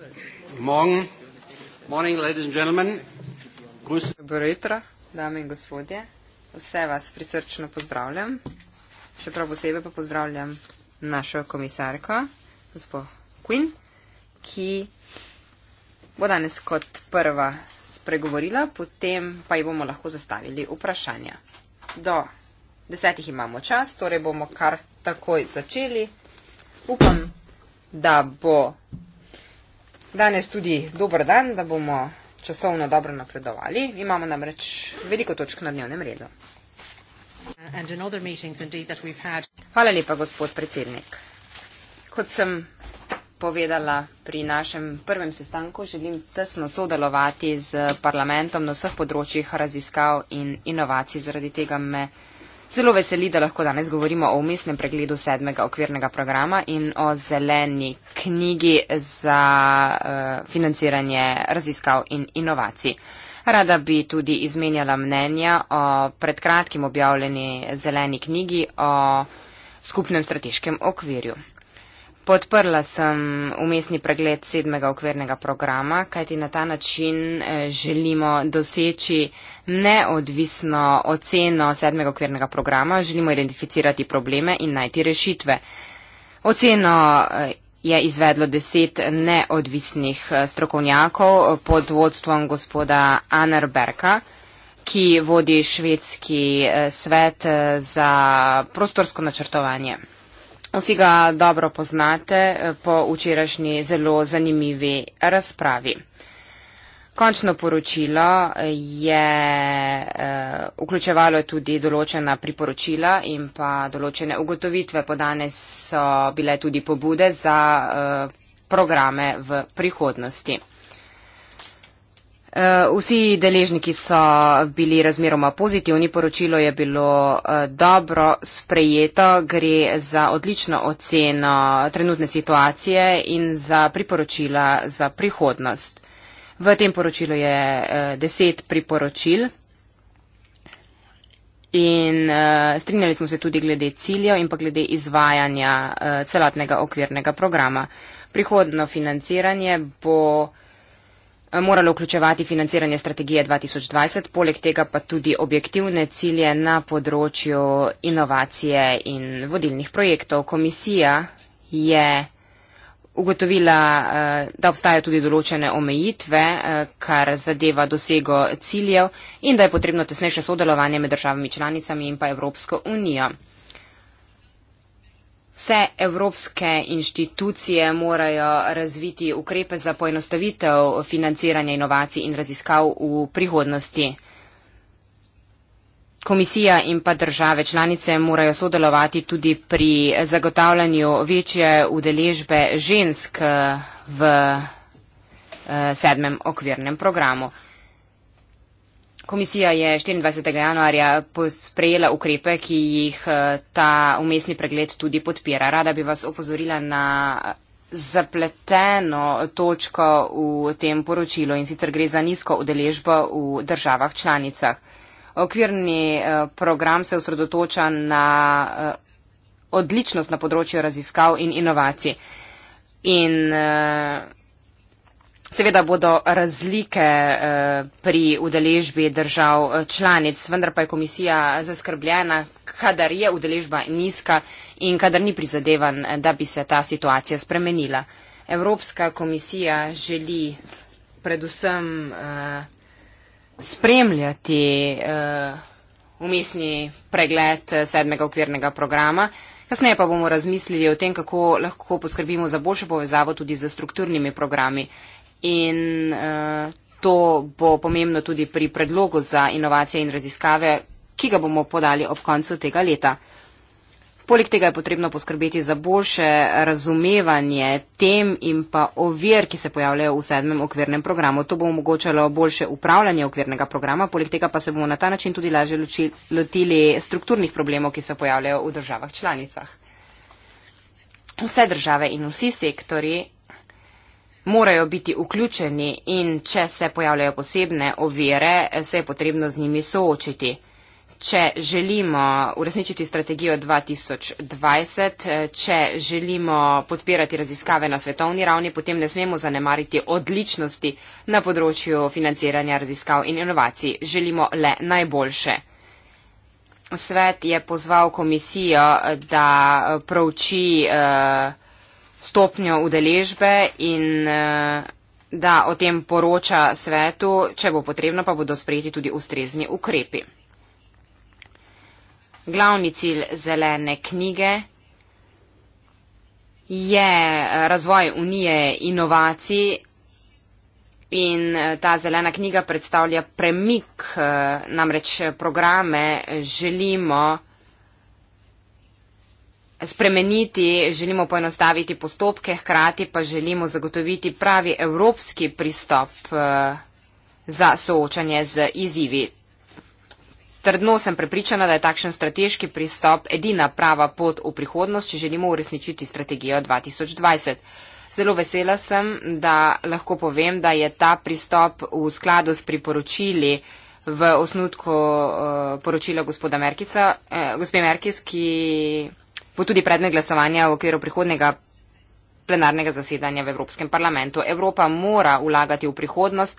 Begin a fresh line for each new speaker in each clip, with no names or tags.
Dobro jutro, dame in gospodje. Vse vas prisrčno pozdravljam. Še prav posebej pa pozdravljam našo komisarko, gospod Queen, ki bo danes kot prva spregovorila, potem pa ji bomo lahko zastavili vprašanja. Do desetih imamo čas, torej bomo kar takoj začeli. Upam, da bo danes tudi dober dan, da bomo časovno dobro napredovali. Imamo namreč veliko točk na dnevnem redu. Hvala lepa, gospod predsednik. Kot sem povedala pri našem prvem sestanku, želim tesno sodelovati z parlamentom na vseh področjih raziskav in inovacij. Zaradi tega me. Zelo veseli, da lahko danes govorimo o umestnem pregledu sedmega okvirnega programa in o zeleni knjigi za uh, financiranje raziskav in inovacij. Rada bi tudi izmenjala mnenja o predkratkim objavljeni zeleni knjigi o skupnem strateškem okvirju. Podprla sem umestni pregled sedmega okvirnega programa, kajti na ta način eh, želimo doseči neodvisno oceno sedmega okvirnega programa, želimo identificirati probleme in najti rešitve. Oceno eh, je izvedlo deset neodvisnih eh, strokovnjakov pod vodstvom gospoda Anerberka, ki vodi švedski svet za prostorsko načrtovanje. Vsi ga dobro poznate eh, po včerajšnji zelo zanimivi razpravi. Končno poročilo eh, je eh, vključevalo tudi določena priporočila in pa določene ugotovitve. Podane so bile tudi pobude za eh, programe v prihodnosti. Eh, vsi deležniki so bili razmeroma pozitivni, poročilo je bilo eh, dobro sprejeto, gre za odlično oceno trenutne situacije in za priporočila za prihodnost. V tem poročilu je eh, deset priporočil in strinjali smo se tudi glede ciljev in pa glede izvajanja celotnega okvirnega programa. Prihodno financiranje bo moralo vključevati financiranje strategije 2020, poleg tega pa tudi objektivne cilje na področju inovacije in vodilnih projektov. Komisija je ugotovila, eh, da obstajajo tudi določene omejitve, eh, kar zadeva dosego ciljev in da je potrebno tesnejše sodelovanje med državami članicami in pa Evropsko unijo. Vse evropske inštitucije morajo razviti ukrepe za poenostavitev financiranja inovacij in raziskav v prihodnosti. Komisija in pa države članice morajo sodelovati tudi pri zagotavljanju večje udeležbe žensk v eh, sedmem okvirnem programu. Komisija je 24. januarja sprejela ukrepe, ki jih eh, ta umestni pregled tudi podpira. Rada bi vas opozorila na eh, zapleteno točko v tem poročilu in sicer gre za nizko udeležbo v državah članicah. Okvirni eh, program se osredotoča na odličnost na področju raziskav in inovacij. In Seveda bodo razlike eh, pri udeležbi držav eh, članic, vendar pa je komisija zaskrbljena, kadar je udeležba nizka in kadar ni prizadevan, eh, da bi se ta situacija spremenila. Evropska komisija želi predvsem spremljati umestni pregled sedmega okvirnega programa. Kasneje pa bomo razmislili o tem, kako lahko poskrbimo za boljšo povezavo tudi z strukturnimi programi in uh, to bo pomembno tudi pri predlogu za inovacije in raziskave, ki ga bomo podali ob koncu tega leta. Poleg tega je potrebno poskrbeti za boljše razumevanje tem in pa ovir, ki se pojavljajo v sedmem okvirnem programu. To bo omogočalo boljše upravljanje okvirnega programa, poleg tega pa se bomo na ta način tudi lažje lotili strukturnih problemov, ki se pojavljajo v državah članicah. Vse države in vsi sektori morajo biti vključeni in če se pojavljajo posebne ovire, se je potrebno z njimi soočiti. Če želimo uresničiti strategijo 2020, če želimo podpirati raziskave na svetovni ravni, potem ne smemo zanemariti odličnosti na področju financiranja raziskav in inovacij. Želimo le najboljše. Svet je pozval komisijo, da prouči eh, stopnjo udeležbe in eh, da o tem poroča svetu, če bo potrebno, pa bodo sprejeti tudi ustrezni ukrepi. Glavni cilj zelene knjige je razvoj unije inovacij in eh, ta zelena knjiga predstavlja premik, eh, namreč programe želimo spremeniti, želimo poenostaviti postopke, hkrati pa želimo zagotoviti pravi evropski pristop eh, za soočanje z izzivi. Trdno sem prepričana, da je takšen strateški pristop edina prava pot v prihodnost, če želimo uresničiti strategijo 2020. Zelo vesela sem, da lahko povem, da je ta pristop v skladu s priporočili v osnutku uh, poročila gospoda Merkica, eh, gospe Merkis, ki bo tudi predmet glasovanja v okviru prihodnega plenarnega zasedanja v Evropskem parlamentu. Evropa mora vlagati v prihodnost,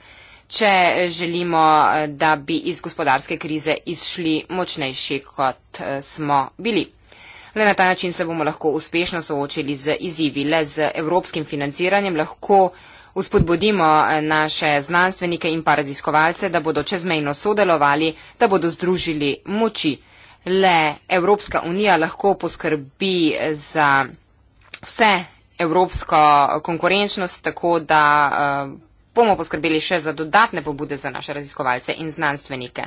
če želimo, da bi iz gospodarske krize izšli močnejši, kot smo bili. Le na ta način se bomo lahko uspešno soočili z izzivi. Le z evropskim financiranjem lahko uspodbudimo naše znanstvenike in pa raziskovalce, da bodo čezmejno sodelovali, da bodo združili moči le Evropska unija lahko poskrbi za vse evropsko konkurenčnost, tako da eh, bomo poskrbeli še za dodatne pobude za naše raziskovalce in znanstvenike.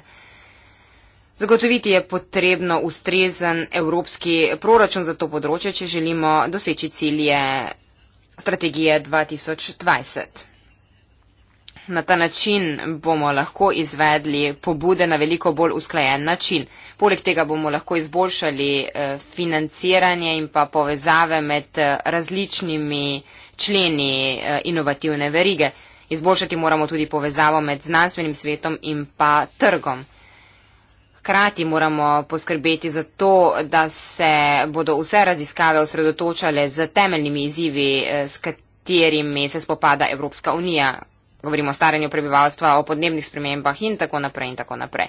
Zagotoviti je potrebno ustrezen evropski proračun za to področje, če želimo doseči cilje strategije 2020. Na ta način bomo lahko izvedli pobude na veliko bolj usklajen način. Poleg tega bomo lahko izboljšali eh, financiranje in pa povezave med eh, različnimi členi eh, inovativne verige. Izboljšati moramo tudi povezavo med znanstvenim svetom in pa trgom. Hkrati moramo poskrbeti za to, da se bodo vse raziskave osredotočale z temeljnimi izzivi, s katerimi se spopada Evropska unija, govorimo o staranju prebivalstva, o podnebnih spremembah in tako naprej in tako naprej.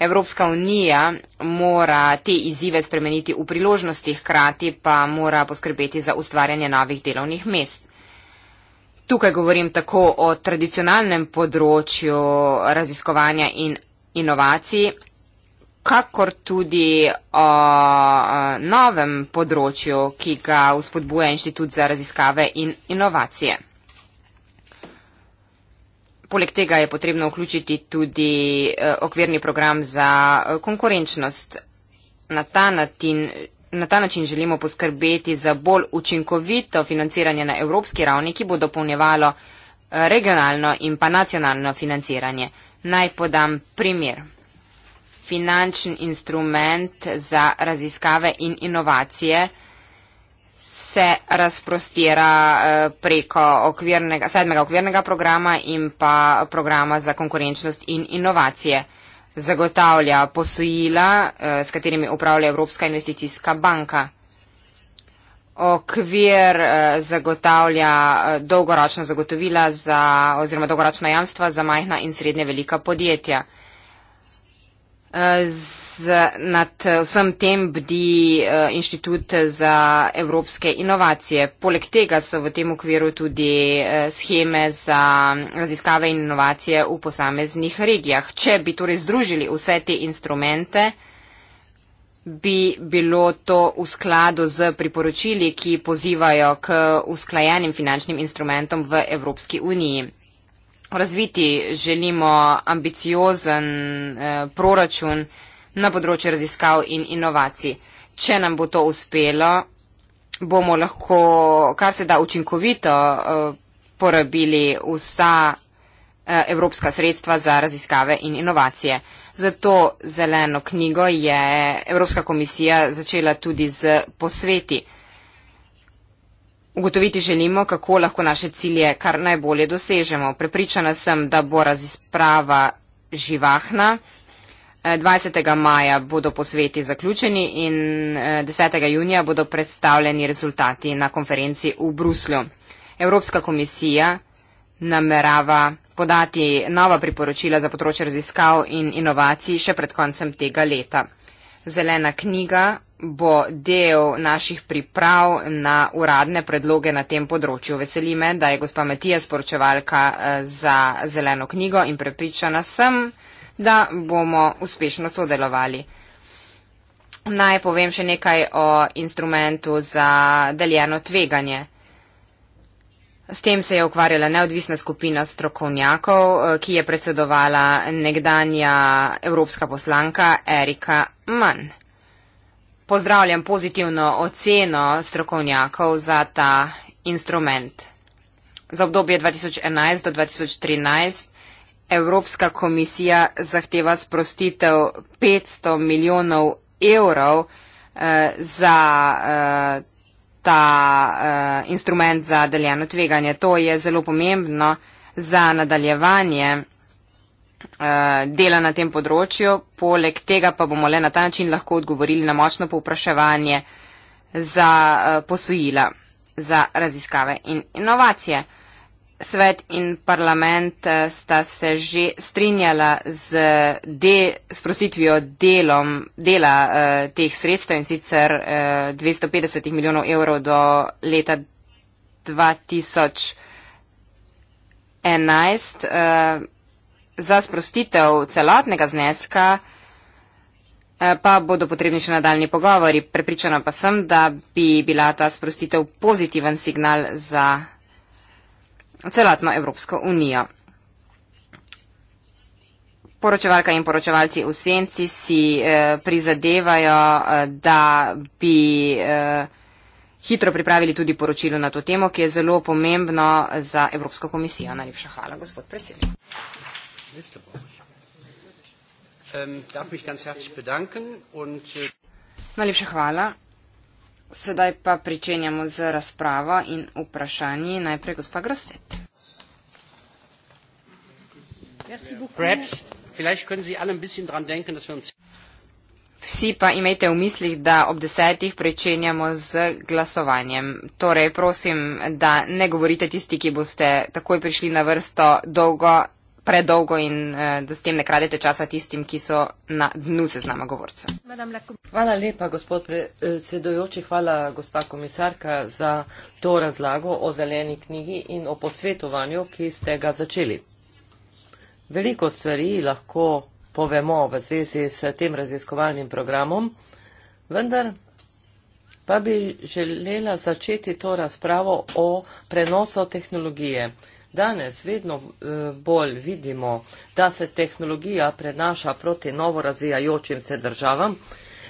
Evropska unija mora te izzive spremeniti v priložnosti, hkrati pa mora poskrbeti za ustvarjanje novih delovnih mest. Tukaj govorim tako o tradicionalnem področju raziskovanja in inovacij, kakor tudi o novem področju, ki ga vzpodbuja Inštitut za raziskave in inovacije. Poleg tega je potrebno vključiti tudi eh, okvirni program za eh, konkurenčnost. Na ta, natin, na ta način želimo poskrbeti za bolj učinkovito financiranje na evropski ravni, ki bo dopolnjevalo eh, regionalno in pa nacionalno financiranje. Naj podam primer. Finančni instrument za raziskave in inovacije se razprostira eh, preko okvirnega, sedmega okvirnega programa in pa programa za konkurenčnost in inovacije. Zagotavlja posojila, eh, s katerimi upravlja Evropska investicijska banka. Okvir eh, zagotavlja dolgoročna zagotovila za, oziroma dolgoročna jamstva za majhna in srednje velika podjetja. Z, nad vsem tem bdi e, Inštitut za evropske inovacije. Poleg tega so v tem okviru tudi e, scheme za raziskave in inovacije v posameznih regijah. Če bi torej združili vse te instrumente, bi bilo to v skladu z priporočili, ki pozivajo k usklajenim finančnim instrumentom v Evropski uniji razviti želimo ambiciozen eh, proračun na področju raziskav in inovacij. Če nam bo to uspelo, bomo lahko kar se da učinkovito eh, porabili vsa eh, evropska sredstva za raziskave in inovacije. Zato zeleno knjigo je Evropska komisija začela tudi z posveti. Ugotoviti želimo, kako lahko naše cilje kar najbolje dosežemo. Prepričana sem, da bo razisprava živahna. 20. Eh, maja bodo posveti zaključeni in 10. Eh, junija bodo predstavljeni rezultati na konferenci v Bruslju. Evropska komisija namerava podati nova priporočila za področje raziskav in inovacij še pred koncem tega leta. Zelena knjiga bo del naših priprav na uradne predloge na tem področju. Veseli me, da je gospa Matija sporočevalka eh, za zeleno knjigo in prepričana sem, da bomo uspešno sodelovali. Naj povem še nekaj o instrumentu za deljeno tveganje. S tem se je ukvarjala neodvisna skupina strokovnjakov, eh, ki je predsedovala nekdanja evropska poslanka Erika Mann pozdravljam pozitivno oceno strokovnjakov za ta instrument. Za obdobje 2011 do 2013 Evropska komisija zahteva sprostitev 500 milijonov evrov eh, za eh, ta eh, instrument za deljeno tveganje. To je zelo pomembno za nadaljevanje Eh, dela na tem področju. Poleg tega pa bomo le na ta način lahko odgovorili na močno povpraševanje za eh, posojila, za raziskave in inovacije. Svet in parlament eh, sta se že strinjala z de, sprostitvijo delom, dela eh, teh sredstev in sicer eh, 250 milijonov evrov do leta 2011. Eh, za sprostitev celotnega zneska eh, pa bodo potrebni še nadaljni pogovori. Prepričana pa sem, da bi bila ta sprostitev pozitiven signal za celotno Evropsko unijo. Poročevalka in poročevalci v senci si eh, prizadevajo, eh, da bi hitro pripravili tudi poročilo na to temo, ki je zelo pomembno za Evropsko komisijo. Najlepša hvala, gospod predsednik. Liste brauche ich.
Ähm, darf mich ganz herzlich bedanken und. Äh,
Najlepša hvala. Sedaj pa pričenjamo z razpravo in vprašanji. Najprej gospa Grostet. Um Vsi pa imejte v mislih, da ob desetih pričenjamo z glasovanjem. Torej, prosim, da ne govorite tisti, ki boste takoj prišli na vrsto dolgo predolgo in eh, da s tem ne kradete časa tistim, ki so na dnu seznama govorca.
Hvala lepa, gospod predsedujoči, hvala gospa komisarka za to razlago o zeleni knjigi in o posvetovanju, ki ste ga začeli. Veliko stvari lahko povemo v zvezi s tem raziskovalnim programom, vendar pa bi želela začeti to razpravo o prenosu tehnologije. Danes vedno eh, bolj vidimo, da se tehnologija prenaša proti novorazvijajočim se državam.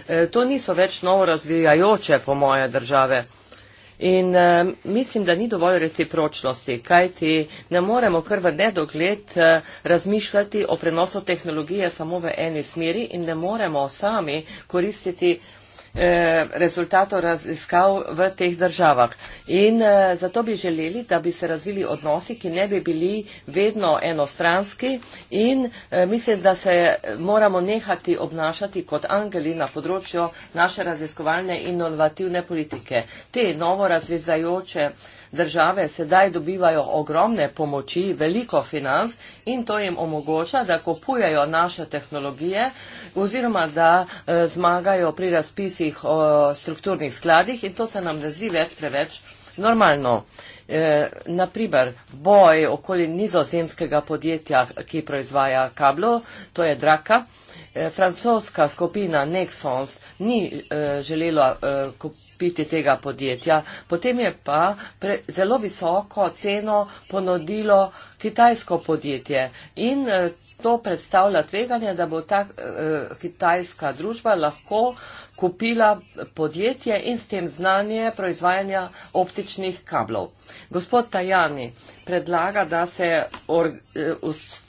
Eh, to niso več novorazvijajoče po moje države. In eh, mislim, da ni dovolj recipročnosti, kajti ne moremo kar v nedogled razmišljati o prenosu tehnologije samo v eni smeri in ne moremo sami koristiti Eh, rezultatov raziskav v teh državah. In eh, zato bi želeli, da bi se razvili odnosi, ki ne bi bili vedno enostranski in eh, mislim, da se moramo nehati obnašati kot angeli na področju naše raziskovalne inovativne politike. Te novo razvezajoče države sedaj dobivajo ogromne pomoči, veliko financ in to jim omogoča, da kupujajo naše tehnologije oziroma da zmagajo pri razpisi predpisih o strukturnih skladih in to se nam ne zdi več preveč normalno. E, naprimer, boj okoli nizozemskega podjetja, ki proizvaja kablo, to je Draka. E, francoska skupina Nexons ni e, želela e, kupiti tega podjetja, potem je pa pre, zelo visoko ceno ponudilo kitajsko podjetje in e, to predstavlja tveganje, da bo ta eh, kitajska družba lahko kupila podjetje in s tem znanje proizvajanja optičnih kablov. Gospod Tajani predlaga, da se or, eh, us,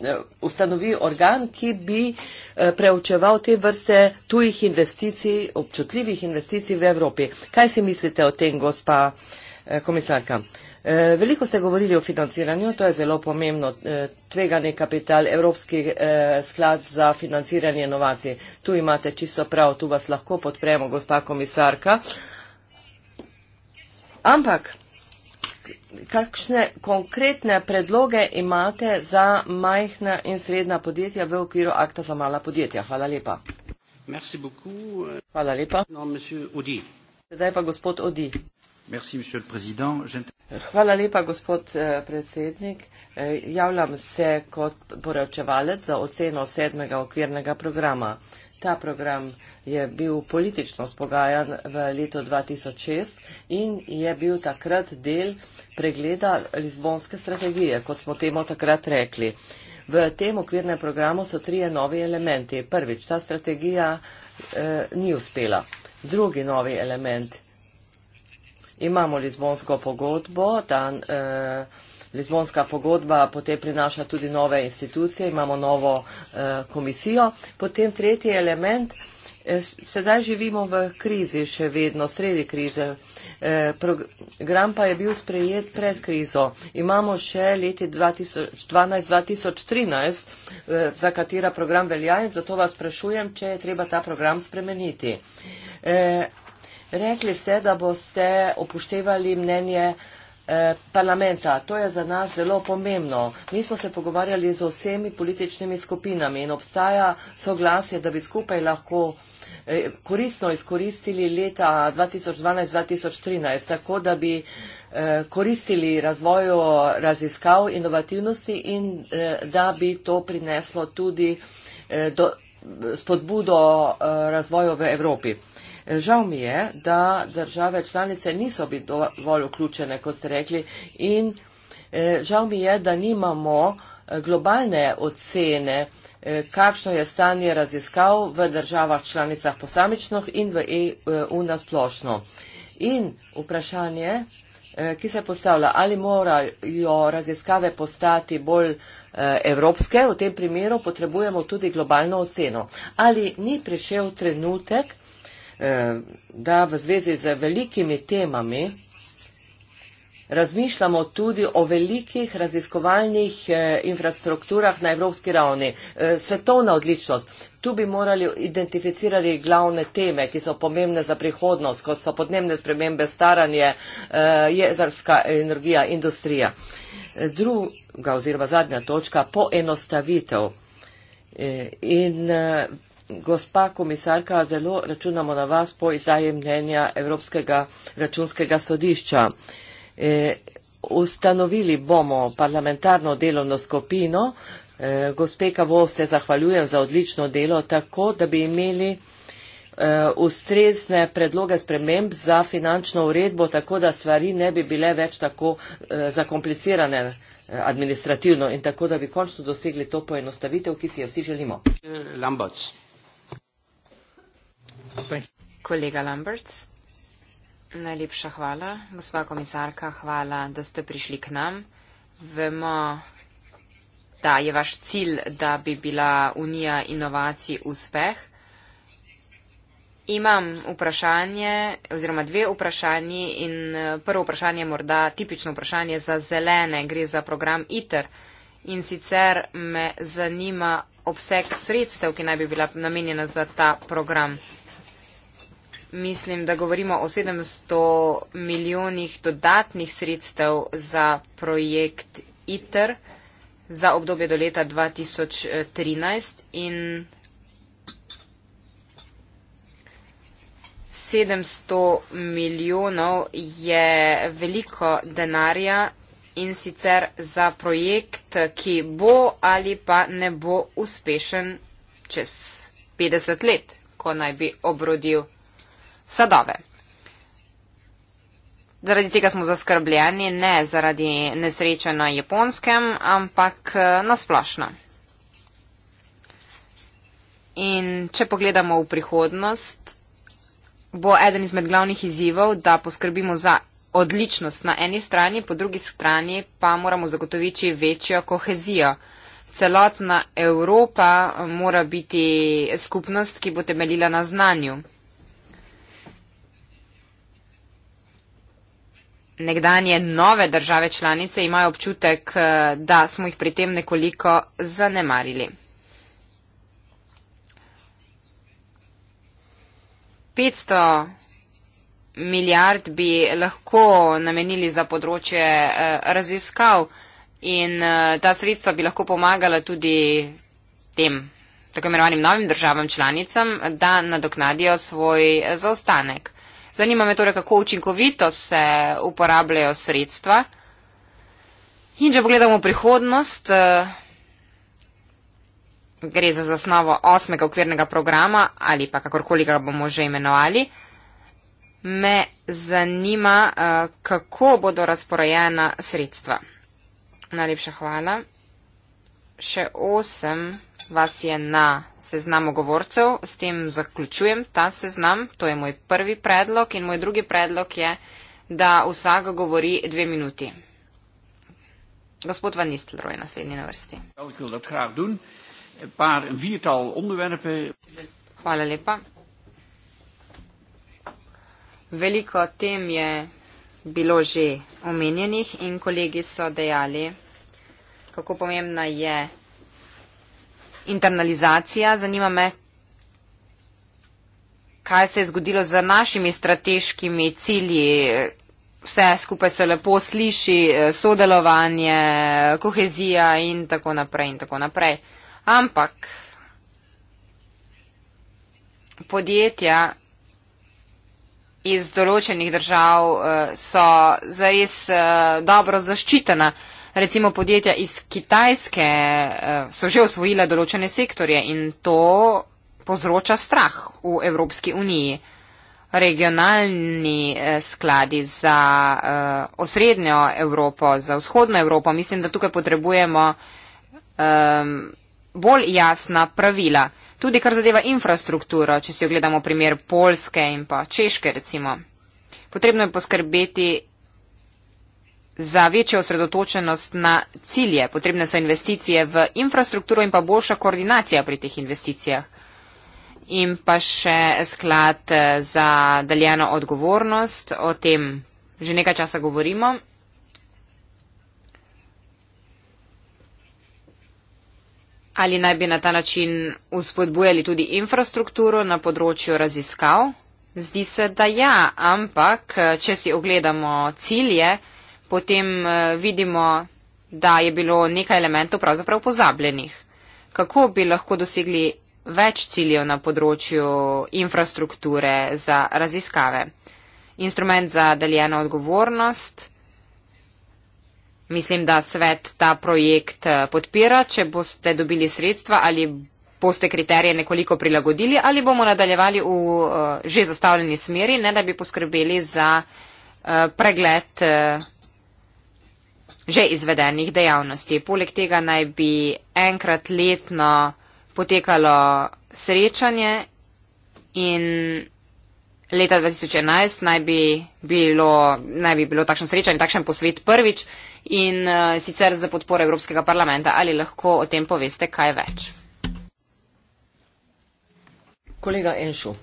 eh, ustanovi organ, ki bi eh, preučeval te vrste tujih investicij, občutljivih investicij v Evropi. Kaj si mislite o tem, gospa eh, komisarka? Uh, Eh, veliko ste govorili o financiranju, to je zelo pomembno. Eh, tvegani kapital, Evropski eh, sklad za financiranje inovacij. Tu imate čisto prav, tu vas lahko podpremo, gospa komisarka. Ampak, kakšne konkretne predloge imate za majhna in srednja podjetja v okviru akta za mala podjetja? Hvala lepa. Hvala lepa. Sedaj pa gospod Odi.
Hvala
lepa, gospod eh, predsednik. Eh, javljam se kot poravčevalec za oceno sedmega okvirnega programa. Ta program je bil politično spogajan v letu 2006 in je bil takrat del pregleda Lizbonske strategije, kot smo temu takrat rekli. V tem okvirnem programu so trije novi elementi. Prvič, ta strategija eh, ni uspela. Drugi novi element imamo Lizbonsko pogodbo, ta eh, Lizbonska pogodba potem prinaša tudi nove institucije, imamo novo eh, komisijo. Potem tretji element, eh, sedaj živimo v krizi, še vedno sredi krize. Eh, program pa je bil sprejet pred krizo. Imamo še leti 2012-2013, eh, za katera program velja in zato vas sprašujem, če je treba ta program spremeniti. Eh, Rekli ste, da boste upoštevali mnenje eh, parlamenta. To je za nas zelo pomembno. Mi smo se pogovarjali z vsemi političnimi skupinami in obstaja soglasje, da bi skupaj lahko eh, koristno izkoristili leta 2012-2013, tako da bi eh, koristili razvoju raziskav inovativnosti in da bi to prineslo tudi do, spodbudo razvoju v Evropi. Žal mi je, da države članice niso bili dovolj vključene, kot ste rekli, in eh, žal mi je, da nimamo eh, globalne ocene, eh, kakšno je stanje raziskav v državah članicah posamičnoh in v EU nasplošno. In vprašanje, ki se postavlja, ali morajo raziskave postati bolj evropske, v tem primeru potrebujemo tudi globalno oceno. Ali ni prišel trenutek, Eh, da v zvezi z velikimi temami razmišljamo tudi o velikih raziskovalnih eh, infrastrukturah na evropski ravni. Eh, svetovna odličnost. Tu bi morali identificirati glavne teme, ki so pomembne za prihodnost, kot so podnebne spremembe, staranje, jedrska energija, industrija. Druga oziroma zadnja točka, poenostavitev. In gospa komisarka, zelo računamo na vas po izdaji mnenja Evropskega računskega sodišča. E, ustanovili bomo parlamentarno delovno skupino. E, gospe Kavo, se zahvaljujem za odlično delo, tako da bi imeli e, ustrezne predloge sprememb za finančno uredbo, tako da stvari ne bi bile več tako e, zakomplicirane e, administrativno in tako, da bi končno dosegli to poenostavitev, ki si jo vsi želimo.
Lambac. Kolega Lamberts, najlepša hvala. Gospa komisarka, hvala, da ste prišli k nam. Vemo, da je vaš cilj, da bi bila Unija inovacij uspeh. Imam vprašanje oziroma dve vprašanji in eh, prvo vprašanje je morda tipično vprašanje za zelene, gre za program ITER. In sicer me zanima obseg sredstev, ki naj bi bila namenjena za ta program mislim, da govorimo o 700 milijonih dodatnih sredstev za projekt ITER za obdobje do leta 2013 in 700 milijonov je veliko denarja in sicer za projekt, ki bo ali pa ne bo uspešen čez 50 let, ko naj bi obrodil sadove. Zaradi tega smo zaskrbljeni, ne zaradi nesreče na japonskem, ampak eh, nasplošno. In če pogledamo v prihodnost, bo eden izmed glavnih izzivov, da poskrbimo za odličnost na eni strani, po drugi strani pa moramo zagotoviti večjo kohezijo. Celotna Evropa eh, mora biti skupnost, ki bo temeljila na znanju. nekdanje nove države članice imajo občutek, eh, da smo jih pri tem nekoliko zanemarili. 500 milijard bi lahko namenili za področje eh, raziskav in eh, ta sredstva bi lahko pomagala tudi tem tako imenovanim novim državam članicam, da nadoknadijo svoj zaostanek. Zanima me torej, kako učinkovito se uporabljajo sredstva. In če pogledamo prihodnost, eh, gre za zasnovo osmega okvirnega programa ali pa kakorkoli ga bomo že imenovali, me zanima, eh, kako bodo razporajena sredstva. Najlepša hvala. Še osem. 8 vas je na seznamu govorcev, s tem zaključujem ta seznam, to je moj prvi predlog in moj drugi predlog je, da vsak govori dve minuti. Gospod Van Isteloj, naslednji na vrsti. Ja, Hvala lepa. Veliko tem je bilo že omenjenih in kolegi so dejali, kako pomembna je internalizacija, zanima me, kaj se je zgodilo z našimi strateškimi cilji. Vse skupaj se lepo sliši, sodelovanje, kohezija in tako naprej in tako naprej. Ampak podjetja iz določenih držav eh, so zares eh, dobro zaščitena recimo podjetja iz Kitajske eh, so že osvojile določene sektorje in to povzroča strah v Evropski uniji. Regionalni eh, skladi za eh, osrednjo Evropo, za vzhodno Evropo, mislim, da tukaj potrebujemo ehm, bolj jasna pravila. Tudi kar zadeva infrastrukturo, če si ogledamo primer Polske in pa Češke recimo. Potrebno je poskrbeti za večjo osredotočenost na cilje. Potrebne so investicije v infrastrukturo in pa boljša koordinacija pri teh investicijah. In pa še sklad eh, za daljeno odgovornost, o tem že nekaj časa govorimo. Ali naj bi na ta način uspodbujali tudi infrastrukturo na področju raziskav? Zdi se, da ja, ampak eh, če si ogledamo cilje, potem eh, vidimo, da je bilo nekaj elementov pravzaprav pozabljenih. Kako bi lahko dosegli več ciljev na področju infrastrukture za raziskave? Instrument za deljeno odgovornost. Mislim, da svet ta projekt eh, podpira, če boste dobili sredstva ali boste kriterije nekoliko prilagodili ali bomo nadaljevali v eh, že zastavljeni smeri, ne da bi poskrbeli za pregled že izvedenih dejavnosti. Poleg tega naj bi enkrat letno potekalo srečanje in leta 2011 naj bi bilo, naj bi bilo takšno srečanje, takšen posvet prvič in uh, sicer za podporo Evropskega parlamenta. Ali lahko o tem poveste kaj več?
Kolega Enšu.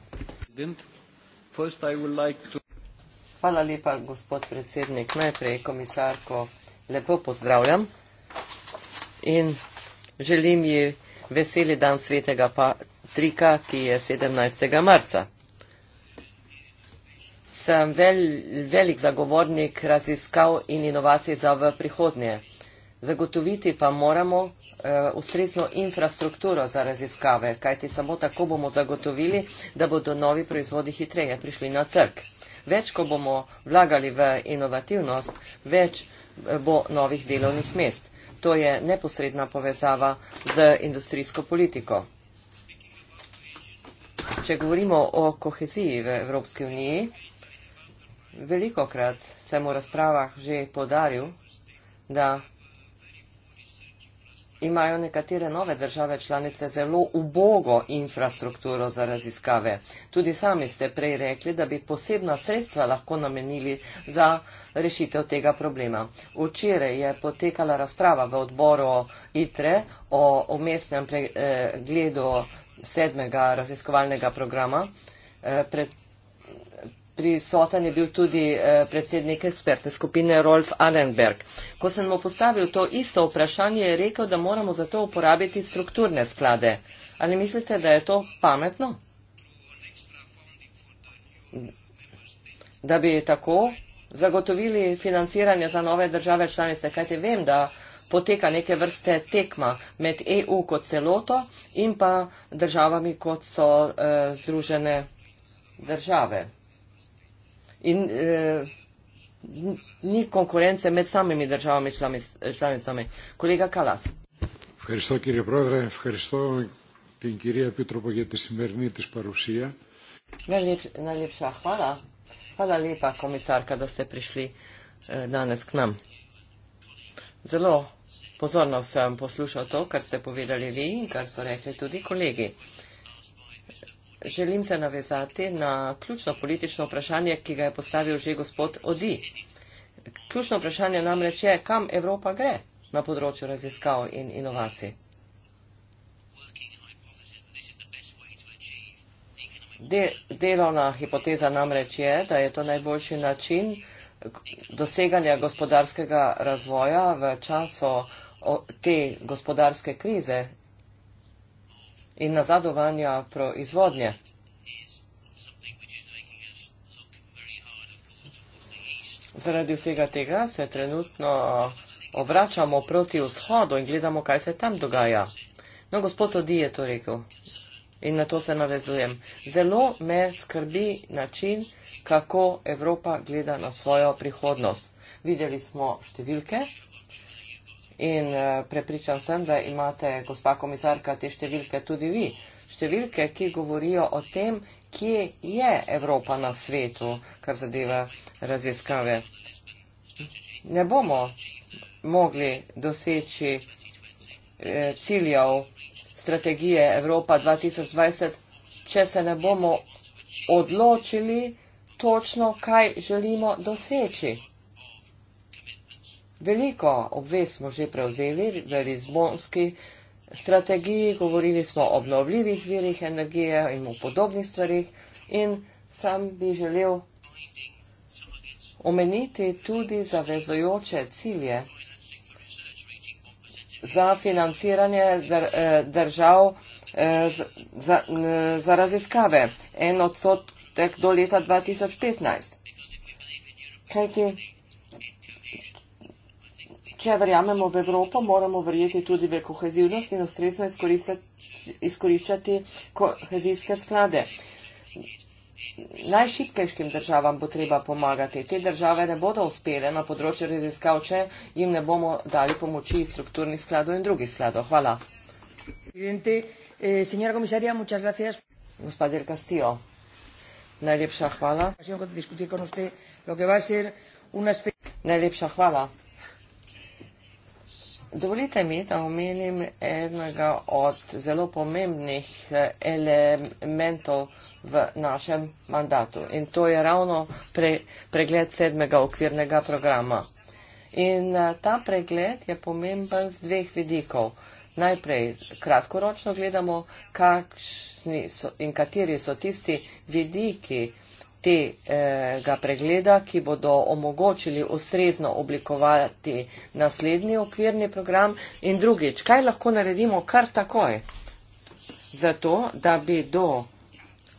Hvala lepa, gospod predsednik. Najprej komisarko lepo pozdravljam in želim ji veseli dan svetega Patrika, ki je 17. marca. Sem vel, velik zagovornik raziskav in inovacij za v prihodnje. Zagotoviti pa moramo uh, ustrezno infrastrukturo za raziskave, kajti samo tako bomo zagotovili, da bodo novi proizvodi hitreje prišli na trg. Več, ko bomo vlagali v inovativnost, več bo novih delovnih mest. To je neposredna povezava z industrijsko politiko. Če govorimo o koheziji v Evropski uniji, veliko krat sem v razpravah že podaril, da imajo nekatere nove države članice zelo ubogo infrastrukturo za raziskave. Tudi sami ste prej rekli, da bi posebna sredstva lahko namenili za rešitev tega problema. Včeraj je potekala razprava v odboru ITRE o omestnem pregledu sedmega raziskovalnega programa. Eh, pred prisoten je bil tudi eh, predsednik ekspertne skupine Rolf Allenberg. Ko sem mu postavil to isto vprašanje, je rekel, da moramo za to uporabiti strukturne sklade. Ali mislite, da je to pametno? Da bi tako zagotovili financiranje za nove države članice, kajte vem, da poteka neke vrste tekma med EU kot celoto in pa državami, kot so eh, združene države in eh, ni konkurence med samimi državami članicami. Kolega Kalas.
Ευχαριστώ κύριε Πρόεδρε, ευχαριστώ την κυρία Επίτροπο για τη σημερινή της
παρουσία.
Να λείψα, χαλά. Χαλά λείπα, κομισάρκα, δε σε πρισλή δάνες κνάμ. Ζελό, ποζόρνο σε αμποσλούσα το, καρ σε ποβίδαλη λί, καρ σε ρέχλε τούτοι κολέγοι želim se navezati na ključno politično vprašanje, ki ga je postavil že gospod Odi. Ključno vprašanje namreč je, kam Evropa gre na področju raziskav in inovacij. De, delovna hipoteza namreč je, da je to najboljši način doseganja gospodarskega razvoja v času te gospodarske krize in nazadovanja proizvodnje. Zaradi vsega tega se trenutno obračamo proti vzhodu in gledamo, kaj se tam dogaja. No, gospod Odi je to rekel in na to se navezujem. Zelo me skrbi način, kako Evropa gleda na svojo prihodnost. Videli smo številke, In eh, prepričan sem, da imate, gospa komisarka, te številke tudi vi. Številke, ki govorijo o tem, kje je Evropa na svetu, kar zadeva raziskave. Ne bomo mogli doseči eh, ciljev strategije Evropa 2020, če se ne bomo odločili točno, kaj želimo doseči. Veliko obvez smo že prevzeli v Lizbonski strategiji, govorili smo o obnovljivih virih energije in o podobnih stvarih in sam bi želel omeniti tudi zavezojoče cilje za financiranje eh, držav eh, za, eh, za raziskave en odstotek do leta 2015. Kajti, če verjamemo v Evropo, moramo verjeti tudi v kohezivnost in ustrezno izkoriščati kohezijske sklade. Najšipkejškim državam bo treba pomagati. Te države ne bodo uspele na področju raziskav, če jim ne bomo dali pomoči iz strukturnih skladov in drugih skladov. Hvala. Eh, Gospod Del Castillo, najlepša hvala. Najlepša hvala. Dovolite mi, da omenim enega od zelo pomembnih eh, elementov v našem mandatu in to je ravno pre, pregled sedmega okvirnega programa. In eh, ta pregled je pomemben z dveh vidikov. Najprej kratkoročno gledamo, kakšni so in kateri so tisti vidiki, tega pregleda, ki bodo omogočili ustrezno oblikovati naslednji okvirni program. In drugič, kaj lahko naredimo kar takoj, zato da bi do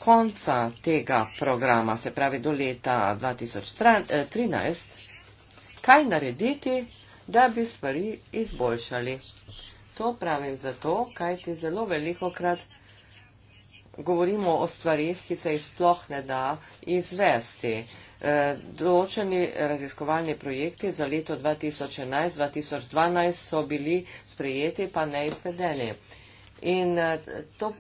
konca tega programa, se pravi do leta 2013, kaj narediti, da bi stvari izboljšali. To pravim zato, kaj ti zelo veliko krat govorimo o stvarih, ki se jih sploh ne da izvesti. Eh, določeni raziskovalni projekti za leto 2011-2012 so bili sprejeti, pa ne izvedeni. In eh, to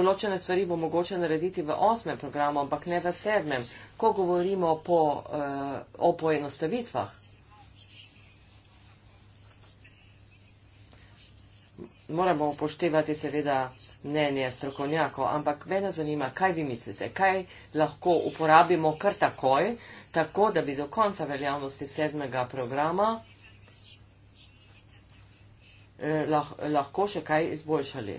določene stvari bo mogoče narediti v osmem programu, ampak ne v sedmem, ko govorimo po, eh, o poenostavitvah. moramo upoštevati seveda mnenje strokovnjakov, ampak mene zanima, kaj vi mislite, kaj lahko uporabimo kar takoj, tako da bi do konca veljavnosti sedmega programa eh, lahko še kaj izboljšali.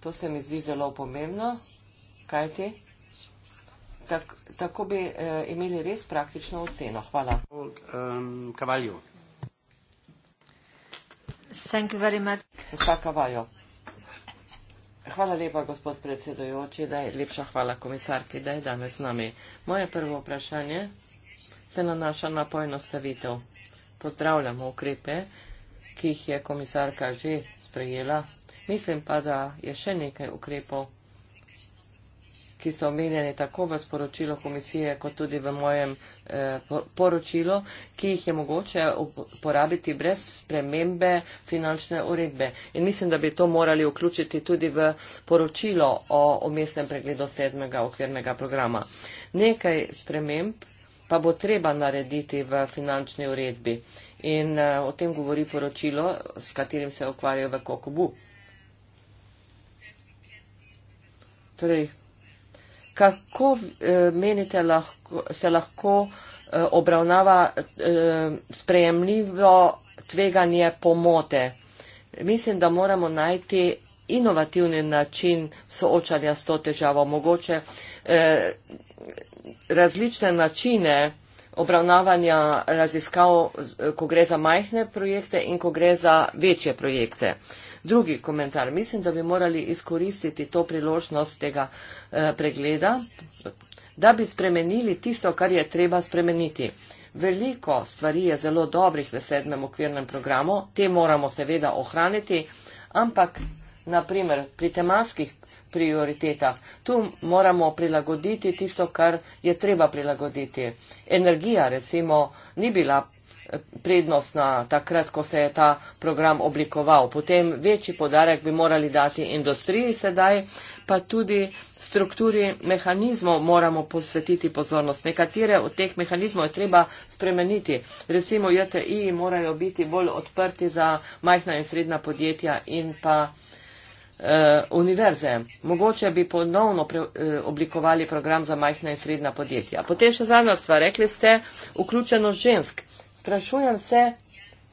To se mi zdi zelo pomembno. Kaj ti? Tak, tako bi eh, imeli res praktično oceno. Hvala. Kavalju. Ehm, um, Hvala lepa, gospod predsedojoči, da je lepša hvala komisarki, da je danes z nami. Moje prvo vprašanje se nanaša na poenostavitev. Pozdravljamo ukrepe, ki jih je komisarka že sprejela. Mislim pa, da je še nekaj ukrepov ki so omenjene tako v sporočilo komisije, kot tudi v mojem eh, poročilu, ki jih je mogoče uporabiti brez spremembe finančne uredbe. In mislim, da bi to morali vključiti tudi v poročilo o omestnem pregledu sedmega okvirnega programa. Nekaj sprememb pa bo treba narediti v finančni uredbi. In eh, o tem govori poročilo, s katerim se ukvarjajo v Kokobu. Torej, kako eh, menite, lahko, se lahko eh, obravnava eh, sprejemljivo tveganje pomote. Mislim, da moramo najti inovativni način soočanja s to težavo, mogoče različne načine obravnavanja raziskav, ko gre za majhne projekte in ko gre za večje projekte. Uh, drugi komentar. Mislim, da bi morali izkoristiti to priložnost tega eh, pregleda, da bi spremenili tisto, kar je treba spremeniti. Veliko stvari je zelo dobrih v sedmem okvirnem programu, te moramo seveda ohraniti, ampak naprimer pri tematskih prioritetah. Tu moramo prilagoditi tisto, kar je treba prilagoditi. Energija recimo ni bila prednost na takrat, ko se je ta program oblikoval. Potem večji podarek bi morali dati industriji sedaj, pa tudi strukturi mehanizmov moramo posvetiti pozornost. Nekatere od teh mehanizmov je treba spremeniti. Recimo JTI morajo biti bolj odprti za majhna in srednja podjetja in pa eh, univerze. Mogoče bi ponovno pre, eh, oblikovali program za majhna in srednja podjetja. Potem še zadnja stvar. Rekli ste, vključeno žensk. Sprašujem se,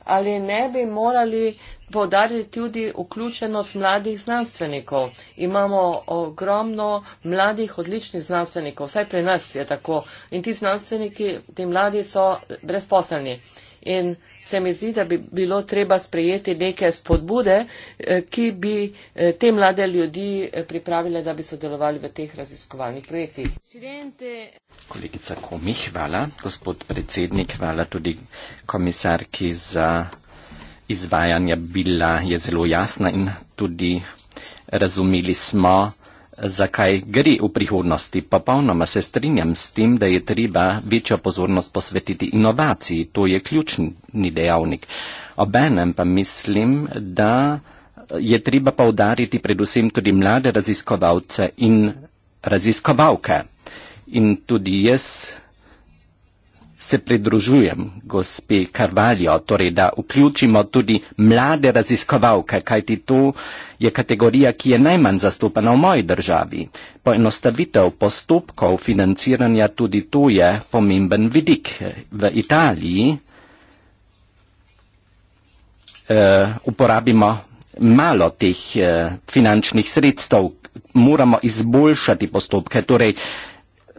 ali ne bi morali podariti tudi vključenost mladih znanstvenikov. Imamo ogromno mladih, odličnih znanstvenikov, vsaj pri nas je tako. In ti znanstveniki, ti mladi so brezposelni in se mi zdi, da bi bilo treba sprejeti neke spodbude, eh, ki bi eh, te mlade ljudi eh, pripravile, da bi sodelovali v teh raziskovalnih projektih.
Kolegica Komi, hvala. Gospod predsednik, hvala tudi komisarki za izvajanje. Bila je zelo jasna in tudi razumeli smo, zakaj gre v prihodnosti. Popolnoma se strinjam s tem, da je treba večjo pozornost posvetiti inovaciji. To je ključni dejavnik. Obenem pa mislim, da je treba povdariti predvsem tudi mlade raziskovalce in raziskovalke. In tudi jaz se pridružujem gospe Karvaljo, torej da vključimo tudi mlade raziskovalke, kajti to je kategorija, ki je najmanj zastopana v moji državi. Poenostavitev postopkov financiranja tudi to je pomemben vidik. V Italiji eh, uporabimo malo teh eh, finančnih sredstev, moramo izboljšati postopke. Torej,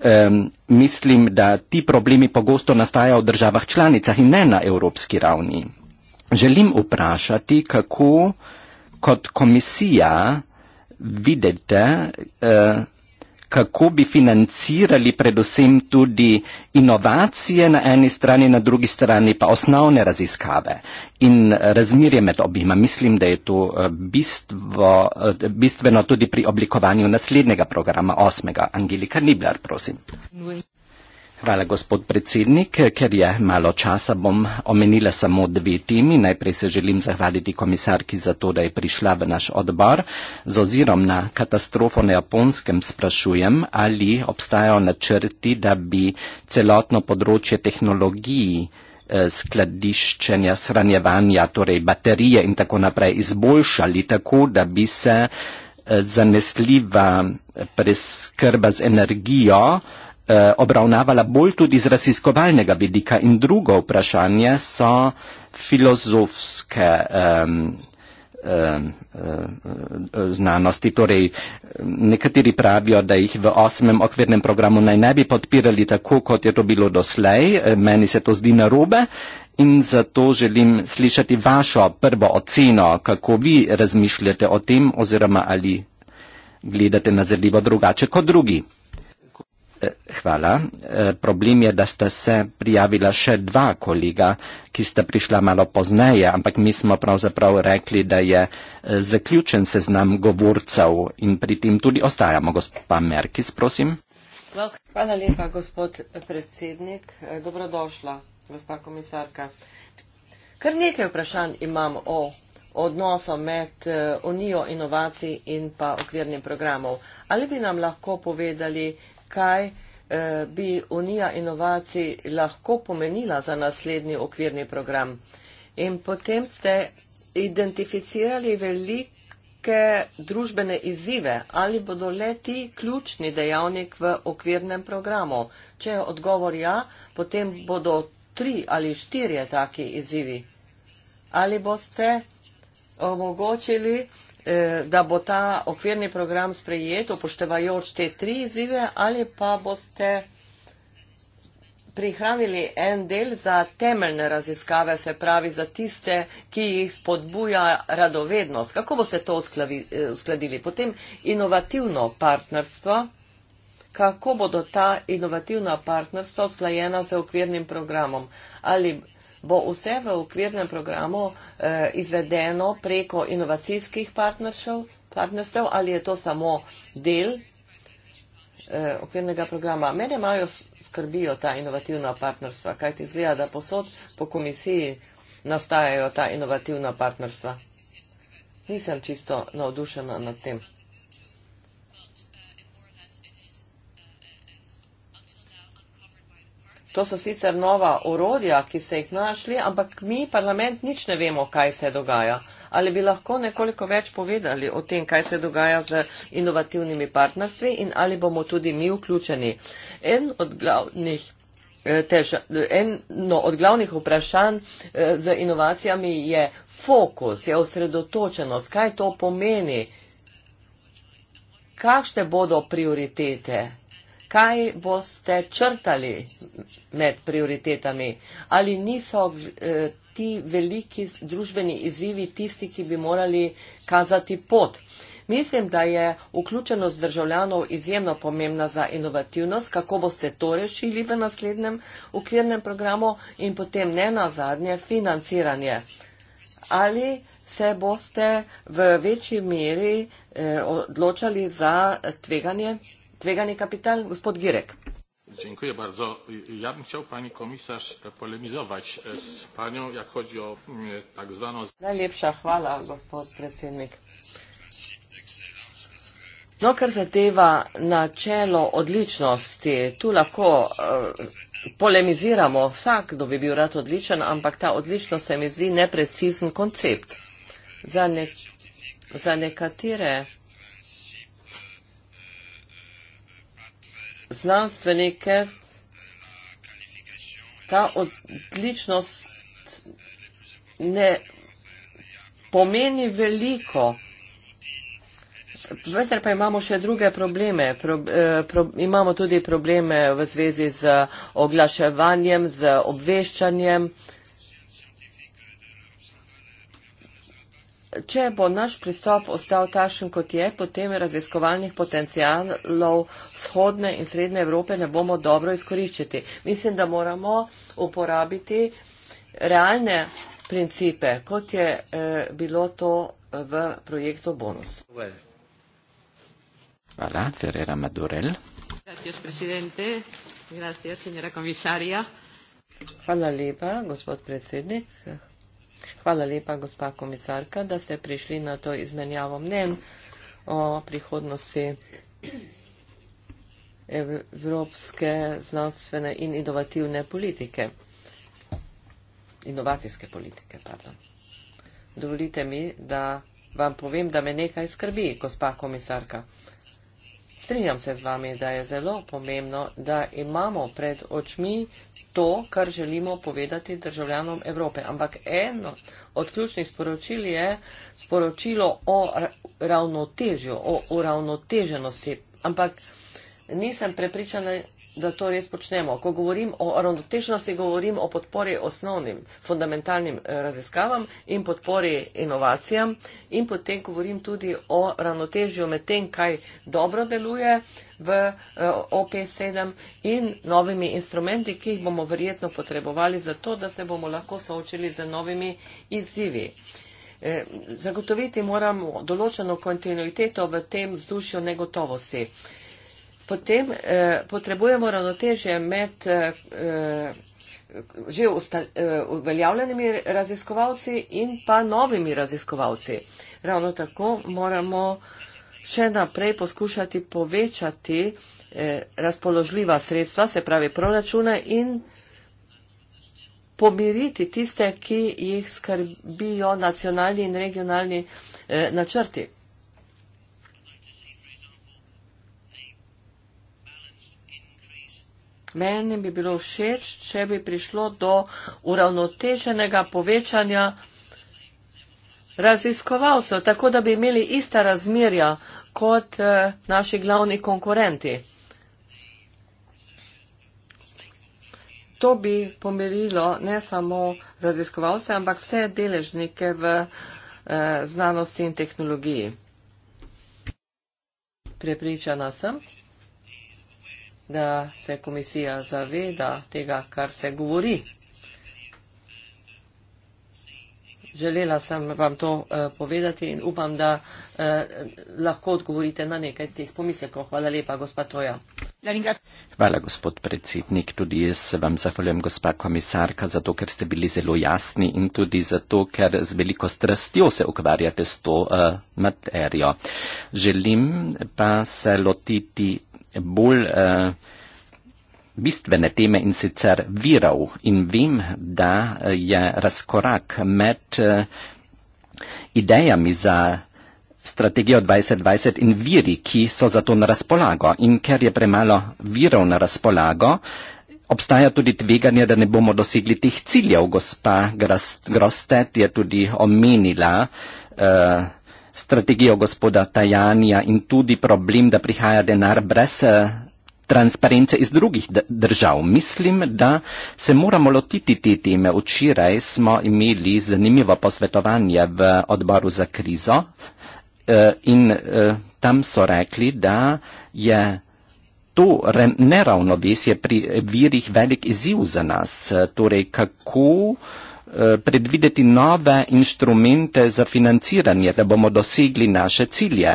um, mislim, da ti problemi pogosto nastajajo v državah članicah in ne na evropski ravni. Želim vprašati, kako kot komisija videte uh, eh, kako bi financirali predvsem tudi inovacije na eni strani, na drugi strani pa osnovne raziskave in eh, razmirje med objima. Mislim, da je to eh, bistvo, eh, bistveno tudi pri oblikovanju naslednjega programa, osmega. Angelika Nibler, prosim. Hvala, gospod predsednik. Ker je malo časa, bom omenila samo dve temi. Najprej se želim zahvaliti komisarki za to, da je prišla v naš odbor. Z ozirom na katastrofo na japonskem sprašujem, ali obstajajo načrti, da bi celotno področje tehnologiji eh, skladiščenja, shranjevanja, torej baterije in tako naprej izboljšali tako, da bi se eh, zanesljiva eh, preskrba z energijo Eh, obravnavala bolj tudi iz raziskovalnega vidika in drugo vprašanje so filozofske um, um, znanosti. Torej, nekateri pravijo, da jih v osmem okvirnem programu naj ne bi podpirali tako, kot je to bilo doslej. Eh, meni se to zdi narobe in zato želim slišati vašo prvo oceno, kako vi razmišljate o tem oziroma ali gledate na zrljivo drugače kot drugi. Eh, hvala. Eh, problem je, da ste se prijavila še dva kolega, ki sta prišla malo pozneje, ampak mi smo pravzaprav rekli, da je eh, zaključen seznam govorcev in pri tem tudi ostajamo. Gospa Merkis, prosim.
Hvala lepa, gospod predsednik. Dobrodošla, gospa komisarka. Kar nekaj vprašanj imam o odnosu med Unijo inovacij in pa okvirnim programom. Ali bi nam lahko povedali, kaj eh, bi Unija inovacij lahko pomenila za naslednji okvirni program. In potem ste identificirali velike družbene izzive, ali bodo leti ključni dejavnik v okvirnem programu. Če je odgovor ja, potem bodo tri ali štirje taki izzivi. Ali boste omogočili, Eh, da bo ta okvirni program sprejet, upoštevajoč te tri izzive, ali pa boste prihranili en del za temeljne raziskave, se pravi za tiste, ki jih spodbuja radovednost. Kako boste to eh, uskladili? Potem inovativno partnerstvo. Kako bodo ta inovativna partnerstva usklajena z okvirnim programom? Ali bo vse v okvirnem programu eh, izvedeno preko inovacijskih partnerstev ali je to samo del eh, okvirnega programa. Mene imajo skrbijo ta inovativna partnerstva, kajti izgleda, da posod po komisiji nastajajo ta inovativna partnerstva. Nisem čisto navdušena nad tem. To so sicer nova orodja, ki ste jih našli, ampak mi, parlament, nič ne vemo, kaj se dogaja. Ali bi lahko nekoliko več povedali o tem, kaj se dogaja z inovativnimi partnerstvi in ali bomo tudi mi vključeni? En od glavnih. Eh, teža, eno od glavnih vprašanj eh, za inovacijami je fokus, je osredotočenost, kaj to pomeni, kakšne bodo prioritete, kaj boste črtali med prioritetami? Ali niso eh, ti veliki družbeni izzivi tisti, ki bi morali kazati pot? Mislim, da je vključenost državljanov izjemno pomembna za inovativnost, kako boste to rešili v naslednjem ukvirnem programu in potem ne na zadnje financiranje. Ali se boste v večji meri eh, odločali za tveganje Tvegani kapital, gospod Girek.
Dziękuję bardzo. Ja bym chciał pani komisarz polemizować e, z panią, jak chodzi o tak zwaną...
Najlepsza chwala, gospod predsjednik. No, kar zateva načelo odličnosti, tu lahko uh, polemiziramo vsak, kdo bi bil rad odličen, ampak ta odličnost se mi zdi neprecizen koncept. Za, ne, za nekatere znanstvenike, ta odličnost ne pomeni veliko. Vendar pa imamo še druge probleme. Pro, eh, pro, imamo tudi probleme v zvezi z oglaševanjem, z obveščanjem. če bo naš pristop ostal takšen, kot je, potem raziskovalnih potencijalov vzhodne in srednje Evrope ne bomo dobro izkoriščiti. Mislim, da moramo uporabiti realne principe, kot je eh, bilo to eh, v projektu Bonus.
Hvala, Ferrera Madurel.
Hvala lepa, gospod predsednik. Hvala lepa, gospa komisarka, da ste prišli na to izmenjavo mnen o prihodnosti evropske znanstvene in inovativne politike. Inovacijske politike, pardon. Dovolite mi, da vam povem, da me nekaj skrbi, gospa komisarka. Strinjam se z vami, da je zelo pomembno, da imamo pred očmi to, kar želimo povedati državljanom Evrope. Ampak eno od ključnih sporočil je sporočilo o ravnotežju, o uravnoteženosti. Ampak nisem prepričana, da to res počnemo. Ko govorim o ravnotežnosti, govorim o podpori osnovnim, fundamentalnim eh, raziskavam in podpori inovacijam in potem govorim tudi o ravnotežju med tem, kaj dobro deluje v eh, OP7 in novimi instrumenti, ki jih bomo verjetno potrebovali za to, da se bomo lahko soočili z novimi izzivi. Eh, zagotoviti moramo določeno kontinuiteto v tem vzdušju negotovosti potem eh, potrebujemo ravnotežje med eh, že ustal, eh, uveljavljenimi raziskovalci in pa novimi raziskovalci. Ravno tako moramo še naprej poskušati povečati eh, razpoložljiva sredstva, se pravi proračune in pomiriti tiste, ki jih skrbijo nacionalni in regionalni eh, načrti. Meni bi bilo všeč, če bi prišlo do uravnoteženega povečanja raziskovalcev, tako da bi imeli ista razmerja kot eh, naši glavni konkurenti. To bi pomirilo ne samo raziskovalce, ampak vse deležnike v eh, znanosti in tehnologiji. Prepričana sem da se komisija zaveda tega, kar se govori. Želela sem vam to eh, povedati in upam, da eh, lahko odgovorite na nekaj teh pomislekov. Hvala lepa, gospa Toja.
Hvala, gospod predsednik. Tudi jaz se vam zahvaljujem, gospa komisarka, zato ker ste bili zelo jasni in tudi zato, ker z veliko strastjo se ukvarjate s to uh, materijo. Želim pa se lotiti bolj uh, bistvene teme in sicer virov. In vem, da eh, je razkorak med uh, idejami za strategijo 2020 in viri, ki so za to na razpolago. In ker je premalo virov na razpolago, obstaja tudi tveganje, da ne bomo dosegli teh ciljev. Gospa Grostet je tudi omenila. Uh, strategijo gospoda Tajanja in tudi problem, da prihaja denar brez eh, transparence iz drugih držav. Mislim, da se moramo lotiti te teme. Včeraj smo imeli zanimivo posvetovanje v odboru za krizo eh, in eh, tam so rekli, da je to neravnovesje pri virih velik izziv za nas. Torej, kako Eh, predvideti nove inštrumente za financiranje, da bomo dosegli naše cilje.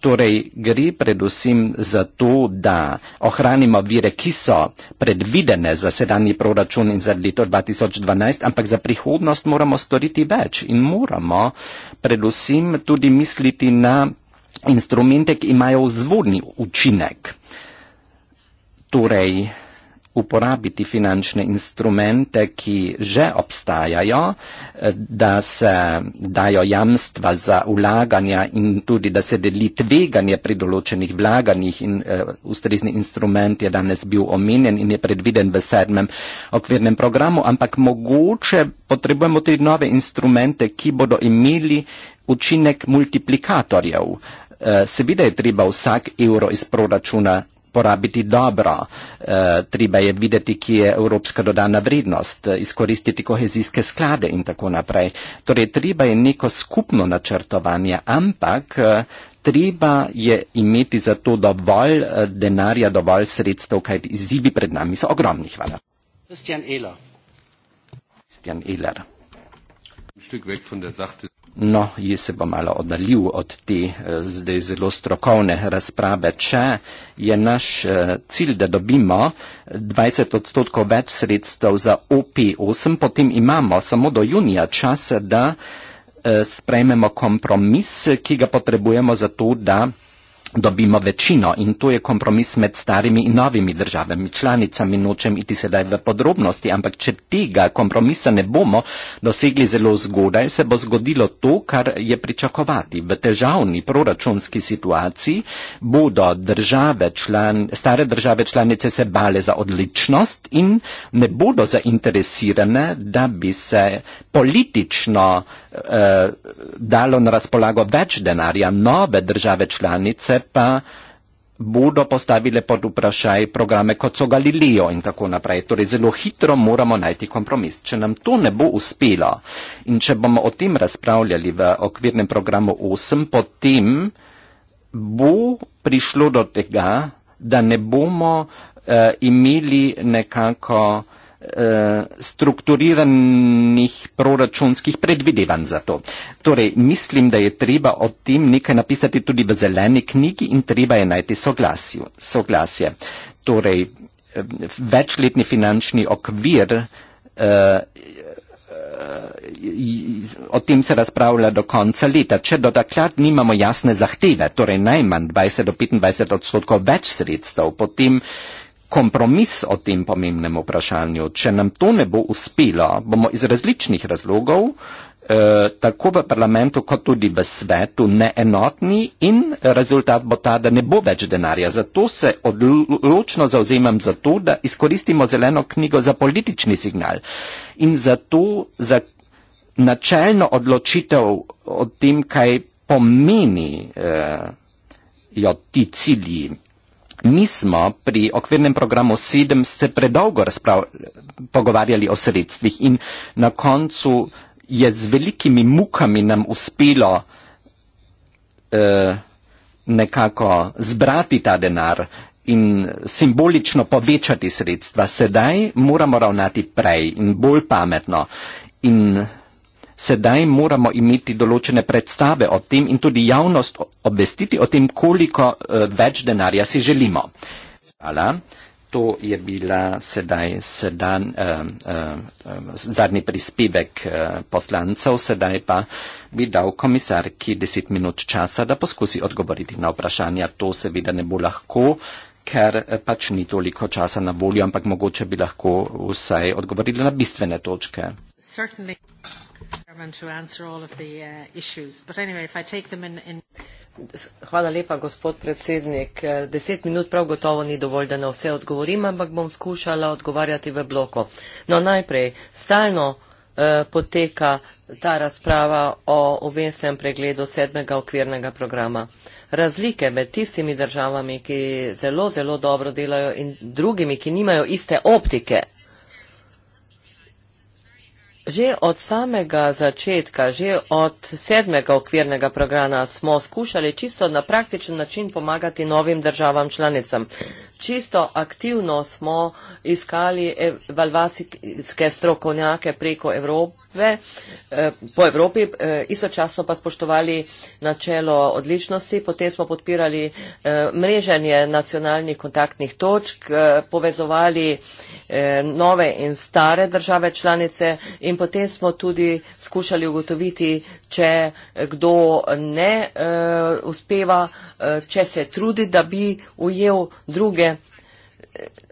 Torej gre predvsem za to, da ohranimo vire, ki so predvidene za sedanji proračun in za leto 2012, ampak za prihodnost moramo storiti več in moramo predvsem tudi misliti na instrumente, ki imajo vzvodni učinek. Torej, uporabiti finančne instrumente, ki že obstajajo, eh, da se dajo jamstva za ulaganja in tudi, da se deli tveganje pri določenih vlaganjih in uh, ustrezni instrument je danes bil omenjen in je predviden v sedmem okvirnem programu, ampak mogoče potrebujemo tudi nove instrumente, ki bodo imeli učinek multiplikatorjev. Eh, seveda je treba vsak evro iz proračuna porabiti dobro. E, treba je videti, kje je evropska dodana vrednost, eh, izkoristiti kohezijske sklade in tako naprej. Torej, treba je neko skupno načrtovanje, ampak eh, treba je imeti za to dovolj denarja, dovolj sredstev, kaj izzivi pred nami so ogromni. Hvala. Christian Ehler. Christian Ehler.
Ein Stück weg von der Sache.
No, jaz se bom malo oddaljil od te eh, zdaj zelo strokovne razprave. Če je naš eh, cilj, da dobimo 20 odstotkov več sredstev za OP8, potem imamo samo do junija čas, da eh, sprejmemo kompromis, ki ga potrebujemo za to, da dobimo večino in to je kompromis med starimi in novimi državami, članicami, nočem iti sedaj v podrobnosti, ampak če tega kompromisa ne bomo dosegli zelo zgodaj, se bo zgodilo to, kar je pričakovati. V težavni proračunski situaciji bodo države član, stare države članice se bale za odličnost in ne bodo zainteresirane, da bi se politično eh, dalo na razpolago več denarja nove države članice, pa bodo postavile pod vprašaj programe kot so Galilijo in tako naprej. Torej zelo hitro moramo najti kompromis. Če nam to ne bo uspelo in če bomo o tem razpravljali v okvirnem programu 8, potem bo prišlo do tega, da ne bomo uh, imeli nekako Eh, strukturiranih proračunskih predvidevanj za to. Torej, mislim, da je treba o tem nekaj napisati tudi v zeleni knjigi in treba je najti soglasju, soglasje. Torej, eh, večletni finančni okvir, uh, o tem se razpravlja do konca leta. Če do takrat nimamo jasne zahteve, torej najmanj 20 do 25 odstotkov več sredstev, potem kompromis o tem pomembnem vprašanju. Če nam to ne bo uspelo, bomo iz različnih razlogov eh, tako v parlamentu, kot tudi v svetu neenotni in rezultat bo ta, da ne bo več denarja. Zato se odločno zauzemam za to, da izkoristimo zeleno knjigo za politični signal in zato za načelno odločitev o tem, kaj pomeni eh, jo ti cilji Mi smo pri okvirnem programu 7 se predolgo pogovarjali o sredstvih in na koncu je z velikimi mukami nam uspelo eh, nekako zbrati ta denar in simbolično povečati sredstva. Sedaj moramo ravnati prej in bolj pametno. In sedaj moramo imeti določene predstave o tem in tudi javnost obvestiti o tem, koliko uh, več denarja si želimo. Hvala. To je bila sedaj sedan, uh, uh, uh, zadnji prispevek uh, poslancev, sedaj pa bi dal komisarki deset minut časa, da poskusi odgovoriti na vprašanja. To seveda ne bo lahko, ker pač ni toliko časa na voljo, ampak mogoče bi lahko vsaj odgovorila na bistvene točke. Certainly. Uh,
Hvala lepa, gospod predsednik. Eh, deset minut prav gotovo ni dovolj, da na vse odgovorim, ampak bom skušala odgovarjati v bloku. No najprej, stalno eh, poteka ta razprava o obvesnem pregledu sedmega okvirnega programa. Razlike med tistimi državami, ki zelo, zelo dobro delajo in drugimi, ki nimajo iste optike Že od samega začetka, že od sedmega okvirnega programa smo skušali čisto na praktičen način pomagati novim državam članicam. Čisto aktivno smo iskali valvasijske strokovnjake preko Evrope ve, eh, po Evropi, eh, istočasno pa spoštovali načelo odličnosti, potem smo podpirali eh, mreženje nacionalnih kontaktnih točk, povezovali nove in stare države članice in potem smo tudi skušali ugotoviti, če kdo ne uspeva, če se trudi, da bi ujel druge.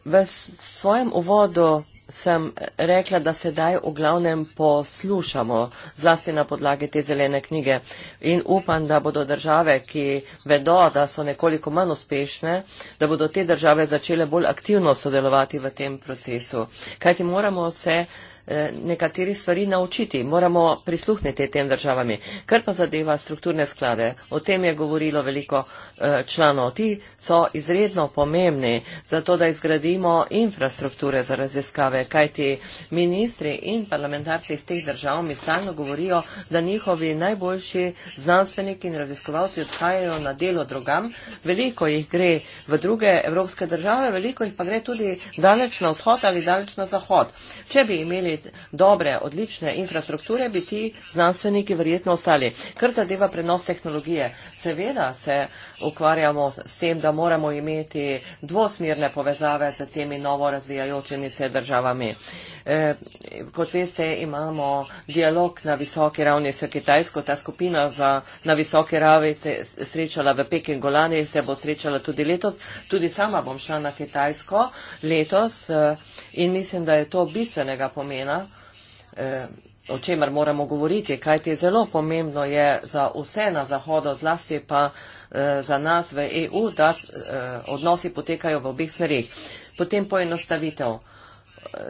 V svojem uvodu sem rekla, da sedaj v glavnem poslušamo zlasti na podlagi te zelene knjige in upam, da bodo države, ki vedo, da so nekoliko manj uspešne, da bodo te države začele bolj aktivno sodelovati v tem procesu. Kajti moramo se Eh, nekateri stvari naučiti. Moramo prisluhniti tem državami. Kar pa zadeva strukturne sklade, o tem je govorilo veliko eh, članov. Ti so izredno pomembni za to, da izgradimo infrastrukture za raziskave, kajti ministri in parlamentarci iz teh držav mi stalno govorijo, da njihovi najboljši znanstveniki in raziskovalci odhajajo na delo drugam. Veliko jih gre v druge evropske države, veliko jih pa gre tudi daleč na vzhod ali daleč na zahod. Če bi imeli dobre, odlične infrastrukture, bi ti znanstveniki verjetno ostali. Kar zadeva prenos tehnologije, seveda se ukvarjamo s tem, da moramo imeti dvosmirne povezave s temi novo razvijajočimi se državami. E, kot veste, imamo dialog na visoki ravni s Kitajsko. Ta skupina za, na visoki ravni se srečala v Pekingu lani, se bo srečala tudi letos. Tudi sama bom šla na Kitajsko letos. E, In mislim, da je to bistvenega pomena, eh, o čemer moramo govoriti, kajti zelo pomembno je za vse na Zahodu, zlasti pa eh, za nas v EU, da eh, odnosi potekajo v obih smerih. Potem poenostavitev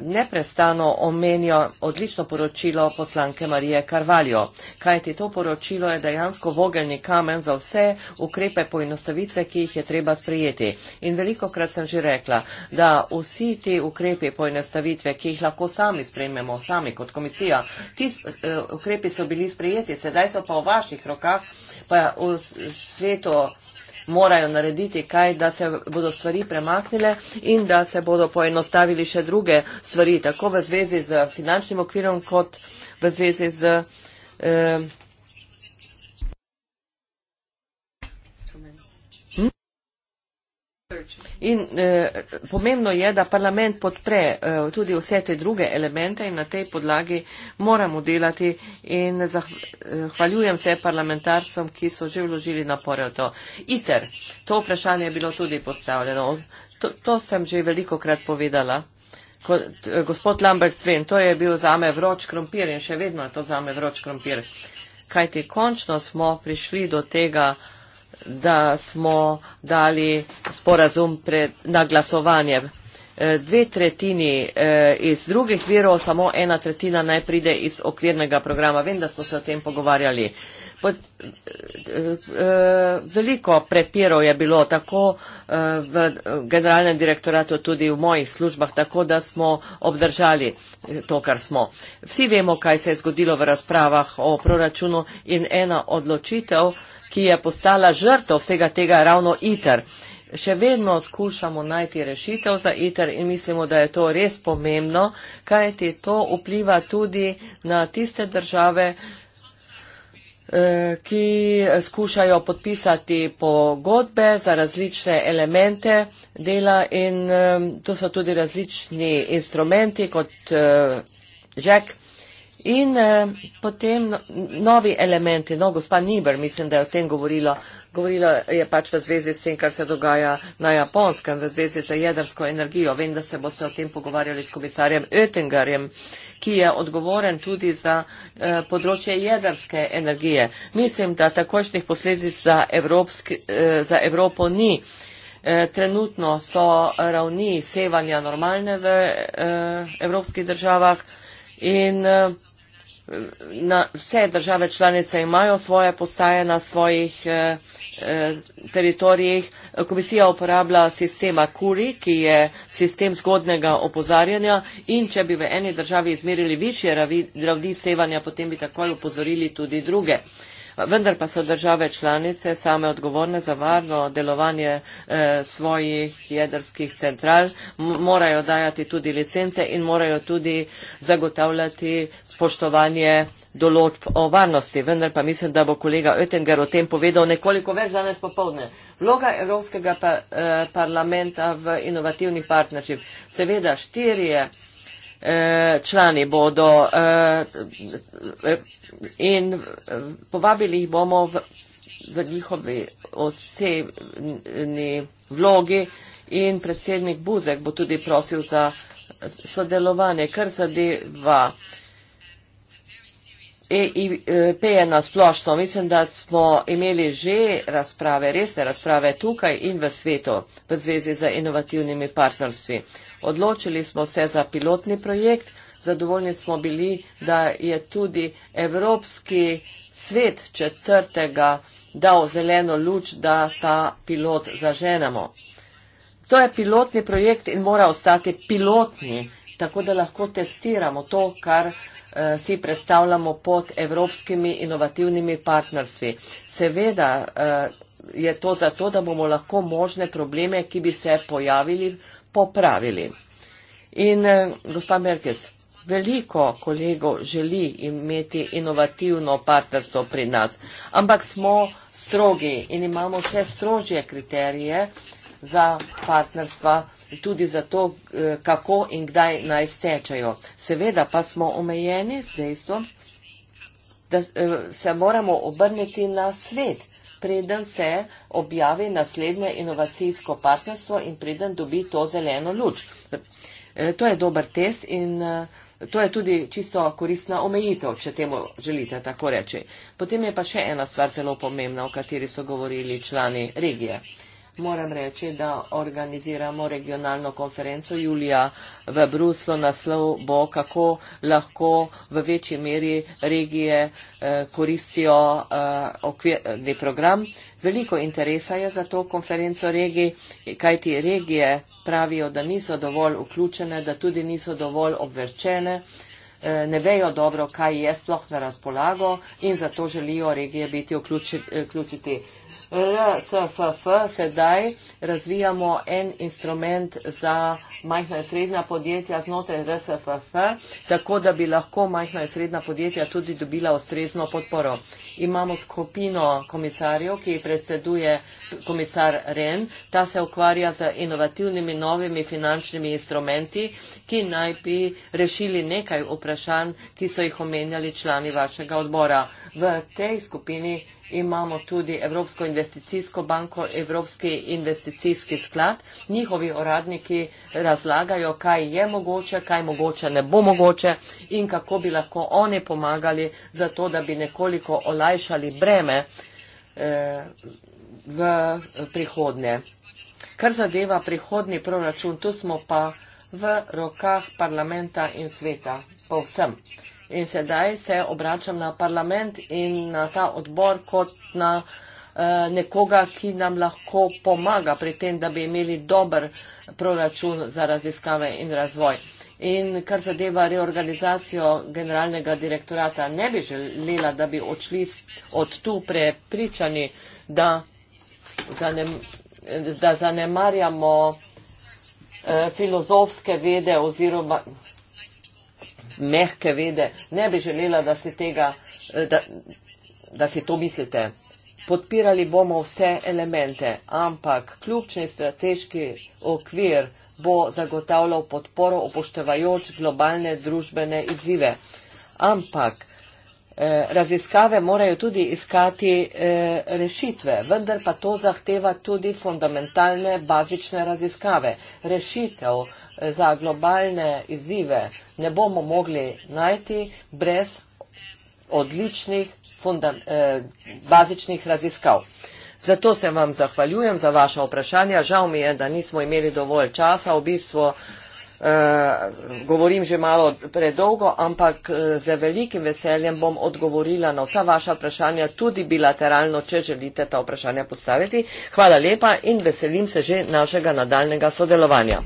neprestano omenja odlično poročilo poslanke Marije Karvaljo. Kajti to poročilo je dejansko vogelni kamen za vse ukrepe poenostavitve, ki jih je treba sprejeti. In veliko krat sem že rekla, da vsi ti ukrepe poenostavitve, ki jih lahko sami sprejmemo, sami kot komisija, ti uh, eh, ukrepi so bili sprejeti, sedaj so pa v vaših rokah, pa v svetu morajo narediti kaj, da se bodo stvari premaknile in da se bodo poenostavili še druge stvari, tako v zvezi z finančnim okvirom kot v zvezi z. Eh, In eh, pomembno je, da parlament podpre eh, tudi vse te druge elemente in na tej podlagi moramo delati in zahvaljujem eh, se parlamentarcem, ki so že vložili napore v to. ITER, to vprašanje je bilo tudi postavljeno. To, to sem že veliko krat povedala. Kod, eh, gospod Lambert Sven, to je bil zame vroč krompir in še vedno je to zame vroč krompir. Kajti končno smo prišli do tega, da smo dali sporazum pred, na glasovanje. E, dve tretjini e, iz drugih virov, samo ena tretjina naj pride iz okvirnega programa. Vem, da smo se o tem pogovarjali. Pod, e, veliko prepirov je bilo tako v generalnem direktoratu, tudi v mojih službah, tako da smo obdržali to, kar smo. Vsi vemo, kaj se je zgodilo v razpravah o proračunu in ena odločitev ki je postala žrtev vsega tega ravno ITER. Še vedno skušamo najti rešitev za ITER in mislimo, da je to res pomembno, kaj ti to vpliva tudi na tiste države, eh, ki skušajo podpisati pogodbe za različne elemente dela in eh, to so tudi različni instrumenti kot žek. Eh, In eh, potem no, novi elementi. No, gospa Niber, mislim, da je o tem govorila. Govorila je pač v zvezi s tem, kar se dogaja na japonskem, v zvezi z jedrsko energijo. Vem, da se boste o tem pogovarjali s komisarjem Oettingerjem, ki je odgovoren tudi za eh, področje jedrske energije. Mislim, da takošnih posledic za, evropski, eh, za Evropo ni. Eh, trenutno so ravni sevanja normalne v eh, evropskih državah in eh, na, vse države članice imajo svoje postaje na svojih eh, eh, teritorijih. Komisija uporablja sistema Kuri, ki je sistem zgodnega opozarjanja in če bi v eni državi izmerili više ravni sevanja, potem bi takoj upozorili tudi druge. Eh, vendar pa so države članice same odgovorne za varno delovanje eh, svojih jedrskih central, morajo dajati tudi licence in morajo tudi zagotavljati spoštovanje določb o varnosti. Vendar pa mislim, da bo kolega Oettinger o tem povedal nekoliko več danes popovdne. Vloga Evropskega pa, eh, parlamenta v inovativnih partnerših. Seveda štirje Eh, člani bodo eh, in povabili jih bomo v, v njihovi osebni vlogi in predsednik Buzek bo tudi prosil za sodelovanje, kar zadeva eh, EIP je nasplošno. Mislim, da smo imeli že razprave, resne razprave tukaj in v svetu v zvezi z inovativnimi partnerstvi. Odločili smo se za pilotni projekt, zadovoljni smo bili, da je tudi Evropski svet četrtega dal zeleno luč, da ta pilot zaženemo. To je pilotni projekt in mora ostati pilotni projekt tako da lahko testiramo to, kar uh, si predstavljamo pod evropskimi inovativnimi partnerstvi. Seveda uh, je to zato, da bomo lahko možne probleme, ki bi se pojavili, popravili. In uh, gospa Merkes, veliko kolegov želi imeti inovativno partnerstvo pri nas, ampak smo strogi in imamo še strožje kriterije. Uh, za partnerstva in tudi za to, eh, kako in kdaj naj stečajo. Seveda pa smo omejeni z dejstvom, da eh, se moramo obrniti na svet, preden se objavi naslednje inovacijsko partnerstvo in preden dobi to zeleno luč. Eh, to je dober test in to je tudi čisto koristna omejitev, če temu želite tako reči. Potem je pa še ena stvar zelo pomembna, o kateri so govorili člani regije moram reči, da organiziramo regionalno konferenco Julija v Bruslu. Naslov bo, kako lahko v večji meri regije eh, koristijo eh, okvirni program. Veliko interesa je za to konferenco regij, kaj ti regije pravijo, da niso dovolj vključene, da tudi niso dovolj obveščene eh, ne vejo dobro, kaj je sploh na razpolago in zato želijo regije biti vključiti. Vključi RSFF sedaj razvijamo en instrument za majhna in srednja podjetja znotraj RSFF, tako da bi lahko majhna in srednja podjetja tudi dobila ustrezno podporo. Imamo skupino komisarjev, ki predseduje komisar REN. Ta se ukvarja z inovativnimi novimi finančnimi instrumenti, ki naj bi rešili nekaj vprašanj, ki so jih omenjali člani vašega odbora. V tej skupini imamo tudi Evropsko investicijsko banko, Evropski investicijski sklad. Njihovi uradniki razlagajo, kaj je mogoče, kaj mogoče ne bo mogoče in kako bi lahko oni pomagali za to, da bi nekoliko olajšali breme eh, v prihodnje. Kar zadeva prihodni proračun, tu smo pa v rokah parlamenta in sveta, povsem. In sedaj se obračam na parlament in na ta odbor kot na eh, nekoga, ki nam lahko pomaga pri tem, da bi imeli dober proračun za raziskave in razvoj. In kar zadeva reorganizacijo generalnega direktorata, ne bi želela, da bi odšli od tu prepričani, da, zanem, da zanemarjamo eh, filozofske vede oziroma mehke vede. Ne bi želela, da si, tega, eh, da, da si to mislite. Podpirali bomo vse elemente, ampak ključni strateški okvir bo zagotavljal podporo upoštevajoč globalne družbene izzive. Ampak Eh, raziskave morajo tudi iskati eh, rešitve, vendar pa to zahteva tudi fundamentalne bazične raziskave. Rešitev eh, za globalne izzive ne bomo mogli najti brez odličnih bazičnih raziskav. Zato se vam zahvaljujem za vaša vprašanja. Žal mi je, da nismo imeli dovolj časa. V bistvu Eh, govorim že malo predolgo, ampak eh, z velikim veseljem bom odgovorila na vsa vaša vprašanja, tudi bilateralno, če želite ta vprašanja postaviti. Hvala lepa in veselim se že našega nadaljnega sodelovanja.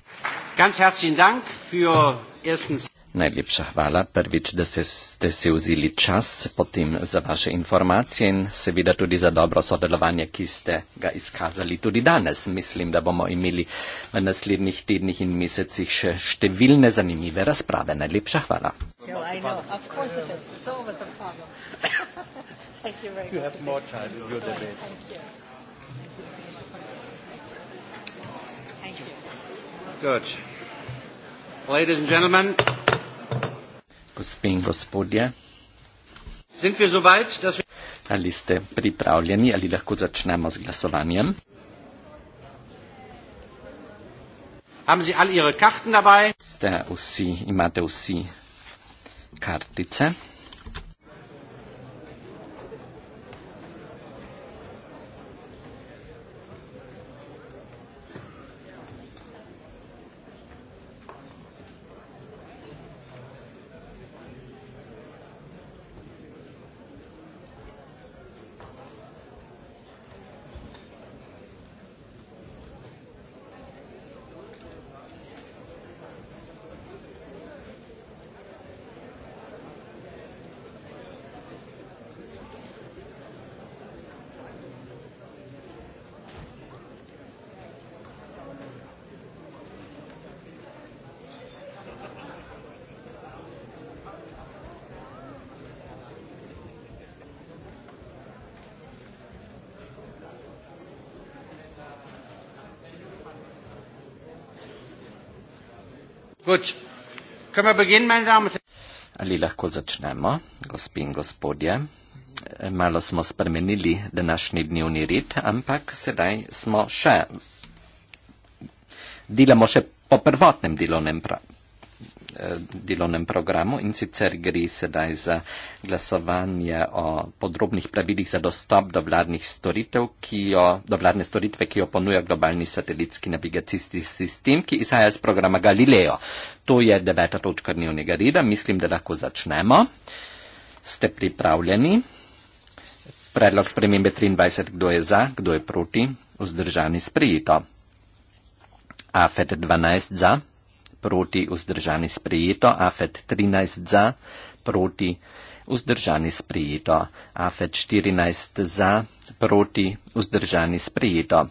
Ganz herzlichen Dank für
erstens. Najlepša hvala prvič, da se, ste se vzeli čas potem za vaše informacije in seveda tudi za dobro sodelovanje, ki ste ga izkazali tudi danes. Mislim, da bomo imeli v naslednjih tednih in mesecih še številne zanimive razprave. Najlepša hvala. Ladies and gentlemen, Gospe in gospodje, ali ste pripravljeni, ali lahko začnemo z glasovanjem? Ste vsi, imate vsi kartice? Ali lahko začnemo, gospi in gospodje? Malo smo spremenili današnji dnevni red, ampak sedaj smo še. Delamo še po prvotnem delovnem pravu delovnem programu in sicer gre sedaj za glasovanje o podrobnih pravilih za dostop do vladnih storitev, ki jo, do vladne storitve, ki jo ponuja globalni satelitski navigacijski sistem, ki izhaja iz programa Galileo. To je deveta točka dnevnega reda. Mislim, da lahko začnemo. Ste pripravljeni? Predlog spremembe 23, kdo je za, kdo je proti, vzdržani sprejeto. AFET 12 za proti vzdržani sprejeto, AFET 13 za, proti vzdržani sprejeto, AFET 14 za, proti vzdržani sprejeto.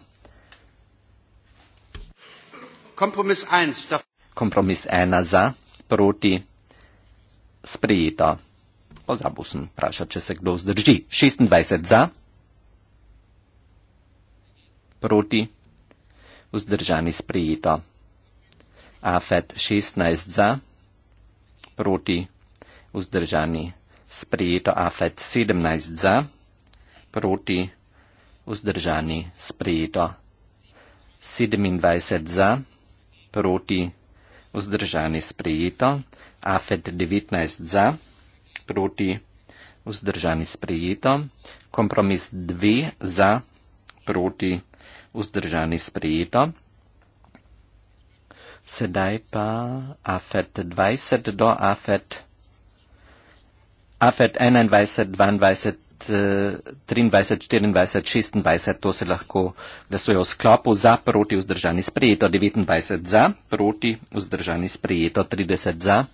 Kompromis 1, Kompromis 1 za, proti sprejeto. Pozabil sem vprašati, če se kdo vzdrži. 26 za, proti vzdržani sprejeto. AFET 16 za, proti vzdržani sprejeto AFET 17 za, proti vzdržani sprejeto 27 za, proti vzdržani sprejeto AFET 19 za, proti vzdržani sprejeto kompromis 2 za, proti vzdržani sprejeto. Sedaj pa afet 20 do afet, afet 21, 22, 23, 24, 26, to se lahko glasuje v sklopu za, proti, vzdržani, sprejeto, 29 za, proti, vzdržani, sprejeto, 30 za,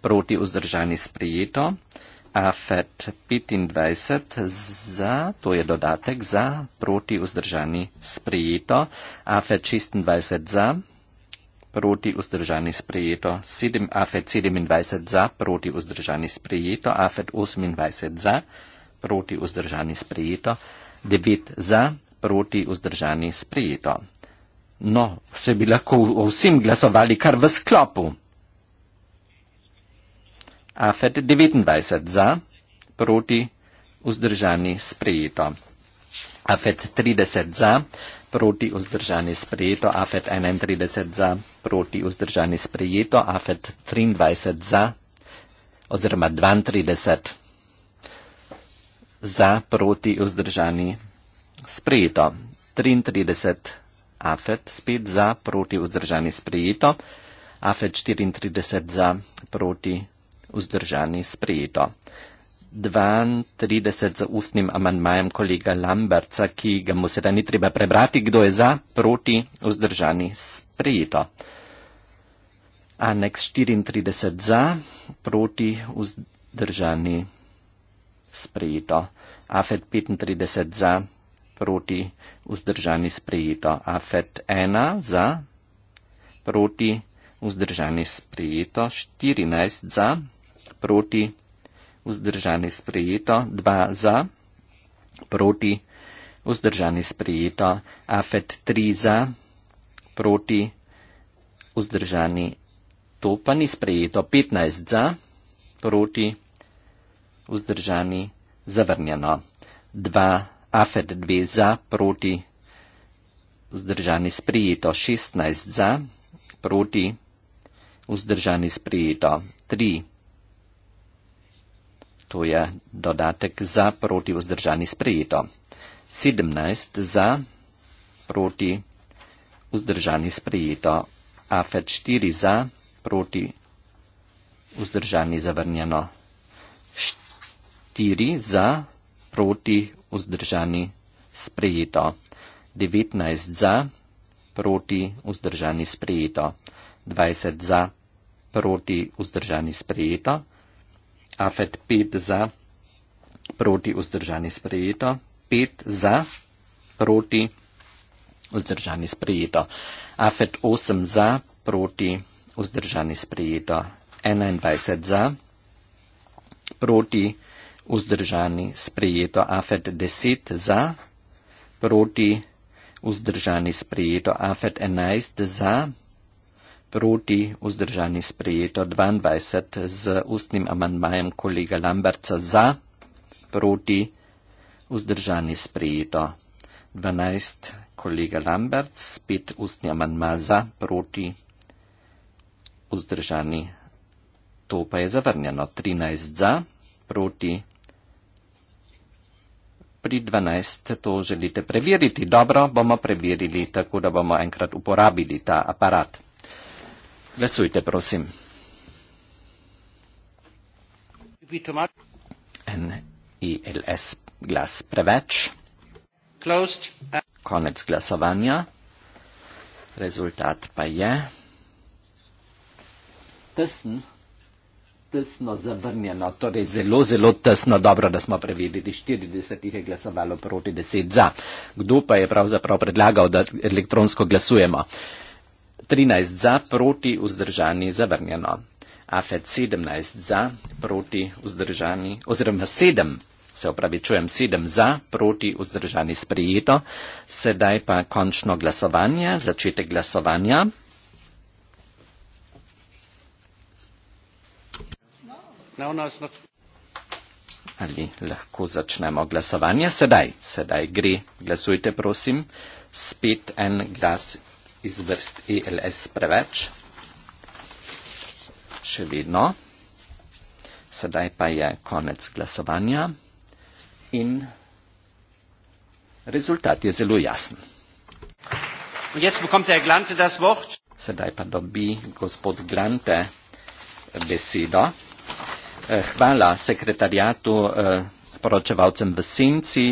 proti, vzdržani, sprejeto, afet 25 za, to je dodatek za, proti, vzdržani, sprejeto, afet 26 za, proti vzdržani sprejeto, 7 afet 27 za, proti vzdržani sprejeto, afet 28 za, proti vzdržani sprejeto, 9 za, proti vzdržani sprejeto. No, vse bi lahko vsem glasovali kar v sklopu. Afet 29 za, proti vzdržani sprejeto. Afet 30 za, proti vzdržani sprejeto, AFET 31 za, proti vzdržani sprejeto, AFET 23 za, oziroma 32 za, proti vzdržani sprejeto, 33 AFET spet za, proti vzdržani sprejeto, AFET 34 za, proti vzdržani sprejeto. 32 z ustnim amandmajem kolega Lamberca, ki ga mu sedaj ni treba prebrati, kdo je za, proti, vzdržani, sprejeto. Aneks 34 za, proti, vzdržani, sprejeto. Afet 35 za, proti, vzdržani, sprejeto. Afet 1 za, proti, vzdržani, sprejeto. 14 za, proti, vzdržani, sprejeto vzdržani sprejeto, dva za, proti, vzdržani sprejeto, afet tri za, proti, vzdržani, to pa ni sprejeto, petnajst za, proti, vzdržani, zavrnjeno, dva, afet dve za, proti, vzdržani sprejeto, šestnajst za, proti, vzdržani sprejeto, tri za, To je dodatek za proti vzdržani sprejeto. 17 za proti vzdržani sprejeto. AFED 4 za proti vzdržani zavrnjeno. 4 za proti vzdržani sprejeto. 19 za proti vzdržani sprejeto. 20 za proti vzdržani sprejeto. Afet 5 za, proti vzdržani sprejeto. 5 za, proti vzdržani sprejeto. Afet 8 za, proti vzdržani sprejeto. 21 za, proti vzdržani sprejeto. Afet 10 za, proti vzdržani sprejeto. Afet 11 za, proti vzdržani sprejeto proti vzdržani sprejeto 22 z ustnim amandmajem kolega Lamberca za proti vzdržani sprejeto 12 kolega Lamberc spet ustni amandma za proti vzdržani to pa je zavrnjeno 13 za proti Pri 12 to želite preveriti, dobro, bomo preverili, tako da bomo enkrat uporabili ta aparat. Glasujte, prosim. NILS glas preveč. Closed. Konec glasovanja. Rezultat pa je. Tesn. Tesno zavrnjeno, torej zelo, zelo tesno, dobro, da smo prevedili, 40 jih je glasovalo proti 10 za. Kdo pa je pravzaprav predlagal, da elektronsko glasujemo? Uh, 13 za, proti, vzdržani, zavrnjeno. Afet 17 za, proti, vzdržani, oziroma 7, se opravičujem, 7 za, proti, vzdržani, sprijeto. Sedaj pa končno glasovanje, začetek glasovanja. No, no, Ali lahko začnemo glasovanje sedaj? Sedaj gre. Glasujte, prosim. Spet en glas iz vrst ELS preveč. Še vedno. Sedaj pa je konec glasovanja in rezultat je zelo jasen. Sedaj pa dobi gospod Glante besedo. Eh, hvala sekretarjatu eh, poročevalcem v senci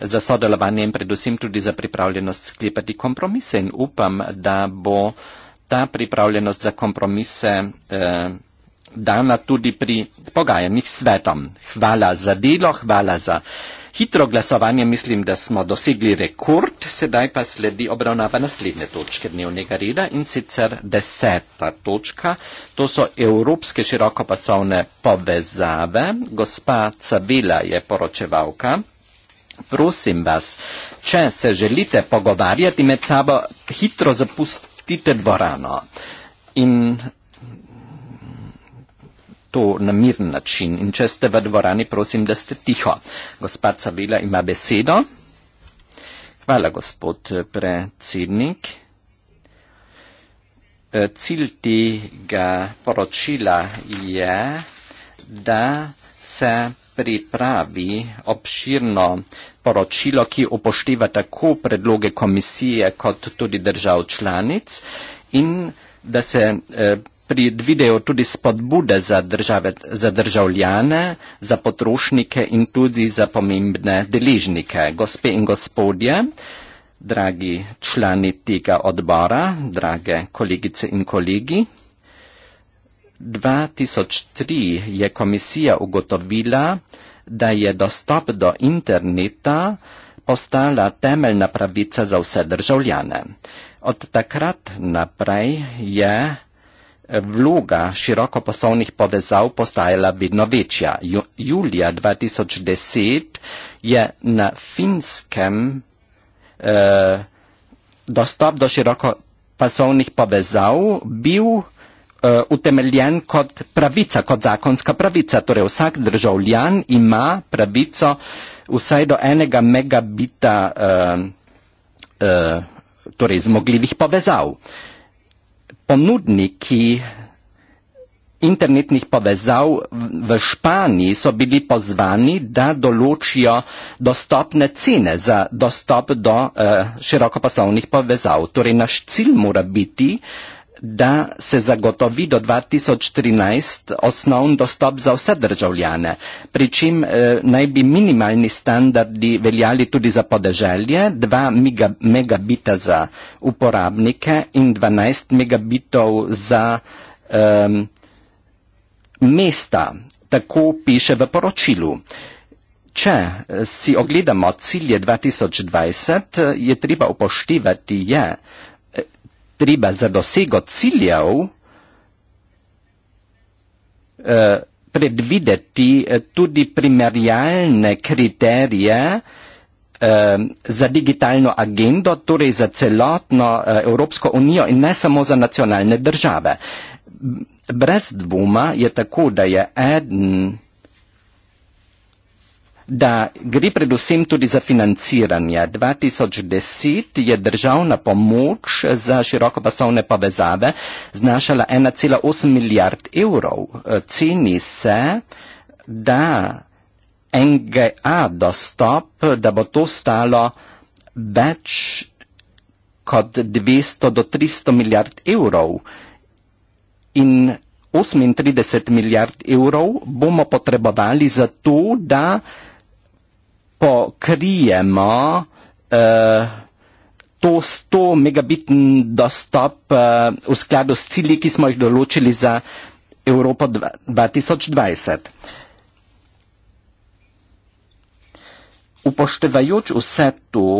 za sodelovanje in predvsem tudi za pripravljenost sklepati kompromise in upam, da bo ta pripravljenost za kompromise eh, dana tudi pri pogajanjih svetom. Hvala za delo, hvala za Hitro glasovanje mislim, da smo dosegli rekord, sedaj pa sledi obravnava naslednje točke dnevnega reda in sicer deseta točka. To so evropske širokopasovne povezave. Gospa Cavila je poročevalka. Prosim vas, če se želite pogovarjati med sabo, hitro zapustite dvorano. In to na miren način. In če ste v dvorani, prosim, da ste tiho. Gospa Cavila ima besedo. Hvala, gospod eh, predsednik. Eh, cilj tega poročila je, da se pripravi obširno poročilo, ki upošteva tako predloge komisije kot tudi držav članic in da se eh, pridvidejo tudi spodbude za, države, za državljane, za potrošnike in tudi za pomembne deležnike. Gospe in gospodje, dragi člani tega odbora, drage kolegice in kolegi, 2003 je komisija ugotovila, da je dostop do interneta postala temeljna pravica za vse državljane. Od takrat naprej je vloga širokoposlovnih povezav postajala vedno večja. Ju, julija 2010 je na finskem eh, dostop do širokoposlovnih povezav bil eh, utemeljen kot pravica, kot zakonska pravica. Torej vsak državljan ima pravico vsaj do enega megabita eh, eh, torej zmogljivih povezav. Eh, ponudniki internetnih povezav v Španiji so bili pozvani, da določijo dostopne cene za dostop do uh, širokopasovnih povezav. Torej, naš cilj mora biti uh, da se zagotovi do 2013 osnovni dostop za vse državljane, pri čim eh, naj bi minimalni standardi veljali tudi za podeželje, 2 mega, megabita za uporabnike in 12 megabitov za eh, mesta, tako piše v poročilu. Če eh, si ogledamo cilje 2020, eh, je treba upoštevati, je. Ja, treba za dosego ciljev eh, predvideti eh, tudi primerjalne kriterije eh, za digitalno agendo, torej za celotno Evropsko unijo in ne samo za nacionalne države. Brez dvoma je tako, da je eden da gre predvsem tudi za financiranje. 2010 je državna pomoč za širokopasovne povezave znašala 1,8 milijard evrov. Ceni se, da NGA dostop, da bo to stalo več kot 200 do 300 milijard evrov. In 38 milijard evrov bomo potrebovali za to, da pokrijemo uh, to 100 megabitni dostop uh, v skladu s cilji, ki smo jih določili za Evropo 2020. Upoštevajoč vse to,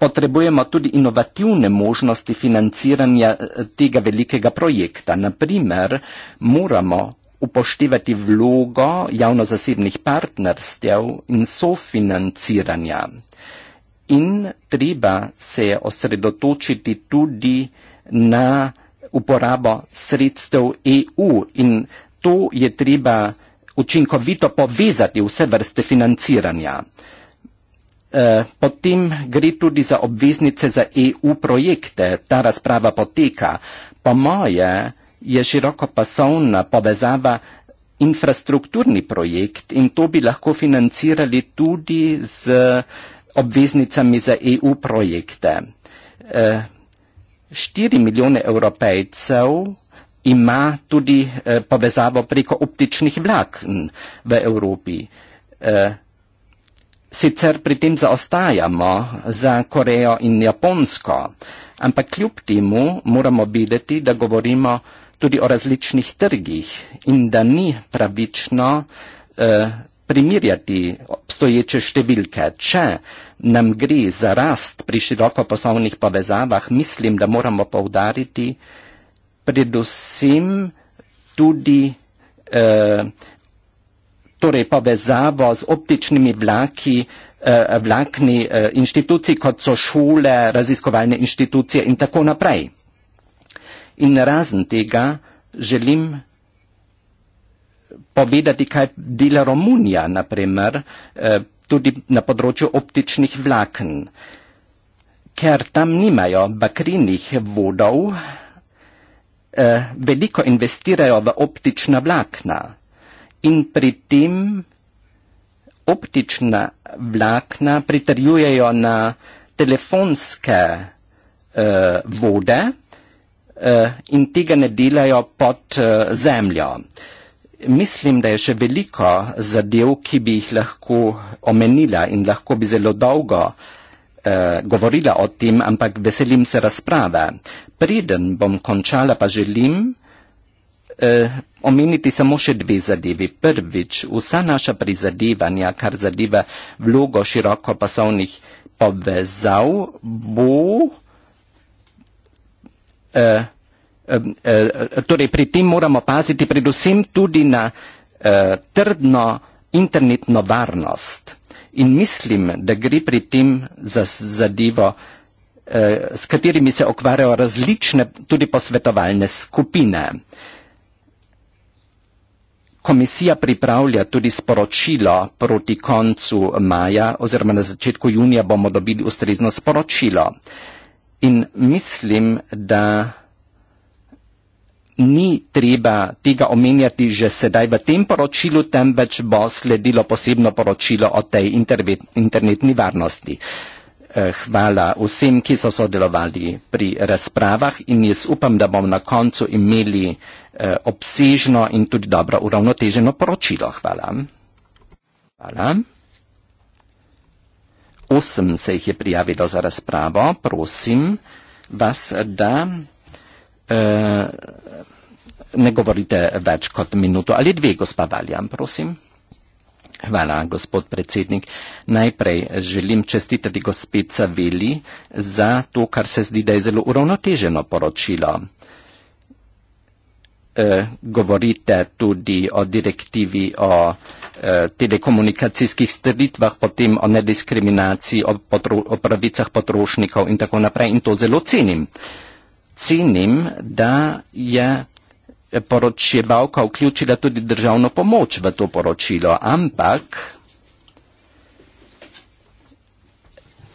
potrebujemo tudi inovativne možnosti financiranja eh, tega velikega projekta. Naprimer, moramo upoštevati vlogo javno-zasebnih partnerstev in sofinanciranja. In treba se osredotočiti tudi na uporabo sredstev EU in to je treba učinkovito povezati vse vrste financiranja. Eh, potem gre tudi za obveznice za EU projekte. Ta razprava poteka. Po moje, je širokopasovna povezava infrastrukturni projekt in to bi lahko financirali tudi z obveznicami za EU projekte. E, eh, 4 milijone evropejcev ima tudi e, povezavo preko optičnih vlak v Evropi. E, sicer pri tem zaostajamo za Korejo in Japonsko, ampak kljub temu moramo videti, da govorimo tudi o različnih trgih in da ni pravično eh, primirjati obstoječe številke. Če nam gre za rast pri široko poslovnih povezavah, mislim, da moramo povdariti predvsem tudi eh, torej povezavo z optičnimi vlaki, eh, vlakni eh, inštituciji, kot so šole, raziskovalne inštitucije in tako naprej. In razen tega želim povedati, kaj dela Romunija, naprimer, eh, tudi na področju optičnih vlaken. Ker tam nimajo bakrinih vodov, eh, veliko investirajo v optična vlakna. In pri tem optična vlakna pritrjujejo na telefonske uh, vode, Eh, in tega ne delajo pod eh, zemljo. Mislim, da je še veliko zadev, ki bi jih lahko omenila in lahko bi zelo dolgo eh, govorila o tem, ampak veselim se razprave. Preden bom končala, pa želim omeniti samo še dve zadevi. Prvič, vsa naša prizadevanja, kar zadeva vlogo široko pasovnih povezav, bo uh, Eh, eh, eh, torej pri tem moramo paziti predvsem tudi na uh, trdno internetno varnost. In mislim, da gre pri tem za zadevo, uh, s katerimi se okvarjajo različne tudi posvetovalne skupine. Komisija pripravlja tudi sporočilo proti koncu maja oziroma na začetku junija bomo dobili ustrezno sporočilo. Uh, In mislim, da ni treba tega omenjati že sedaj v tem poročilu, temveč bo sledilo posebno poročilo o tej internetni varnosti. Eh, hvala vsem, ki so sodelovali pri razpravah in jaz upam, da bomo na koncu imeli eh, obsežno in tudi dobro uravnoteženo poročilo. Hvala. Hvala osem se jih je prijavilo za razpravo. Prosim vas, da uh, ne govorite več kot minuto ali dve, gospa Valjan, prosim. Hvala, gospod predsednik. Najprej želim čestitati gospe Caveli za to, kar se zdi, da je zelo uravnoteženo poročilo. E, govorite tudi o direktivi o Eh, telekomunikacijskih stritvah, potem o nediskriminaciji, o, potro, o pravicah potrošnikov in tako naprej. In to zelo cenim. Cenim, da je poročevalka vključila tudi državno pomoč v to poročilo, ampak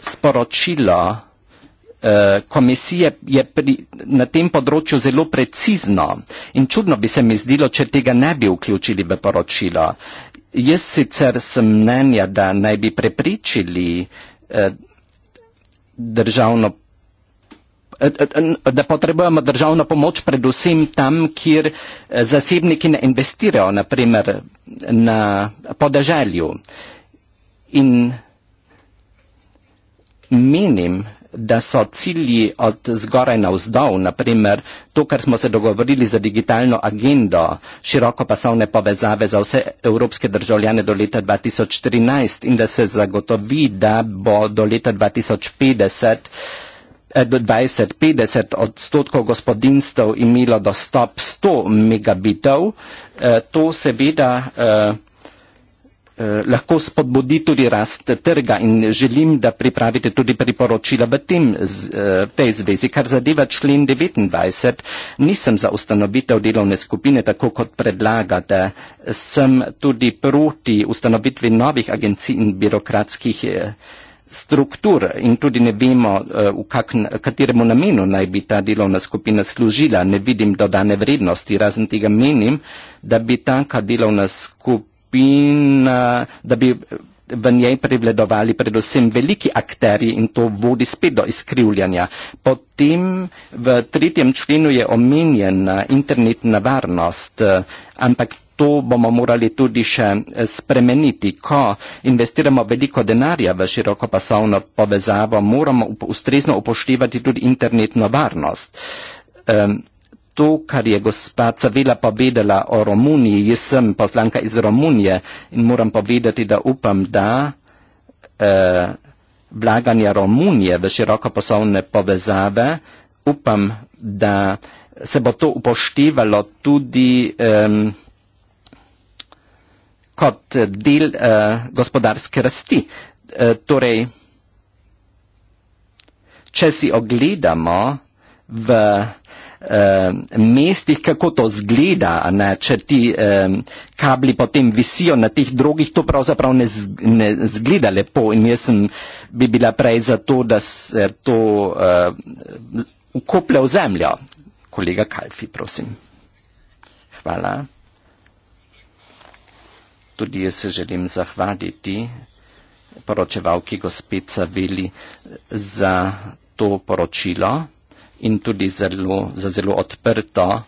sporočilo eh, komisije je pri, na tem področju zelo precizno in čudno bi se mi zdilo, če tega ne bi vključili v poročilo. Jaz sicer sem mnenja, da naj bi prepričili eh, državno, eh, eh, da potrebujemo državno pomoč predvsem tam, kjer zasebniki ne investirajo, naprimer na podeželju. In menim, da so cilji od zgoraj na vzdol, naprimer to, kar smo se dogovorili za digitalno agendo, široko pasovne povezave za vse evropske državljane do leta 2013 in da se zagotovi, da bo do leta 2050 eh, do 2050 odstotkov gospodinstv imelo dostop 100 megabitov, eh, to seveda eh, Eh, lahko spodbudi tudi rast trga in želim, da pripravite tudi priporočila v tem, eh, tej zvezi, kar zadeva člen 29. Nisem za ustanovitev delovne skupine, tako kot predlagate. Sem tudi proti ustanovitvi novih agencij in birokratskih eh, struktur in tudi ne vemo, v kak, kateremu namenu naj bi ta delovna skupina služila. Ne vidim dodane vrednosti, razen tega menim, da bi taka delovna skupina skupin, da bi v njej prevladovali predvsem veliki akteri in to vodi spet do izkrivljanja. Potem v tretjem členu je omenjena internetna varnost, ampak to bomo morali tudi še spremeniti. Ko investiramo veliko denarja v širokopasovno povezavo, moramo ustrezno upoštevati tudi internetno varnost to, kar je gospa Cavila povedala o Romuniji, jaz sem poslanka iz Romunije in moram povedati, da upam, da eh, vlaganje Romunije v široko poslovne povezave, upam, da se bo to upoštevalo tudi eh, kot del eh, gospodarske rasti. Eh, torej, če si ogledamo v eh, mestih, kako to zgleda, ne, če ti eh, kabli potem visijo na teh drugih, to pravzaprav ne, z, ne zgleda lepo in jaz sem, bi bila prej za to, da se to eh, ukople v zemljo. Kolega Kalfi, prosim. Hvala. Tudi jaz se želim zahvaliti poročevalki gospe Caveli za to poročilo in tudi zelo, za zelo odprto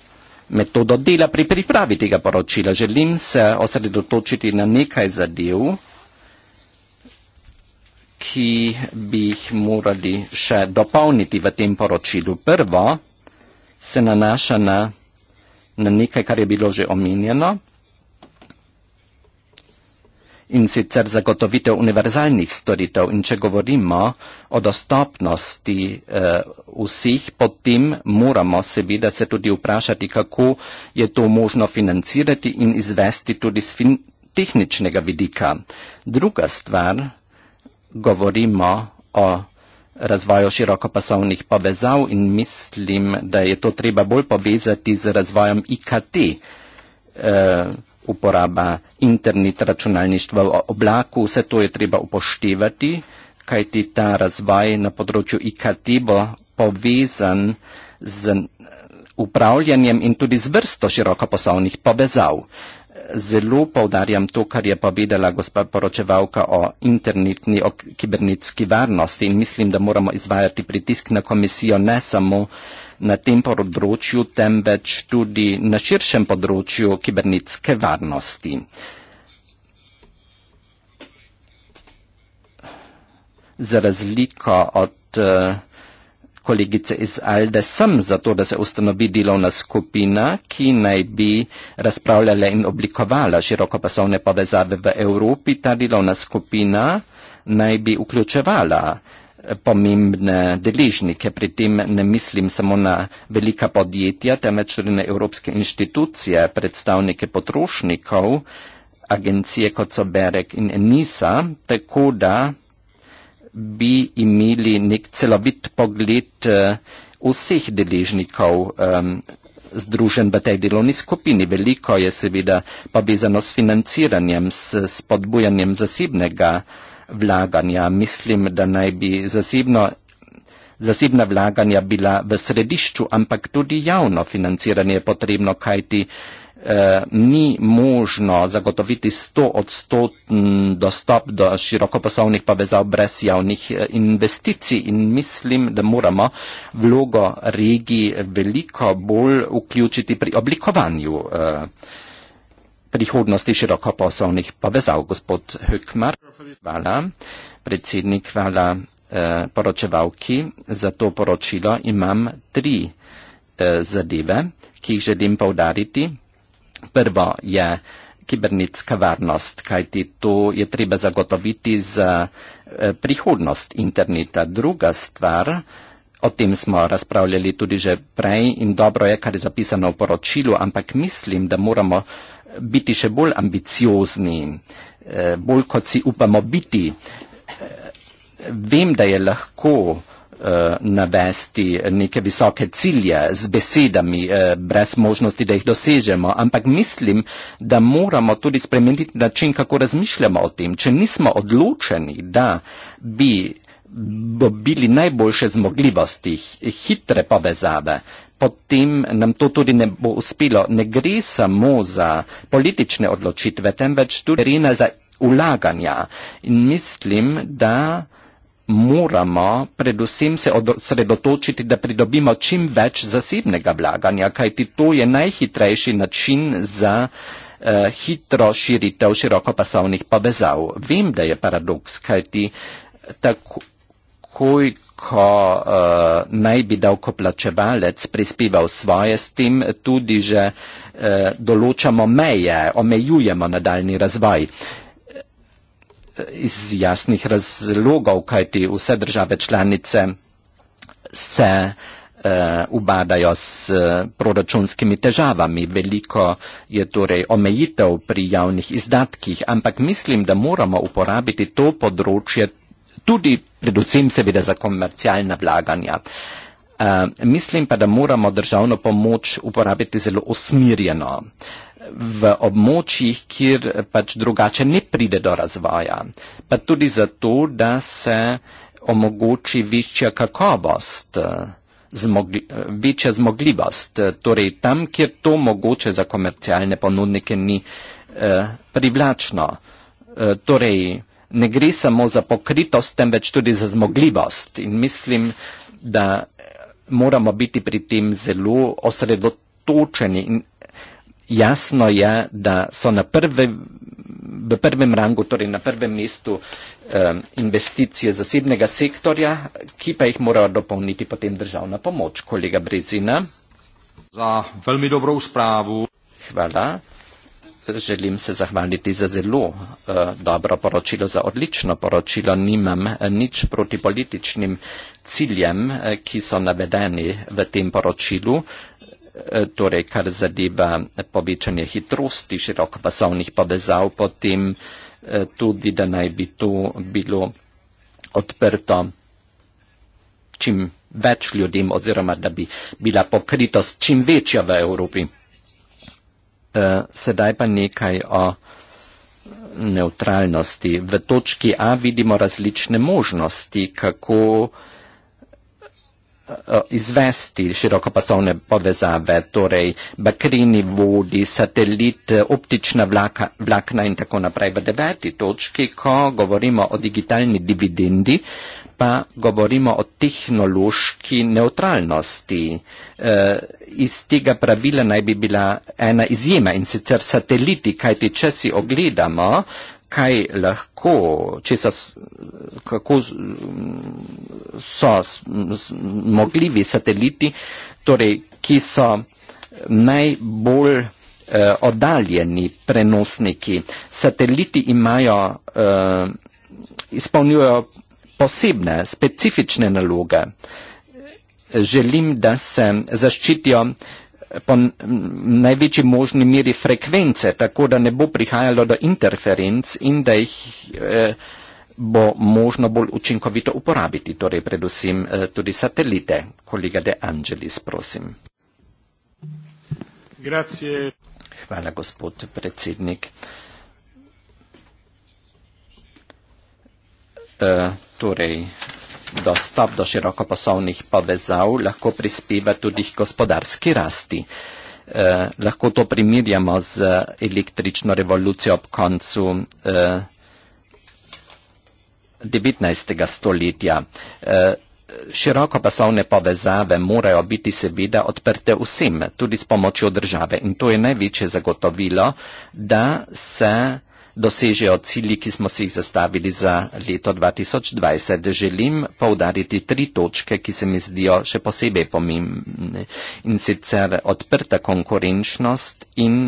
metodo dela pri pripravi tega poročila. Želim se osredotočiti na nekaj zadev, ki bi jih morali še dopolniti v tem poročilu. Prvo se nanaša na, na nekaj, kar je bilo že omenjeno in sicer zagotovitev univerzalnih storitev. In če govorimo o dostopnosti uh, vseh, potem moramo seveda se tudi vprašati, kako je to možno financirati in izvesti tudi z fin tehničnega vidika. Druga stvar, govorimo o razvoju širokopasovnih povezav in mislim, da je to treba bolj povezati z razvojem IKT. Uh, eh, uporaba internet računalništva v oblaku, vse to je treba upoštevati, kajti ta razvoj na področju IKT bo povezan z upravljanjem in tudi z vrsto široko poslovnih povezav. Zelo povdarjam to, kar je povedala gospa poročevalka o internetni, o kibernetski varnosti in mislim, da moramo izvajati pritisk na komisijo ne samo na tem področju, temveč tudi na širšem področju kibernetske varnosti. Za razliko od eh, kolegice iz Alde sem zato, da se ustanovi delovna skupina, ki naj bi razpravljala in oblikovala širokopasovne povezave v Evropi. Ta delovna skupina naj bi vključevala pomembne deležnike. Pri tem ne mislim samo na velika podjetja, temveč tudi na evropske inštitucije, predstavnike potrošnikov, agencije kot so Berek in Enisa, tako da bi imeli nek celovit pogled eh, vseh deležnikov um, združen v tej delovni skupini. Veliko je seveda povezano s financiranjem, s spodbujanjem zasebnega uh, vlaganja. Mislim, da naj bi zasebno. Zasebna vlaganja bila v središču, ampak tudi javno financiranje je potrebno, kajti eh, ni možno zagotoviti 100 odstoten dostop do širokoposovnih povezav brez javnih eh, investicij in mislim, da moramo vlogo regiji veliko bolj vključiti pri oblikovanju. Eh, prihodnosti širokopasovnih povezav. Gospod Hökmar, hvala, predsednik, hvala eh, poročevalki za to poročilo. Imam tri eh, zadeve, ki jih želim povdariti. Prvo je kibernetska varnost, kajti to je treba zagotoviti za eh, prihodnost interneta. Druga stvar, o tem smo razpravljali tudi že prej in dobro je, kar je zapisano v poročilu, ampak mislim, da moramo biti še bolj ambiciozni, eh, bolj kot si upamo biti. Eh, vem, da je lahko eh, navesti neke visoke cilje z besedami, brez možnosti, da jih dosežemo, ampak mislim, da moramo tudi spremeniti način, kako razmišljamo o tem. Če nismo odločeni, da bi dobili najboljše zmogljivosti, hitre povezave, potem nam to tudi ne bo uspelo. Ne gre samo za politične odločitve, temveč tudi rena za ulaganja. In mislim, da moramo predvsem se osredotočiti, da pridobimo čim več zasebnega vlaganja, kajti to je najhitrejši način za uh, hitro širitev širokopasovnih povezav. Vem, da je paradoks, kajti tako ko uh, naj bi davkoplačevalec prispeval svoje, s tem tudi že uh, določamo meje, omejujemo nadaljni razvoj. Iz jasnih razlogov, kajti vse države članice se eh, ubadajo s proračunskimi težavami. Veliko je torej omejitev pri javnih izdatkih, ampak mislim, da moramo uporabiti to področje tudi predvsem seveda za komercialna vlaganja. Uh, mislim pa, da moramo državno pomoč uporabiti zelo usmirjeno v območjih, kjer pač drugače ne pride do razvoja, pa tudi zato, da se omogoči večja kakovost, eh, zmogli, eh, večja zmogljivost, torej tam, kjer to mogoče za komercialne ponudnike ni uh, privlačno. Uh, torej, ne gre samo za pokritost, temveč tudi za zmogljivost. In mislim, da moramo biti pri tem zelo osredotočeni. In jasno je, da so na prve, v prvem rangu, torej na prvem mestu, eh, investicije zasebnega sektorja, ki pa jih mora dopolniti potem državna pomoč. Kolega Brezina. Za veľmi dobrou správu. Hvala želim se zahvaliti za zelo uh, dobro poročilo, za odlično poročilo. Nimam eh, nič proti političnim ciljem, eh, ki so navedeni v tem poročilu, torej kar zadeva povečanje hitrosti širokopasovnih povezav, potem tudi, da naj bi to bilo odprto čim več ljudem oziroma da bi bila pokritost čim večja v Evropi. Eh, sedaj pa nekaj o neutralnosti. V točki A vidimo različne možnosti, kako eh, izvesti širokopasovne povezave, torej bakrini vodi, satelit, eh, optična vlaka, vlakna in tako naprej. V deveti točki, ko govorimo o digitalni dividendi, pa govorimo o tehnološki neutralnosti. E, iz tega pravila naj bi bila ena izjema in sicer sateliti, kajti če si ogledamo, kaj lahko, če so, kako so mogljivi sateliti, torej, ki so najbolj eh, oddaljeni prenosniki. Sateliti imajo, eh, izpolnjujo posebne, specifične naloge. Želim, da se zaščitijo po največji možni meri frekvence, tako da ne bo prihajalo do interferenc in da jih eh, bo možno bolj učinkovito uporabiti, torej predvsem eh, tudi satelite. Kolega De Angelis, prosim.
Grazie.
Hvala, gospod predsednik. Eh, torej, dostop do širokopasovnih povezav lahko prispeva tudi k gospodarski rasti. Eh, lahko to primerjamo z električno revolucijo ob koncu eh, 19. stoletja. Eh, širokopasovne povezave morajo biti seveda odprte vsem, tudi s pomočjo države. In to je največje zagotovilo, da se dosežejo cilji, ki smo si jih zastavili za leto 2020. Želim povdariti tri točke, ki se mi zdijo še posebej pomembne in sicer odprta konkurenčnost in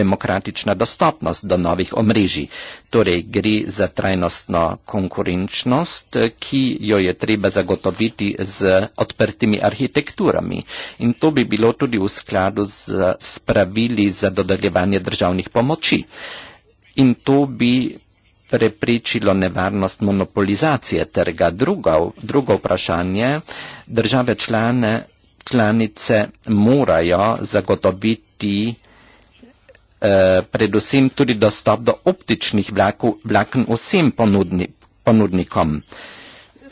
demokratična dostopnost do novih omrežij. Torej gre za trajnostno konkurenčnost, ki jo je treba zagotoviti z odprtimi arhitekturami. In to bi bilo tudi v skladu z pravili za dodeljevanje državnih pomoči in to bi preprečilo nevarnost monopolizacije trga. Drugo, drugo vprašanje, države člane, članice morajo zagotoviti eh, predvsem tudi dostop do optičnih vlaku, vlaken vsem ponudni, ponudnikom. Eh,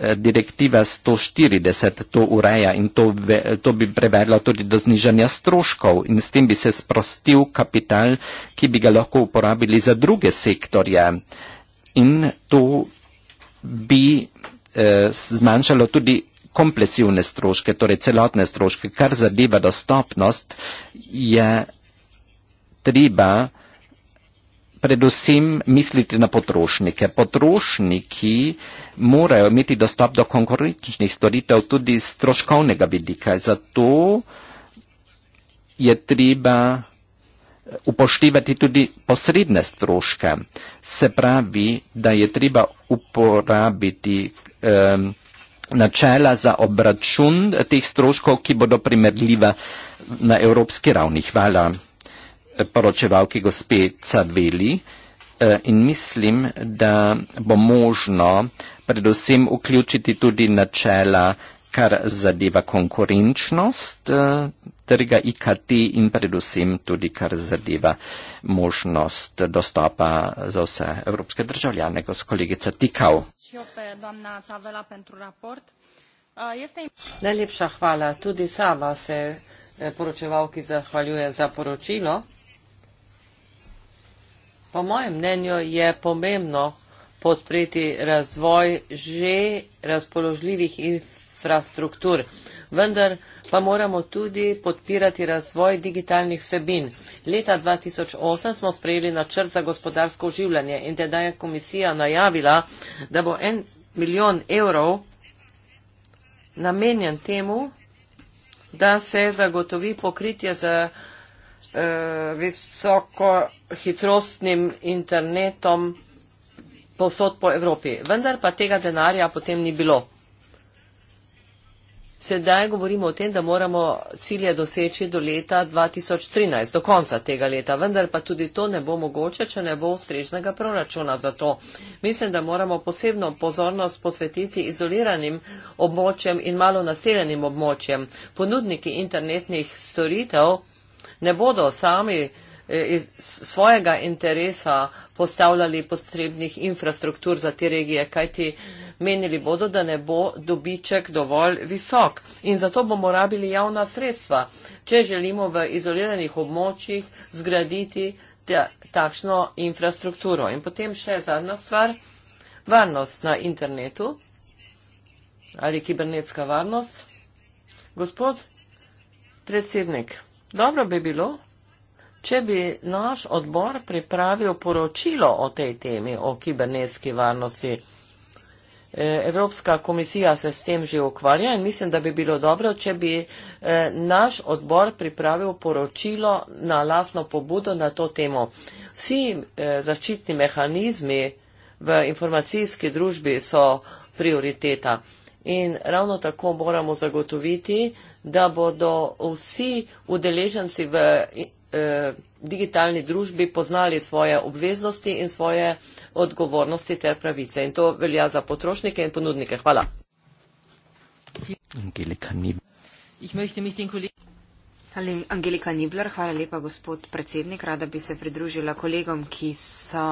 Eh, direktiva 140 to ureja in to, to bi prevedlo tudi do znižanja stroškov in s tem bi se sprostil kapital, ki bi ga lahko uporabili za druge sektorje in to bi eh, zmanjšalo tudi kompresivne stroške, torej celotne stroške, kar zadeva dostopnost, je treba eh, predvsem misliti na potrošnike. Potrošniki morajo imeti dostop do konkurenčnih storitev tudi z troškovnega vidika. Zato je treba upoštevati tudi posredne stroške. Se pravi, da je treba uporabiti um, načela za obračun teh stroškov, ki bodo primerljiva na evropski ravni. Hvala poročevalki gospe Caveli eh, in mislim, da bo možno predvsem vključiti tudi načela, kar zadeva konkurenčnost eh, trga IKT in predvsem tudi, kar zadeva možnost dostopa za vse evropske
državljane, kot
kolegica Tikal.
Najlepša hvala. Tudi sama se eh, poročevalki zahvaljuje za poročilo. Po mojem mnenju je pomembno podpreti razvoj že razpoložljivih infrastruktur, vendar pa moramo tudi podpirati razvoj digitalnih vsebin. Leta 2008 smo sprejeli načrt za gospodarsko oživljanje in teda je komisija najavila, da bo en milijon evrov namenjen temu, da se zagotovi pokritje za vsebin uh, eh, visoko hitrostnim internetom povsod po Evropi. Vendar pa tega denarja potem ni bilo. Sedaj govorimo o tem, da moramo cilje doseči do leta 2013, do konca tega leta, vendar pa tudi to ne bo mogoče, če ne bo ustreznega proračuna za to. Mislim, da moramo posebno pozornost posvetiti izoliranim območjem in malo naseljenim območjem. Ponudniki internetnih storitev ne bodo sami eh, iz svojega interesa postavljali potrebnih infrastruktur za te regije, kajti menili bodo, da ne bo dobiček dovolj visok. In zato bomo rabili javna sredstva, če želimo v izoliranih območjih zgraditi takšno infrastrukturo. In potem še zadnja stvar, varnost na internetu ali kibernetska varnost. Gospod predsednik. Dobro bi bilo, če bi naš odbor pripravil poročilo o tej temi, o kibernetski varnosti. E, Evropska komisija se s tem že ukvarja in mislim, da bi bilo dobro, če bi e, naš odbor pripravil poročilo na lasno pobudo na to temo. Vsi e, zaščitni mehanizmi v informacijski družbi so prioriteta. In ravno tako moramo zagotoviti, da bodo vsi udeleženci v eh, digitalni družbi poznali svoje obveznosti in svoje odgovornosti ter pravice. In to velja za potrošnike in ponudnike. Hvala.
Angelika,
Angelika Nibler, hvala lepa, gospod predsednik. Rada bi se pridružila kolegom, ki so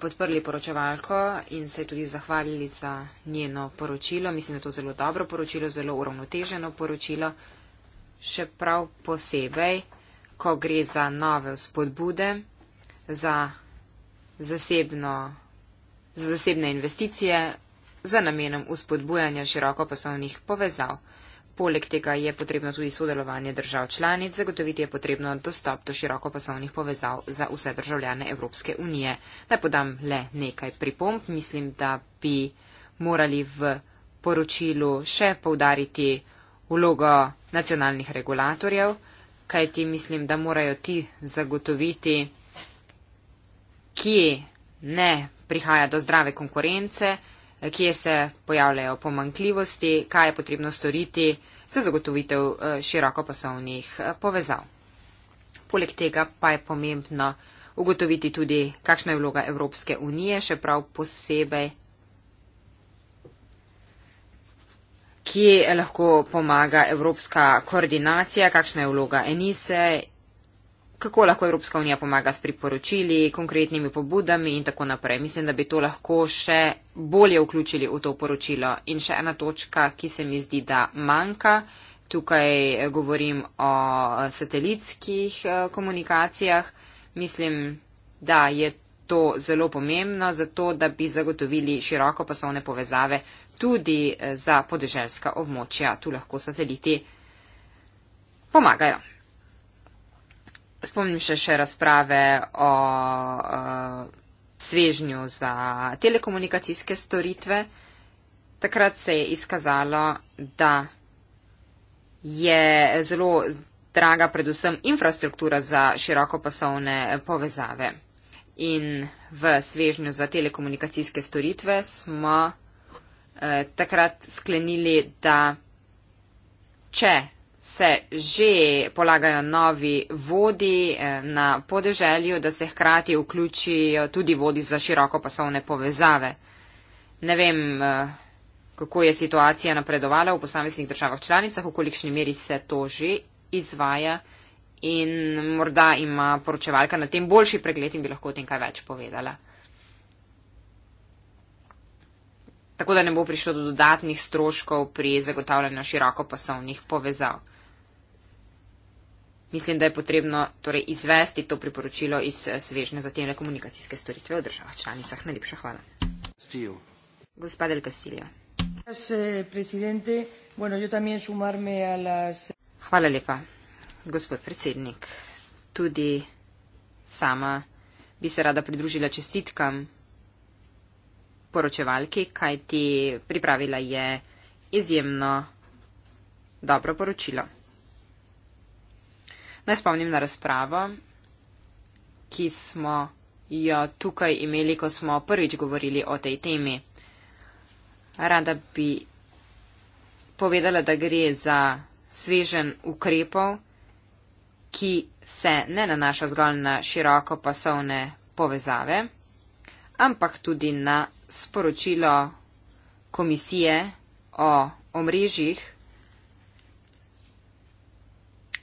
podprli poročevalko in se tudi zahvalili za njeno poročilo. Mislim, da je to zelo dobro poročilo, zelo uravnoteženo poročilo. Še prav posebej, ko gre za nove spodbude, za, zasebno, za zasebne investicije, za namenom uspodbujanja široko poslovnih povezav. Poleg tega je potrebno tudi sodelovanje držav članic, zagotoviti je potrebno dostop do širokopasovnih povezav za vse državljane Evropske unije. Naj podam le nekaj pripomp. Mislim, da bi morali v poročilu še povdariti vlogo nacionalnih regulatorjev, kajti mislim, da morajo ti zagotoviti, kje ne prihaja do zdrave konkurence, kje se pojavljajo pomankljivosti, kaj je potrebno storiti za zagotovitev eh, širokopasovnih eh, povezav. Poleg tega pa je pomembno ugotoviti tudi, kakšna je vloga Evropske unije, še prav posebej, ki lahko pomaga Evropska koordinacija, kakšna je vloga Enise kako lahko Evropska unija pomaga s priporočili, konkretnimi pobudami in tako naprej. Mislim, da bi to lahko še bolje vključili v to poročilo. In še ena točka, ki se mi zdi, da manjka. Tukaj govorim o satelitskih eh, komunikacijah. Mislim, da je to zelo pomembno, zato da bi zagotovili široko pasovne povezave tudi eh, za podeželska območja. Tu lahko sateliti pomagajo spomnim se še razprave o uh, svežnju za telekomunikacijske storitve. Takrat se je izkazalo, da je zelo draga predvsem infrastruktura za širokopasovne povezave. In v svežnju za telekomunikacijske storitve smo eh, takrat sklenili, da če se že polagajo novi vodi eh, na podeželju, da se hkrati vključijo tudi vodi za široko pasovne povezave. Ne vem, eh, kako je situacija napredovala v posameznih državah članicah, v kolikšni meri se to že izvaja in morda ima poročevalka na tem boljši pregled in bi lahko o tem kaj več povedala. tako da ne bo prišlo do dodatnih stroškov pri zagotavljanju širokopasovnih povezav. Mislim, da je potrebno torej izvesti to priporočilo iz eh, svežne zatemne komunikacijske storitve v državah članicah. Najlepša hvala. Stil. Gospod El Casilio. Hvala lepa, gospod predsednik. Tudi sama bi se rada pridružila čestitkam poročevalki, kajti pripravila je izjemno dobro poročilo. Naj spomnim na razpravo, ki smo jo tukaj imeli, ko smo prvič govorili o tej temi. Rada bi povedala, da gre za svežen ukrepov, ki se ne nanaša zgolj na široko pasovne povezave, ampak tudi na sporočilo komisije o omrežjih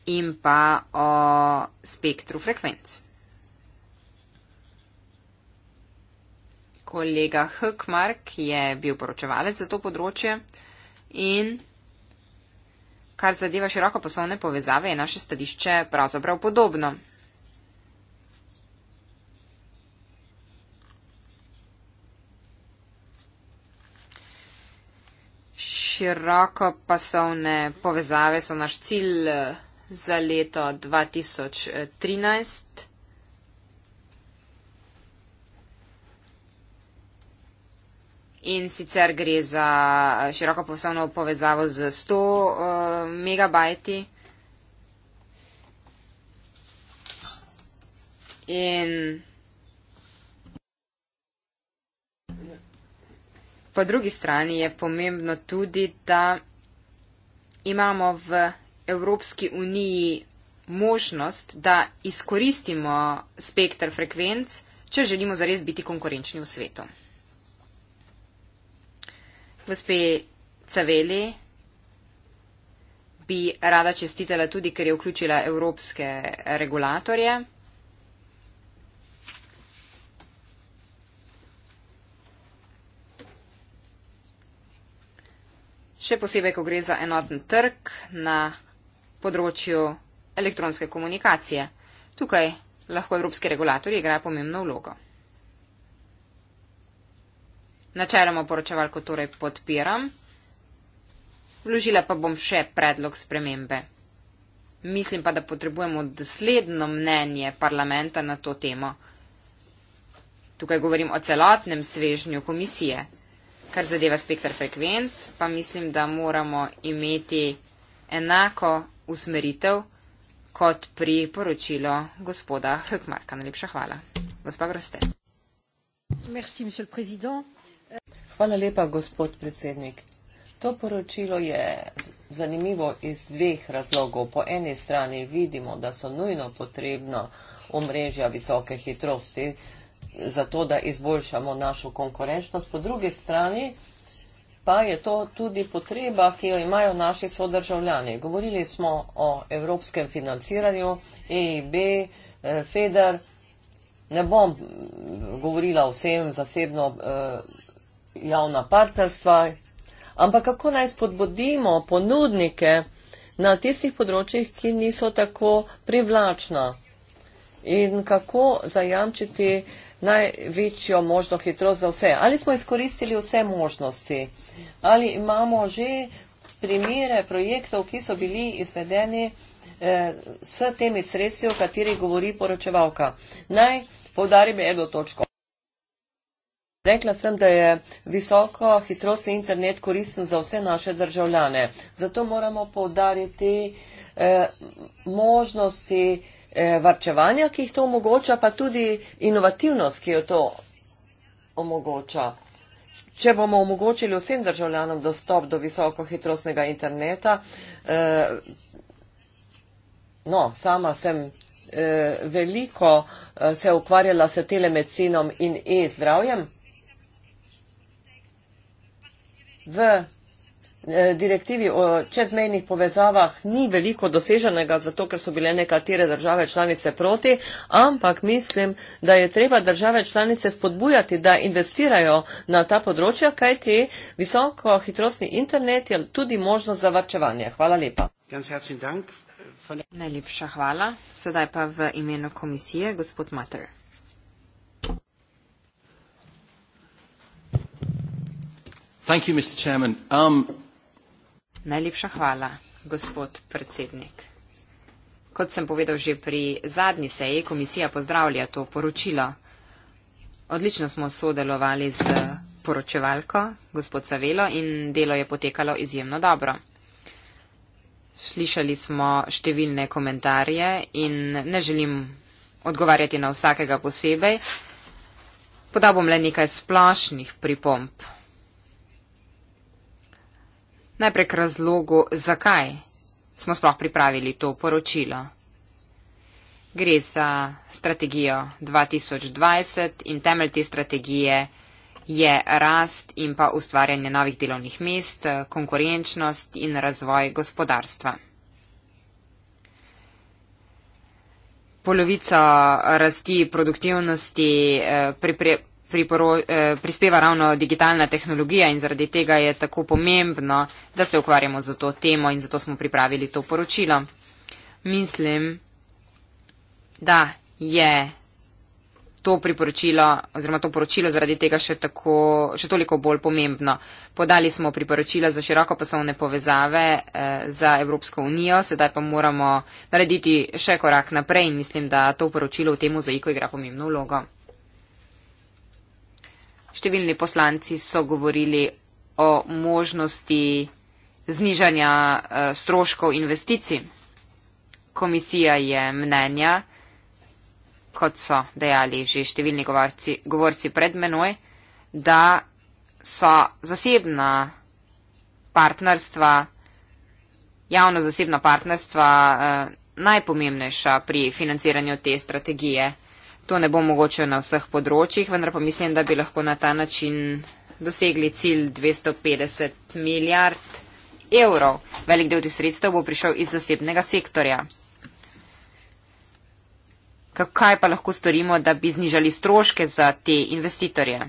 in pa o spektru frekvenc. Kolega Hkmark je bil poročevalec za to področje in kar zadeva široko poslovne povezave, je naše stališče pravzaprav podobno. široko pasovne povezave so naš cilj eh, za leto 2013. In sicer gre za eh, široko poslovno povezavo z 100 uh, eh, megabajti. In Po drugi strani je pomembno tudi, da imamo v Evropski uniji možnost, da izkoristimo spektr frekvenc, če želimo zares biti konkurenčni v svetu. Gospe Caveli, bi rada čestitela tudi, ker je vključila evropske regulatorje. še posebej, ko gre za enoten trg na področju elektronske komunikacije. Tukaj lahko evropski regulatori igrajo pomembno vlogo. Načeloma poročevalko torej podpiram, vložila pa bom še predlog spremembe. Mislim pa, da potrebujemo dosledno mnenje parlamenta na to temo. Tukaj govorim o celotnem svežnju komisije kar zadeva spektr frekvenc, pa mislim, da moramo imeti enako usmeritev kot pri poročilo gospoda Hökmarka. Najlepša hvala. Gospa Groste. Merci, Hvala lepa, gospod predsednik. To poročilo je
zanimivo iz dveh razlogov. Po eni strani vidimo, da so nujno potrebno omrežja visoke hitrosti, za to, da izboljšamo našo konkurenčnost. Po drugi strani pa je to tudi potreba, ki jo imajo naši sodržavljani. Govorili smo o evropskem financiranju, EIB, eh, FEDER. Ne bom govorila o vsem zasebno eh, javna partnerstva, ampak kako naj spodbudimo ponudnike na tistih področjih, ki niso tako privlačna in kako zajamčiti največjo možno hitrost za vse. Ali smo izkoristili vse možnosti? Ali imamo že primere projektov, ki so bili izvedeni eh, s temi sredstvi, o katerih govori poročevalka? Naj povdarim eno točko. Rekla sem, da je visoko hitrostni internet koristen za vse naše državljane. Zato moramo povdariti eh, možnosti, Eh, varčevanja, ki jih to omogoča, pa tudi inovativnost, ki jo to omogoča. Če bomo omogočili vsem državljanom dostop do visokohitrostnega interneta, eh, no, sama sem eh, veliko eh, se ukvarjala s telemedicinom in e-zdravjem. V Eh, direktivi o čezmejnih povezavah ni veliko doseženega, zato ker so bile nekatere države članice proti, ampak mislim, da je treba države članice spodbujati, da investirajo na ta področja, kaj te visoko hitrostni internet je tudi možnost za varčevanje.
Hvala lepa. Najlepša hvala. Sedaj pa v imenu komisije, gospod Mater.
Thank you, Mr. Chairman. Um,
Najlepša hvala, gospod predsednik. Kot sem povedal že pri zadnji seji, komisija pozdravlja to poročilo. Odlično smo sodelovali z poročevalko, gospod Savelo, in delo je potekalo izjemno dobro. Slišali smo številne komentarje in ne želim odgovarjati na vsakega posebej. Podal bom le nekaj splošnih pripomp. Najprej k razlogu, zakaj smo sploh pripravili to poročilo. Gre za strategijo 2020 in temelj te strategije je rast in pa ustvarjanje novih delovnih mest, konkurenčnost in razvoj gospodarstva. Polovico rasti produktivnosti eh, pripre, priporo, eh, prispeva ravno digitalna tehnologija in zaradi tega je tako pomembno, da se ukvarjamo z to temo in zato smo pripravili to poročilo. Mislim, da je to priporočilo oziroma to poročilo zaradi tega še, tako, še toliko bolj pomembno. Podali smo priporočila za široko poslovne povezave eh, za Evropsko unijo, sedaj pa moramo narediti še korak naprej in mislim, da to poročilo v tem zaiku igra pomembno vlogo. Številni poslanci so govorili o možnosti znižanja eh, stroškov investicij. Komisija je mnenja, kot so dejali že številni govorci, govorci pred menoj, da so zasebna partnerstva, javno-zasebna partnerstva eh, najpomembnejša pri financiranju te strategije. To ne bo mogoče na vseh področjih, vendar pa mislim, da bi lahko na ta način dosegli cilj 250 milijard evrov. Velik del teh sredstev bo prišel iz zasebnega sektorja. Kaj pa lahko storimo, da bi znižali stroške za te investitorje?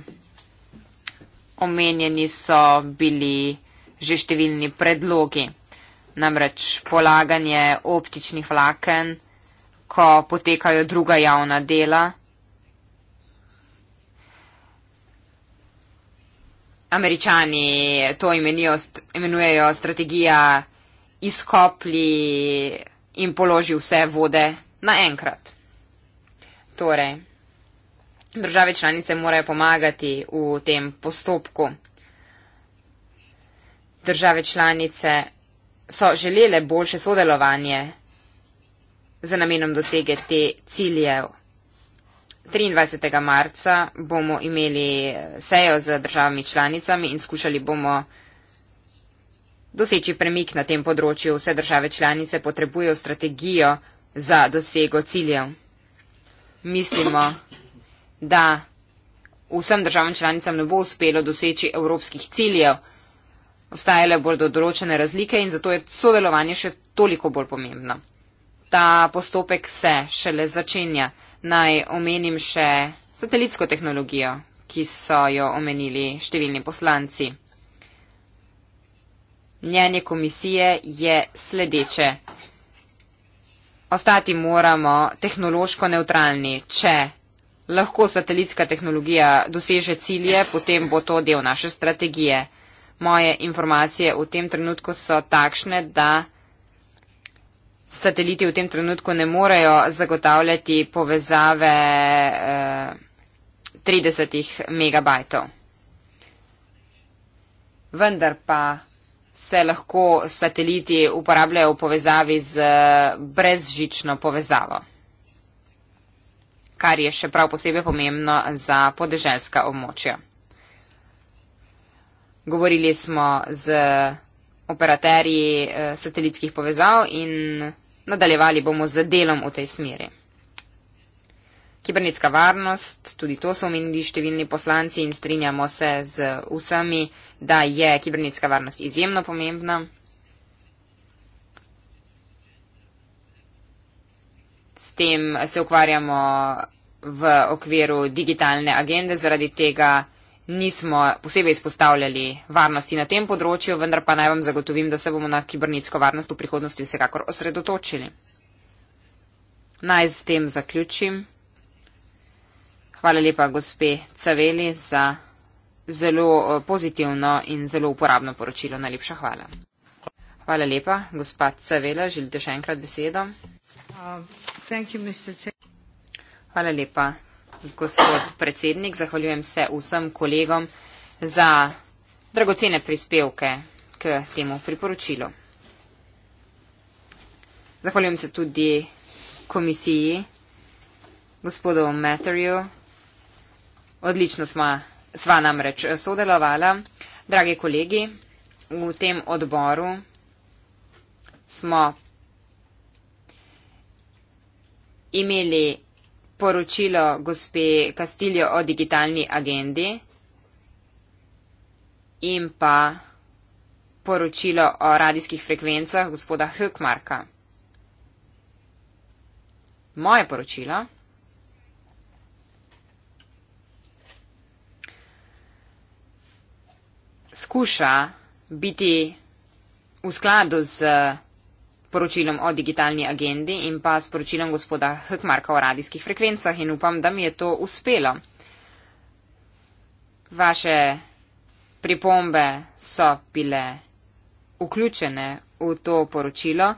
Omenjeni so bili že številni predlogi, namreč polaganje optičnih vlaken ko potekajo druga javna dela. Američani to imenijo, imenujejo strategija izkopli in položi vse vode naenkrat. Torej, države članice morajo pomagati v tem postopku. Države članice so želele boljše sodelovanje za namenom dosege te ciljev. 23. marca bomo imeli eh, sejo z državami članicami in skušali bomo doseči premik na tem področju. Vse države članice potrebujejo strategijo za dosego ciljev. Mislimo, da vsem državam članicam ne bo uspelo doseči evropskih ciljev. Obstajale bodo določene razlike in zato je sodelovanje še toliko bolj pomembno ta postopek se šele začenja. Naj omenim še satelitsko tehnologijo, ki so jo omenili številni poslanci. Mnenje komisije je sledeče. Ostati moramo tehnološko neutralni. Če lahko satelitska tehnologija doseže cilje, potem bo to del naše strategije. Moje informacije v tem trenutku so takšne, da sateliti v tem trenutku ne morejo zagotavljati povezave eh, 30 megabajtov. Vendar pa se lahko sateliti uporabljajo v povezavi z eh, brezžično povezavo, kar je še prav posebej pomembno za podeželska območja. Govorili smo z operaterji eh, satelitskih povezav in Nadaljevali bomo z delom v tej smeri. Kibernetska varnost, tudi to so omenili številni poslanci in strinjamo se z vsemi, da je kibernetska varnost izjemno pomembna. S tem se ukvarjamo v okviru digitalne agende, zaradi tega nismo posebej izpostavljali varnosti na tem področju, vendar pa naj vam zagotovim, da se bomo na kibernetsko varnost v prihodnosti vsekakor osredotočili. Naj s tem zaključim. Hvala lepa gospe Caveli za zelo eh, pozitivno in zelo uporabno poročilo. Najlepša hvala. Hvala lepa, gospa Cavela, želite še enkrat besedo? Uh, you, hvala lepa gospod predsednik, zahvaljujem se vsem kolegom za dragocene prispevke k temu priporočilu. Zahvaljujem se tudi komisiji, gospodu Materju. Odlično sva, sva namreč sodelovala. Dragi kolegi, v tem odboru smo imeli poročilo gospe Kastiljo o digitalni agendi in pa poročilo o radijskih frekvencah gospoda Hökmarka. Moje poročilo. Skuša biti v skladu z poročilom o digitalni agendi in pa s poročilom gospoda Hkmarka o radijskih frekvencah in upam, da mi je to uspelo. Vaše pripombe so bile vključene v to poročilo.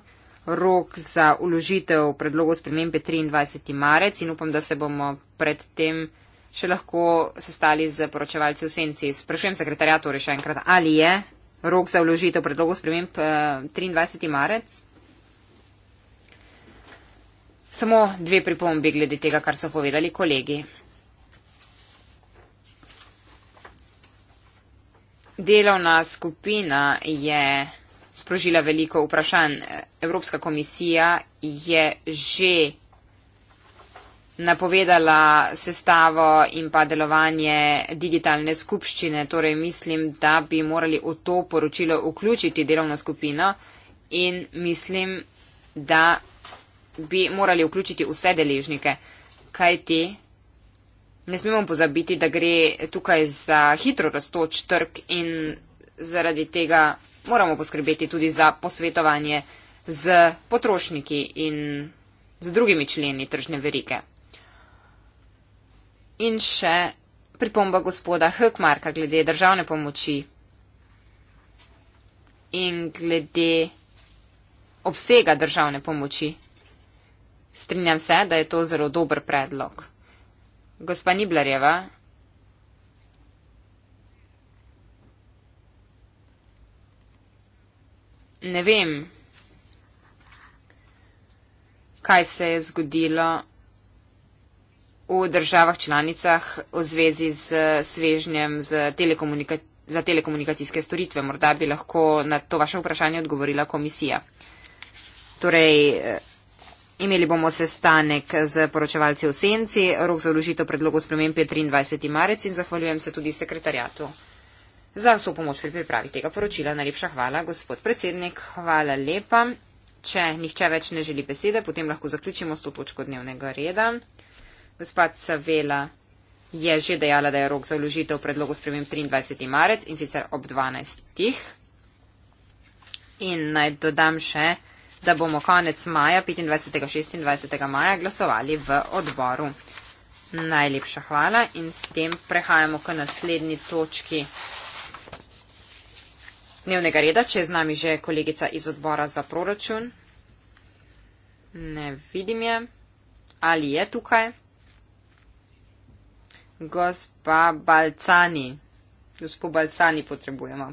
Rok za uložitev predlogov sprememb je 23. marec in upam, da se bomo predtem še lahko sestali z poročevalci v senci. Sprašujem sekretarja torej še enkrat, ali je rok za uložitev predlogov sprememb 23. Eh, marec? Samo dve pripombi glede tega, kar so povedali kolegi. Delovna skupina je sprožila veliko vprašanj. Evropska komisija je že napovedala sestavo in pa delovanje digitalne skupščine. Torej mislim, da bi morali v to poročilo vključiti delovno skupino in mislim, da bi morali vključiti vse deležnike. Kaj ti? Ne smemo pozabiti, da gre tukaj za hitro rastoč trg in zaradi tega moramo poskrbeti tudi za posvetovanje z potrošniki in z drugimi členi tržne verike. In še pripomba gospoda Hökmarka glede državne pomoči in glede obsega državne pomoči. Strinjam se, da je to zelo dober predlog. Gospa Niblarjeva. Ne vem, kaj se je zgodilo v državah članicah v zvezi z svežnjem z telekomunika za telekomunikacijske storitve. Morda bi lahko na to vaše vprašanje odgovorila komisija. Torej, Imeli bomo sestanek z poročevalci v Senci. Rok za vložitev predlogov sprememb je 23. marec in zahvaljujem se tudi sekretarjatu za vso pomoč pri pripravi tega poročila. Najlepša hvala, gospod predsednik. Hvala lepa. Če nihče več ne želi besede, potem lahko zaključimo s to točko dnevnega reda. Gospod Savela je že dejala, da je rok za vložitev predlogov sprememb 23. marec in sicer ob 12. In naj dodam še, da bomo konec maja, 25. 26. maja, glasovali v odboru. Najlepša hvala in s tem prehajamo k naslednji točki dnevnega reda, če je z nami že kolegica iz odbora za proračun. Ne vidim je. Ali je tukaj? Gospa Balcani. Gospod Balcani potrebujemo.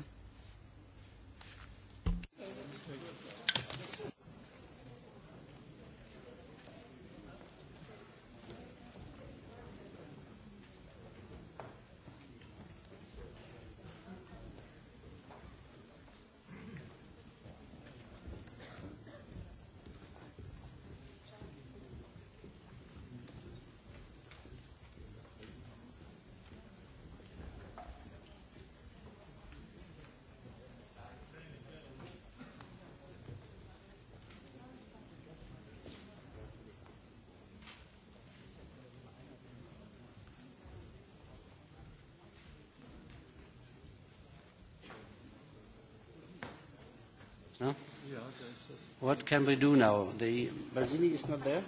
No?
What can we do now? The Balzini is not there?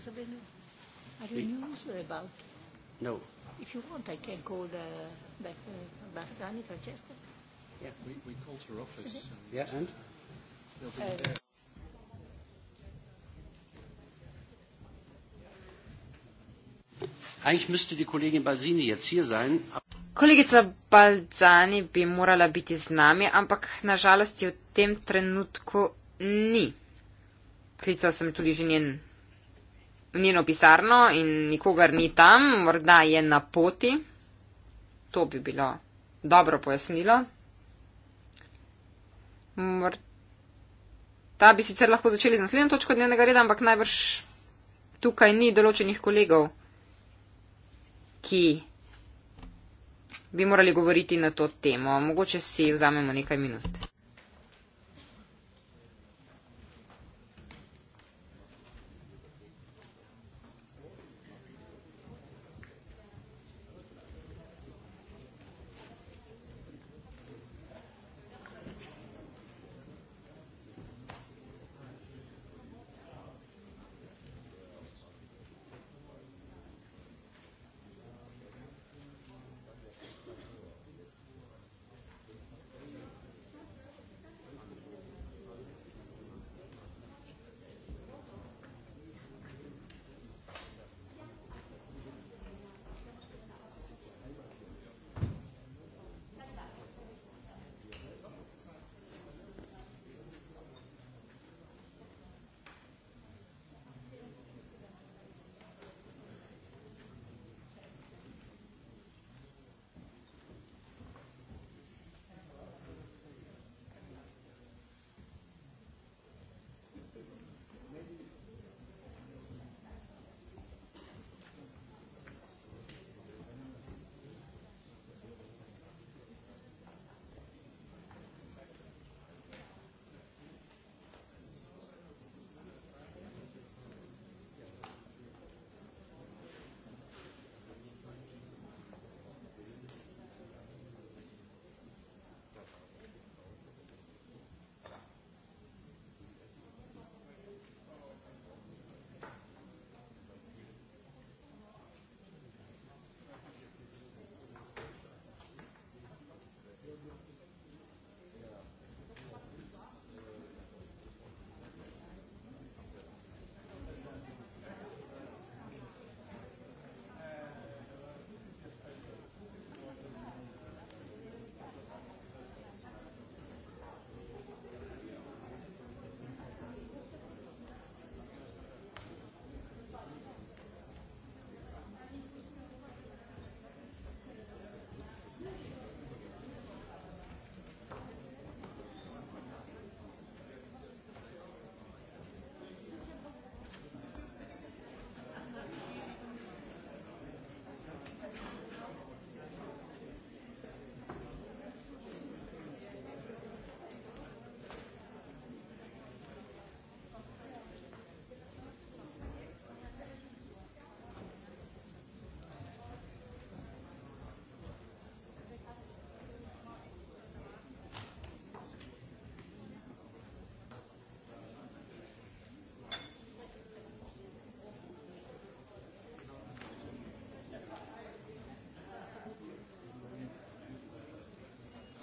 Are there news about? No. If you want, I can call the uh, Balzani, uh, Francesca.
Yeah. We, we called her office. And yeah, and? Eigentlich müsste die Kollegin Balzini jetzt hier sein.
Kollegica Balzani bi morala biti z nami, ampak na žalost je v tem trenutku ni. Klical sem tudi že njen, njeno pisarno in nikogar ni tam, morda je na poti. To bi bilo dobro pojasnilo. Mor Ta bi sicer lahko začeli z naslednjo točko dnevnega reda, ampak najbrž tukaj ni določenih kolegov, ki bi morali govoriti na to temo. Mogoče si vzamemo nekaj minut.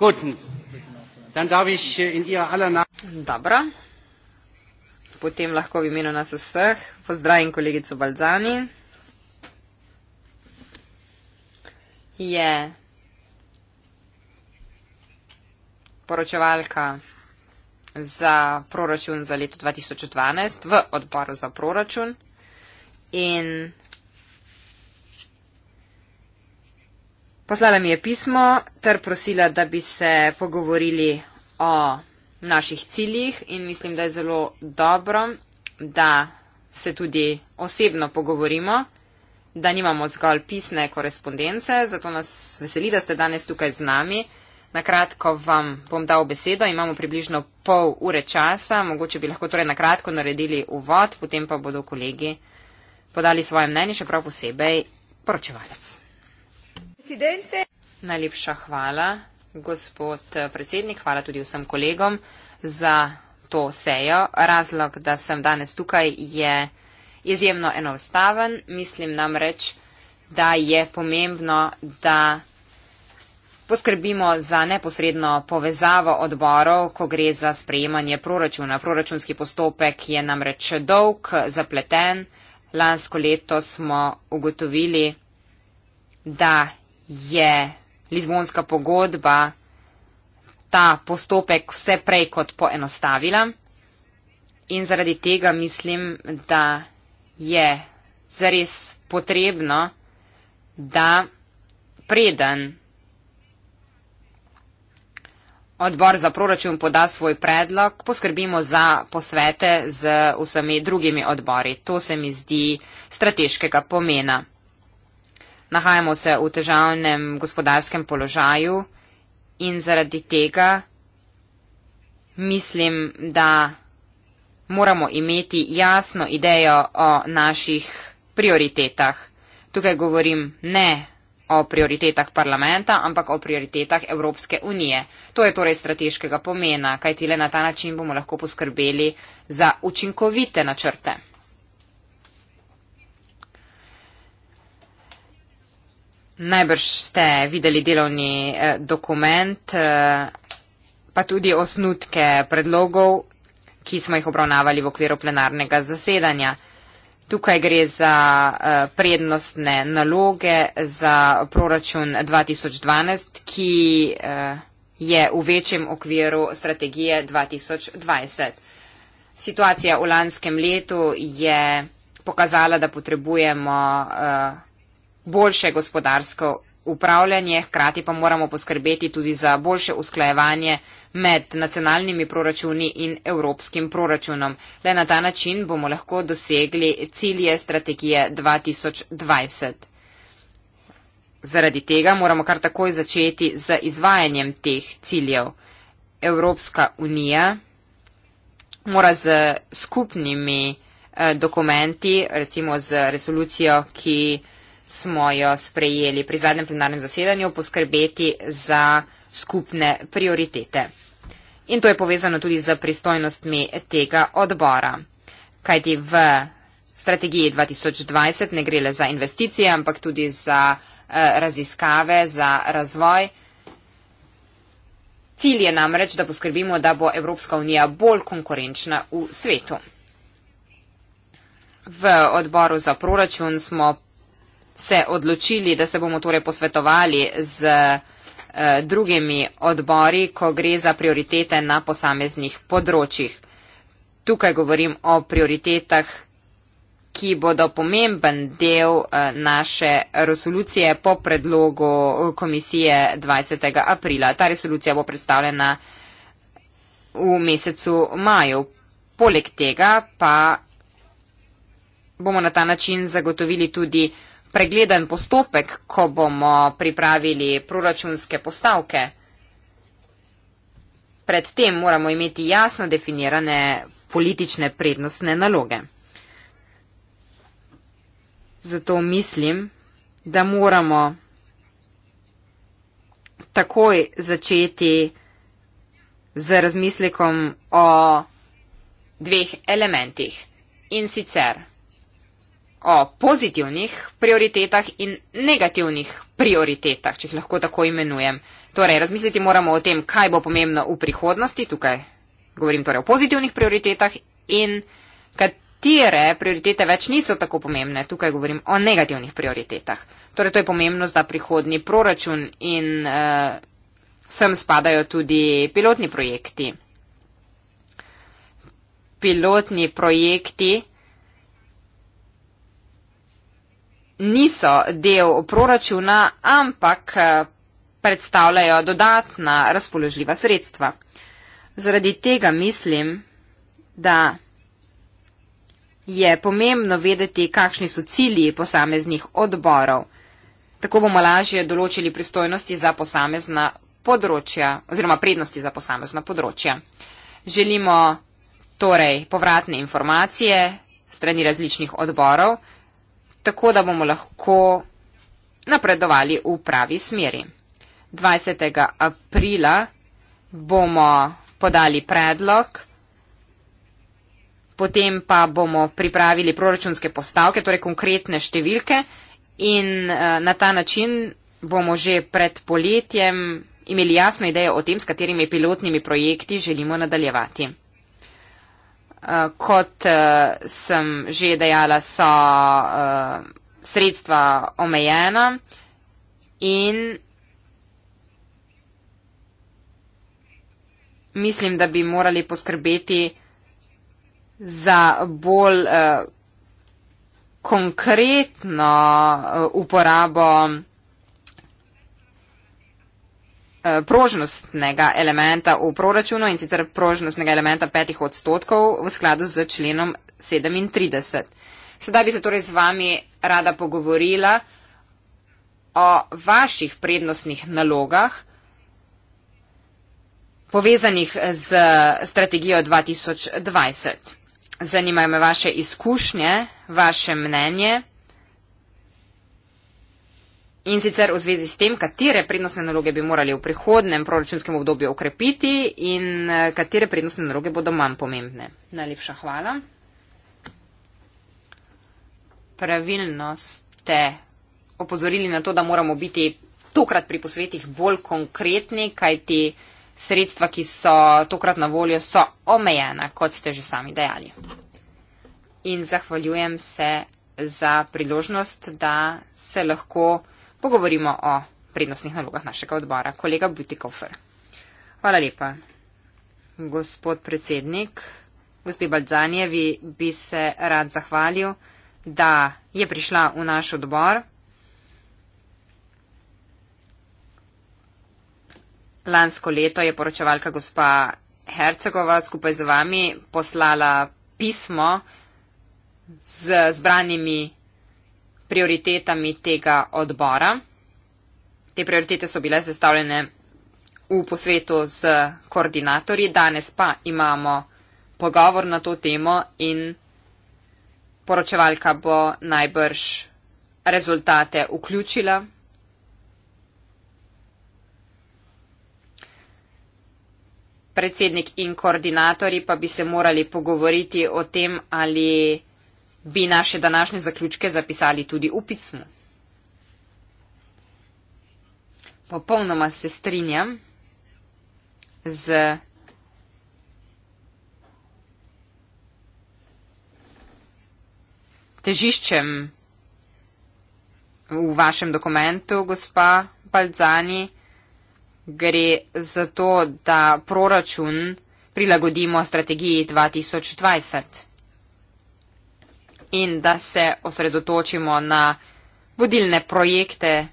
Äh, Dobro. Potem lahko v imenu nas vseh pozdravim kolegico Balzani. Je poročevalka za proračun za leto 2012 v odboru za proračun in Poslala mi je pismo ter prosila, da bi se pogovorili o naših ciljih in mislim, da je zelo dobro, da se tudi osebno pogovorimo, da nimamo zgolj pisne korespondence, zato nas veseli, da ste danes tukaj z nami. Na kratko vam bom dal besedo, imamo približno pol ure časa, mogoče bi lahko torej na kratko naredili uvod, potem pa bodo kolegi podali svoje mnenje, še prav posebej poročevalec. Presidente. Najlepša hvala, gospod predsednik, hvala tudi vsem kolegom za to sejo. Razlog, da sem danes tukaj, je izjemno enostaven. Mislim namreč, da je pomembno, da poskrbimo za neposredno povezavo odborov, ko gre za sprejemanje proračuna. Proračunski postopek je namreč dolg, zapleten. Lansko leto smo ugotovili, da je Lizbonska pogodba ta postopek vse prej kot poenostavila in zaradi tega mislim, da je zares potrebno, da preden odbor za proračun poda svoj predlog, poskrbimo za posvete z vsemi drugimi odbori. To se mi zdi strateškega pomena nahajamo se v težavnem gospodarskem položaju in zaradi tega mislim, da moramo imeti jasno idejo o naših prioritetah. Tukaj govorim ne o prioritetah parlamenta, ampak o prioritetah Evropske unije. To je torej strateškega pomena, kajti le na ta način bomo lahko poskrbeli za učinkovite načrte. Najbrž ste videli delovni eh, dokument, eh, pa tudi osnutke predlogov, ki smo jih obravnavali v okviru plenarnega zasedanja. Tukaj gre za eh, prednostne naloge za proračun 2012, ki eh, je v večjem okviru strategije 2020. Situacija v lanskem letu je pokazala, da potrebujemo. Eh, boljše gospodarsko upravljanje, hkrati pa moramo poskrbeti tudi za boljše usklajevanje med nacionalnimi proračuni in evropskim proračunom. Le na ta način bomo lahko dosegli cilje strategije 2020. Zaradi tega moramo kar takoj začeti z izvajanjem teh ciljev. Evropska unija mora z skupnimi eh, dokumenti, recimo z resolucijo, ki eh, smo jo sprejeli pri zadnjem plenarnem zasedanju poskrbeti za skupne prioritete. In to je povezano tudi z pristojnostmi tega odbora. Kajti v strategiji 2020 ne gre le za investicije, ampak tudi za eh, raziskave, za razvoj. Cilj je namreč, da poskrbimo, da bo Evropska unija bolj konkurenčna v svetu. V odboru za proračun smo se odločili, da se bomo torej posvetovali z eh, drugimi odbori, ko gre za prioritete na posameznih področjih. Tukaj govorim o prioritetah, ki bodo pomemben del eh, naše resolucije po predlogu eh, komisije 20. aprila. Ta resolucija bo predstavljena v mesecu maju. Poleg tega pa bomo na ta način zagotovili tudi pregleden postopek, ko bomo pripravili proračunske postavke. Predtem moramo imeti jasno definirane politične prednostne naloge. Zato mislim, da moramo takoj začeti z razmislekom o dveh elementih. In sicer o pozitivnih prioritetah in negativnih prioritetah, če jih lahko tako imenujem. Torej, razmisliti moramo o tem, kaj bo pomembno v prihodnosti, tukaj govorim torej o pozitivnih prioritetah in katere prioritete več niso tako pomembne, tukaj govorim o negativnih prioritetah. Torej, to je pomembno za prihodni proračun in uh, sem spadajo tudi pilotni projekti. Pilotni projekti. niso del proračuna, ampak eh, predstavljajo dodatna razpoložljiva sredstva. Zaradi tega mislim, da je pomembno vedeti, kakšni so cilji posameznih odborov. Tako bomo lažje določili pristojnosti za posamezna področja oziroma prednosti za posamezna področja. Želimo torej povratne informacije strani različnih odborov tako da bomo lahko napredovali v pravi smeri. 20. aprila bomo podali predlog, potem pa bomo pripravili proračunske postavke, torej konkretne številke in eh, na ta način bomo že pred poletjem imeli jasno idejo o tem, s katerimi pilotnimi projekti želimo nadaljevati. Eh, kot eh, sem že dejala, so eh, sredstva omejena in mislim, da bi morali poskrbeti za bolj konkretno uporabo sredstva, Eh, prožnostnega elementa v proračunu in sicer prožnostnega elementa petih odstotkov v skladu z členom 37. Sedaj bi se torej z vami rada pogovorila o vaših prednostnih nalogah, povezanih z strategijo 2020. Zanimajo me vaše izkušnje, vaše mnenje. In sicer v zvezi s tem, katere prednostne naloge bi morali v prihodnem proračunskem obdobju ukrepiti in eh, katere prednostne naloge bodo manj pomembne. Najlepša hvala. Pravilno ste opozorili na to, da moramo biti tokrat pri posvetih bolj konkretni, kajti sredstva, ki so tokrat na voljo, so omejena, kot ste že sami dejali. In zahvaljujem se za priložnost, da se lahko pogovorimo o prednostnih nalogah našega odbora. Kolega Butikofer. Hvala lepa. Gospod predsednik, gospe Balzanjevi, bi se rad zahvalil, da je prišla v naš odbor. Lansko leto je poročevalka gospa Hercegova skupaj z vami poslala pismo z zbranimi prioritetami tega odbora. Te prioritete so bile sestavljene v posvetu z koordinatorji, danes pa imamo pogovor na to temo in poročevalka bo najbrž rezultate vključila. Predsednik in koordinatorji pa bi se morali pogovoriti o tem, ali bi naše današnje zaključke zapisali tudi v pismu. Popolnoma se strinjam z težiščem v vašem dokumentu, gospa Balzani. Gre za to, da proračun prilagodimo strategiji 2020 in da se osredotočimo na vodilne projekte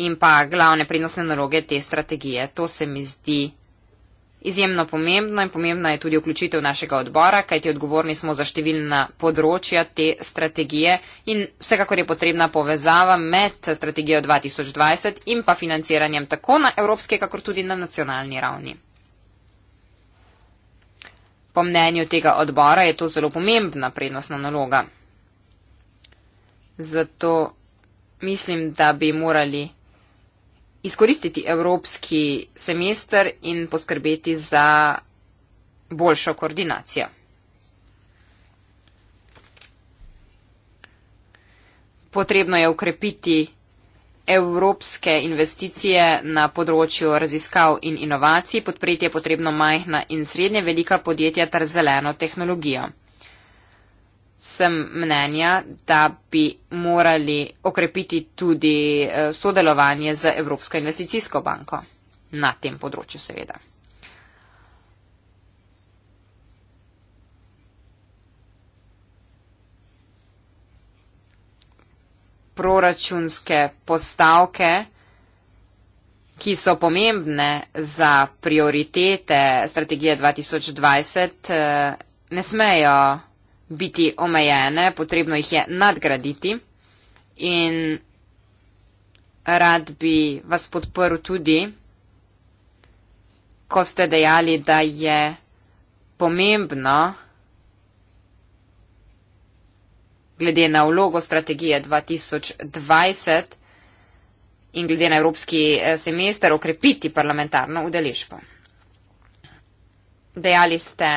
in pa glavne prinosne naloge te strategije. To se mi zdi izjemno pomembno in pomembna je tudi vključitev našega odbora, kajti odgovorni smo za številna področja te strategije in vsekakor je potrebna povezava med strategijo 2020 in pa financiranjem tako na evropske, kakor tudi na nacionalni ravni. Po mnenju tega odbora je to zelo pomembna prednostna naloga. Zato mislim, da bi morali izkoristiti evropski semester in poskrbeti za boljšo koordinacijo. Potrebno je ukrepiti evropske investicije na področju raziskav in inovacij, podpreti je potrebno majhna in srednje velika podjetja ter zeleno tehnologijo. Sem mnenja, da bi morali okrepiti tudi eh, sodelovanje z Evropsko investicijsko banko na tem področju, seveda. proračunske postavke, ki so pomembne za prioritete strategije 2020, eh, ne smejo biti omejene, potrebno jih je nadgraditi. In rad bi vas podprl tudi, ko ste dejali, da je pomembno, glede na vlogo strategije 2020 in glede na evropski eh, semester okrepiti parlamentarno udeležbo. Dejali ste,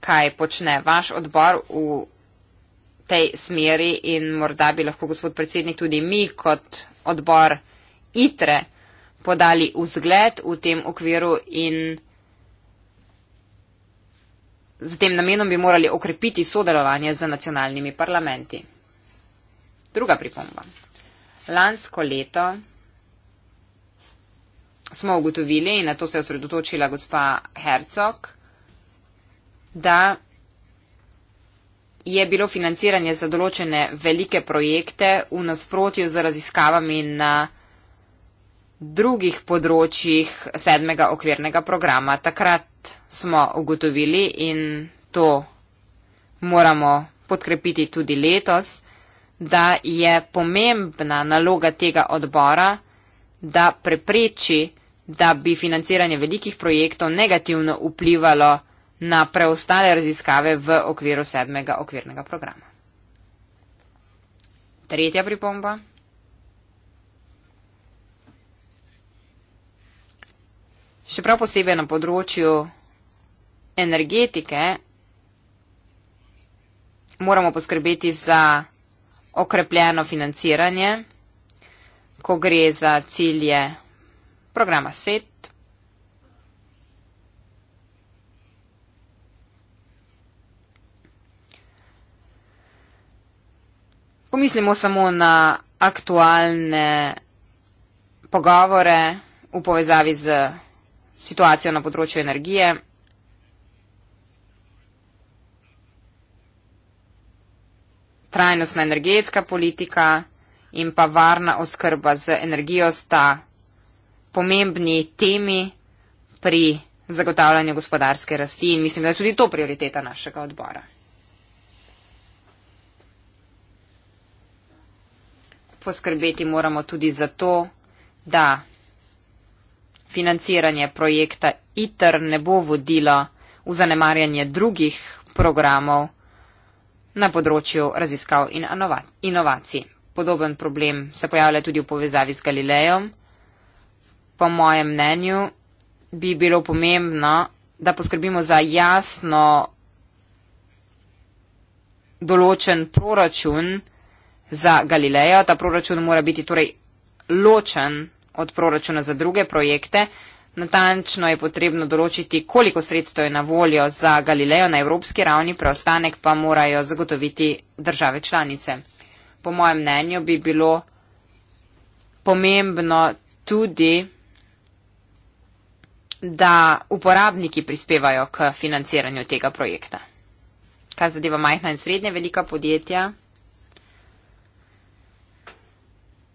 kaj počne vaš odbor v tej smeri in morda bi lahko gospod predsednik tudi mi kot odbor ITRE podali vzgled v tem okviru in Z tem namenom bi morali okrepiti sodelovanje z nacionalnimi parlamenti. Druga pripomba. Lansko leto smo ugotovili, in na to se je osredotočila gospa Hercog, da je bilo financiranje za določene velike projekte v nasprotju z raziskavami na drugih področjih sedmega okvirnega programa. Takrat smo ugotovili in to moramo podkrepiti tudi letos, da je pomembna naloga tega odbora, da prepreči, da bi financiranje velikih projektov negativno vplivalo na preostale raziskave v okviru sedmega okvirnega programa. Tretja pripomba. Še prav posebej na področju energetike moramo poskrbeti za okrepljeno financiranje, ko gre za cilje programa SET. Pomislimo samo na aktualne pogovore v povezavi z situacijo na področju energije. trajnostna energetska politika in pa varna oskrba z energijo sta pomembni temi pri zagotavljanju gospodarske rasti in mislim, da je tudi to prioriteta našega odbora. Poskrbeti moramo tudi za to, da financiranje projekta ITER ne bo vodilo v zanemarjanje drugih programov, na področju raziskav in inovacij. Podoben problem se pojavlja tudi v povezavi z Galilejem. Po mojem mnenju bi bilo pomembno, da poskrbimo za jasno določen proračun za Galilejo. Ta proračun mora biti torej ločen od proračuna za druge projekte, Natančno je potrebno določiti, koliko sredstev je na voljo za Galilejo na evropski ravni, preostanek pa morajo zagotoviti države članice. Po mojem mnenju bi bilo pomembno tudi, da uporabniki prispevajo k financiranju tega projekta. Kaj zadeva majhna in srednja velika podjetja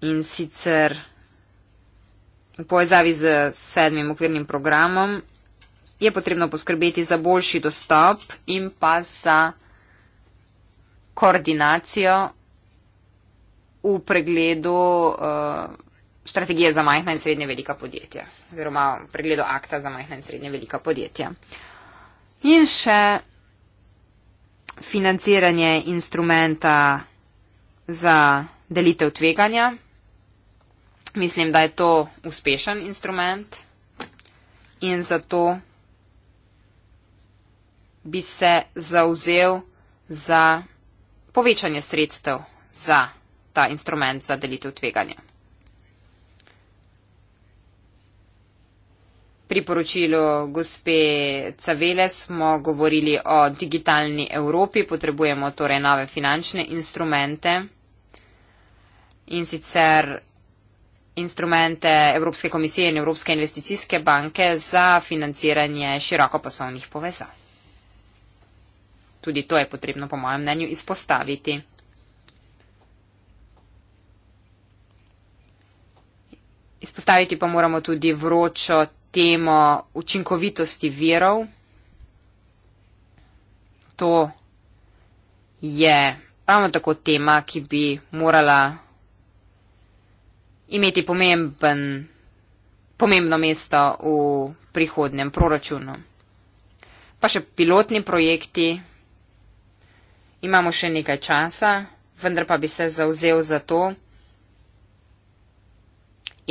in sicer. V povezavi z sedmim okvirnim programom je potrebno poskrbeti za boljši dostop in pa za koordinacijo v pregledu uh, strategije za majhna in srednje velika podjetja oziroma pregledu akta za majhna in srednje velika podjetja. In še financiranje instrumenta za delitev tveganja mislim, da je to uspešen instrument in zato bi se zauzel za povečanje sredstev za ta instrument za delitev tveganja. Pri poročilu gospe Cavele smo govorili o digitalni Evropi, potrebujemo torej nove finančne instrumente in sicer instrumente Evropske komisije in Evropske investicijske banke za financiranje širokopasovnih povezav. Tudi to je potrebno, po mojem mnenju, izpostaviti. Izpostaviti pa moramo tudi vročo temo učinkovitosti virov. To je ravno tako tema, ki bi morala imeti pomemben, pomembno mesto v prihodnem proračunu. Pa še pilotni projekti. Imamo še nekaj časa, vendar pa bi se zauzel za to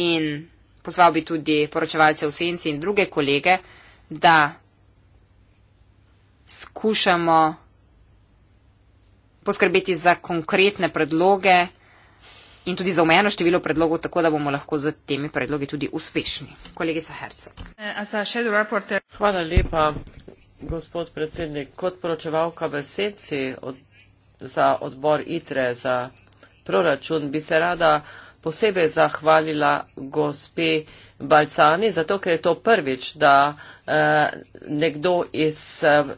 in pozval bi tudi poročevalce v senci in druge kolege, da skušamo poskrbeti za konkretne predloge, in tudi za omejeno število predlogov, tako da bomo lahko z temi predlogi tudi uspešni. Kolegica Herce.
Hvala lepa, gospod predsednik. Kot poročevalka v Senci od, za odbor ITRE za proračun bi se rada posebej zahvalila gospe Balcani, zato ker je to prvič, da eh, nekdo iz. Eh,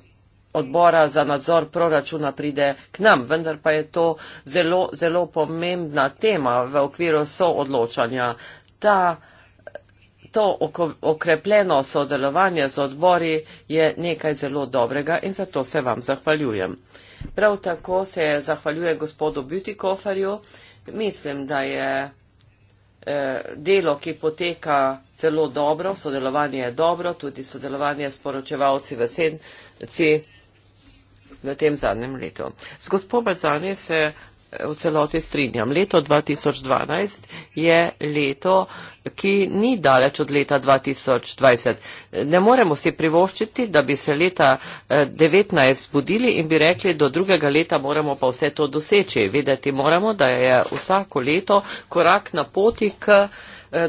odbora za nadzor proračuna pride k nam, vendar pa je to zelo, zelo pomembna tema v okviru soodločanja. Ta, to okrepljeno sodelovanje z odbori je nekaj zelo dobrega in zato se vam zahvaljujem. Prav tako se zahvaljujem gospodu Butikoferju. Mislim, da je eh, delo, ki poteka zelo dobro, sodelovanje je dobro, tudi sodelovanje s poročevalci v senci v tem zadnjem letu. Z gospod Balzani se eh, v celoti strinjam. Leto 2012 je leto, ki ni daleč od leta 2020. Ne moremo si privoščiti, da bi se leta 2019 eh, budili in bi rekli, do drugega leta moramo pa vse to doseči. Vedeti moramo, da je vsako leto korak na poti k eh,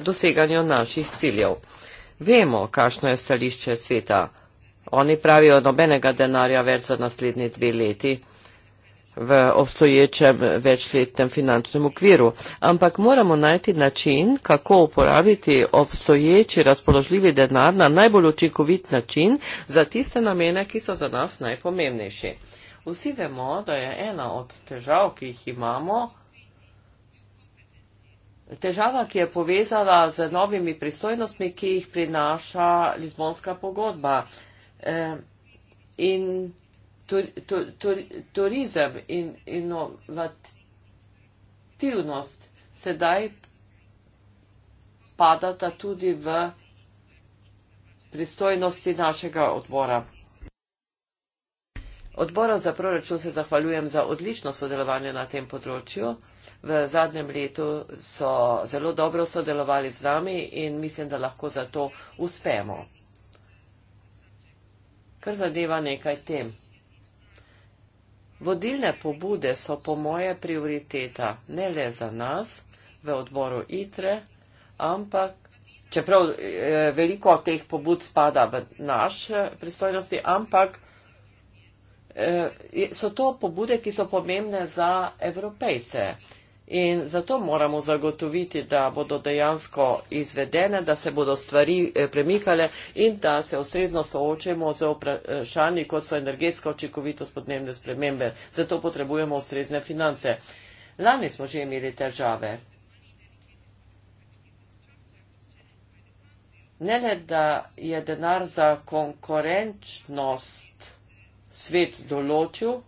doseganju naših ciljev. Vemo, kakšno je stališče sveta. Oni pravijo nobenega denarja več za naslednji dve leti v obstoječem večletnem finančnem okviru. Ampak moramo najti način, kako uporabiti obstoječi razpoložljivi denar na najbolj učinkovit način za tiste namene, ki so za nas najpomembnejši. Vsi vemo, da je ena od težav, ki jih imamo, težava, ki je povezala z novimi pristojnostmi, ki jih prinaša Lizbonska pogodba. Eh, in tur, tur, tur, turizem in inovativnost sedaj padata tudi v pristojnosti našega odbora. Odbora za proračun se zahvaljujem za odlično sodelovanje na tem področju. V zadnjem letu so zelo dobro sodelovali z nami in mislim, da lahko za to uspemo kar zadeva nekaj tem. Vodilne pobude so po moje prioriteta ne le za nas v odboru ITRE, ampak, čeprav eh, veliko teh pobud spada v naš eh, pristojnosti, ampak eh, so to pobude, ki so pomembne za evropejce. In zato moramo zagotoviti, da bodo dejansko izvedene, da se bodo stvari eh, premikale in da se ustrezno soočimo z vprašanji, kot so energetska očekovitost podnebne spremembe. Zato potrebujemo ustrezne finance. Lani smo že imeli težave. Ne le, da je denar za konkurenčnost svet določil,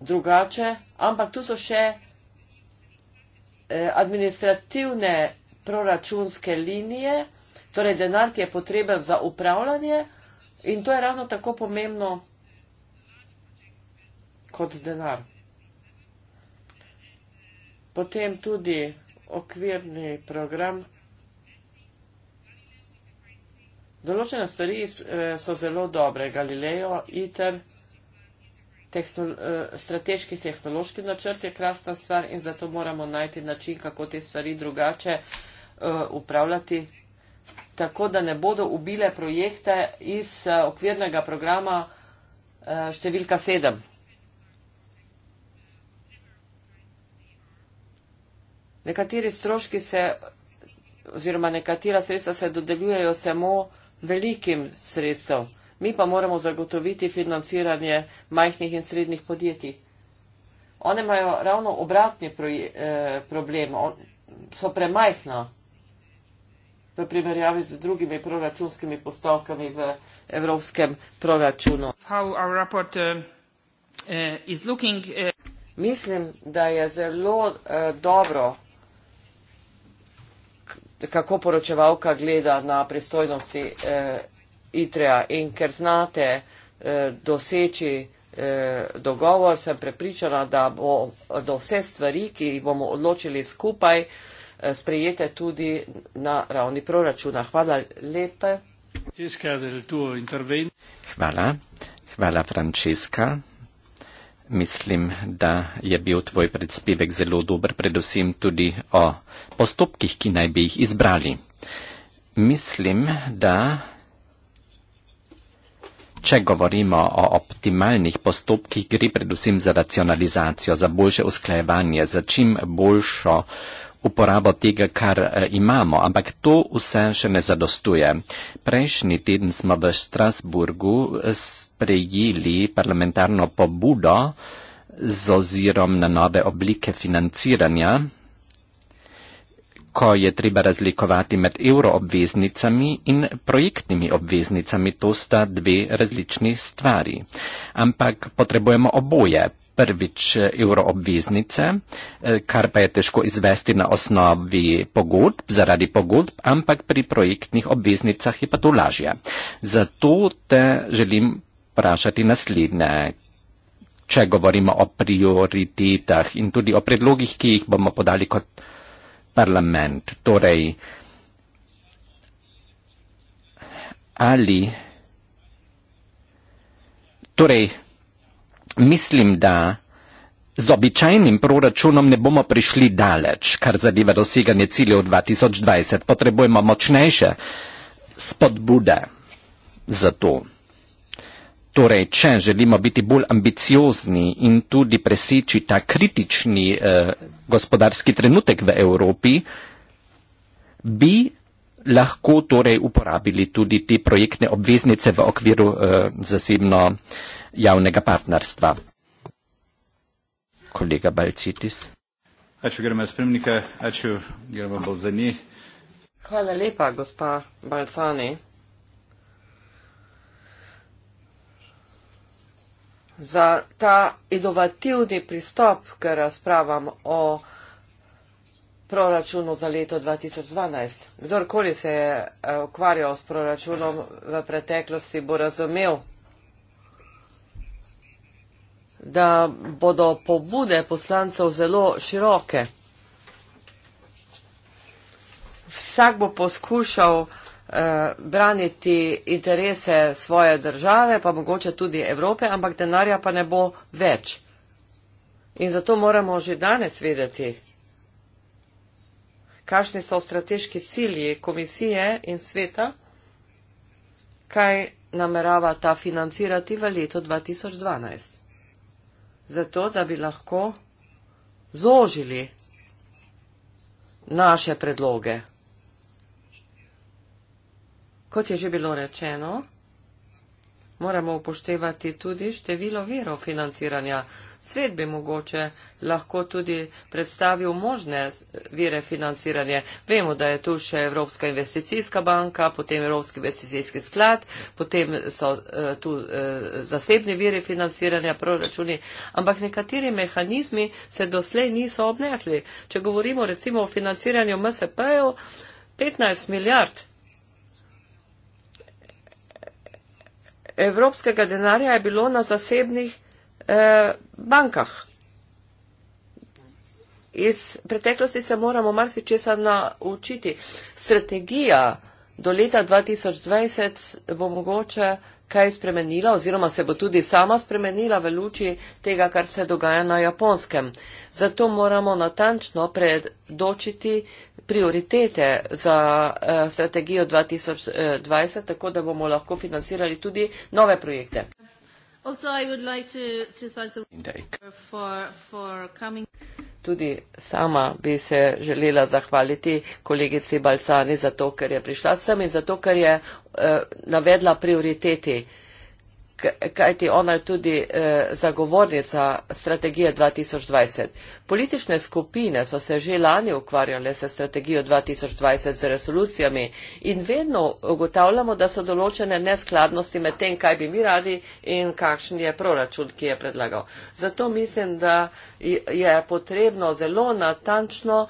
drugače, ampak tu so še eh, administrativne proračunske linije, torej denar, ki je potreben za upravljanje in to je ravno tako pomembno kot denar. Potem tudi okvirni program. Določene stvari eh, so zelo dobre. Galileo, ITER tehnolo, uh, eh, strateški tehnološki načrt je krasna stvar in zato moramo najti način, kako te stvari drugače uh, upravljati, tako da ne bodo ubile projekte iz uh, okvirnega programa uh, številka sedem. Nekateri stroški se oziroma nekatera sredstva se dodeljujejo samo velikim sredstvom mi pa moramo zagotoviti financiranje majhnih in srednjih podjetij. One imajo ravno obratni eh, problem, so premajhna v primerjavi z drugimi proračunskimi postavkami v evropskem proračunu. Eh, eh, Mislim, da je zelo dobro, kako poročevalka gleda na pristojnosti Itreja in ker znate eh, doseči eh, dogovor, sem prepričana, da bo do vse stvari, ki jih bomo odločili skupaj, eh, sprejete tudi na ravni proračuna. Hvala lepe.
Hvala. Hvala, Frančiska. Mislim, da je bil tvoj predspevek zelo dober, predvsem tudi o postopkih, ki naj bi jih izbrali. Mislim, da Če govorimo o optimalnih postopkih, gre predvsem za racionalizacijo, za boljše usklajevanje, za čim boljšo uporabo tega, kar eh, imamo, ampak to vse še ne zadostuje. Prejšnji teden smo v Strasburgu eh, sprejeli parlamentarno pobudo z ozirom na nove oblike financiranja ko je treba razlikovati med euroobveznicami in projektnimi obveznicami, to sta dve različni stvari. Ampak potrebujemo oboje. Prvič euroobveznice, eh, eh, kar pa je težko izvesti na osnovi pogodb, zaradi pogodb, ampak pri projektnih obveznicah je pa to lažje. Zato te želim vprašati naslednje. Če govorimo o prioritetah in tudi o predlogih, ki jih bomo podali kot parlament. Torej, ali, torej, mislim, da z običajnim proračunom ne bomo prišli daleč, kar zadeva doseganje ciljev 2020. Potrebujemo močnejše spodbude za to. Torej, če želimo biti bolj ambiciozni in tudi preseči ta kritični eh, gospodarski trenutek v Evropi, bi lahko torej uporabili tudi te projektne obveznice v okviru eh, zasebno javnega partnerstva. Kolega Balcitis.
Ačiū gerbiamas spremnikas,
ačiū gerbiamas Balzani.
Hvala lepa, gospa Balzani. za ta inovativni pristop, ker razpravam o proračunu za leto 2012. Kdorkoli se je eh, ukvarjal s proračunom v preteklosti, bo razumel, da bodo pobude poslancev zelo široke. Vsak bo poskušal Eh, braniti interese svoje države, pa mogoče tudi Evrope, ampak denarja pa ne bo več. In zato moramo že danes vedeti, kakšni so strateški cilji komisije in sveta, kaj namerava ta financirati v letu 2012. Zato, da bi lahko zožili naše predloge. Kot je že bilo rečeno, moramo upoštevati tudi število virov financiranja. Svet bi mogoče lahko tudi predstavil možne vire financiranja. Vemo, da je tu še Evropska investicijska banka, potem Evropski investicijski sklad, potem so uh, tu uh, zasebni viri financiranja, proračuni, ampak nekateri mehanizmi se doslej niso obnesli. Če govorimo recimo o financiranju MSP-ju, 15 milijard evropskega denarja je bilo na zasebnih eh, bankah. Iz preteklosti se moramo marsi česa naučiti. Strategija do leta 2020 bo mogoče kaj spremenila oziroma se bo tudi sama spremenila v luči tega, kar se dogaja na japonskem. Zato moramo natančno predočiti prioritete za uh, strategijo 2020, eh, tako da bomo lahko financirali tudi nove projekte. Also, I would like to, to thank
the for, for coming.
Tudi sama bi se želela zahvaliti kolegici Balsani za to, ker je prišla sem in za to, ker je eh, navedla prioriteti kajti ona je tudi eh, zagovornica strategije 2020. Politične skupine so se že lani ukvarjale se strategijo 2020 z resolucijami in vedno ugotavljamo, da so določene neskladnosti med tem, kaj bi mi radi in kakšen je proračun, ki je predlagal. Zato mislim, da je potrebno zelo natančno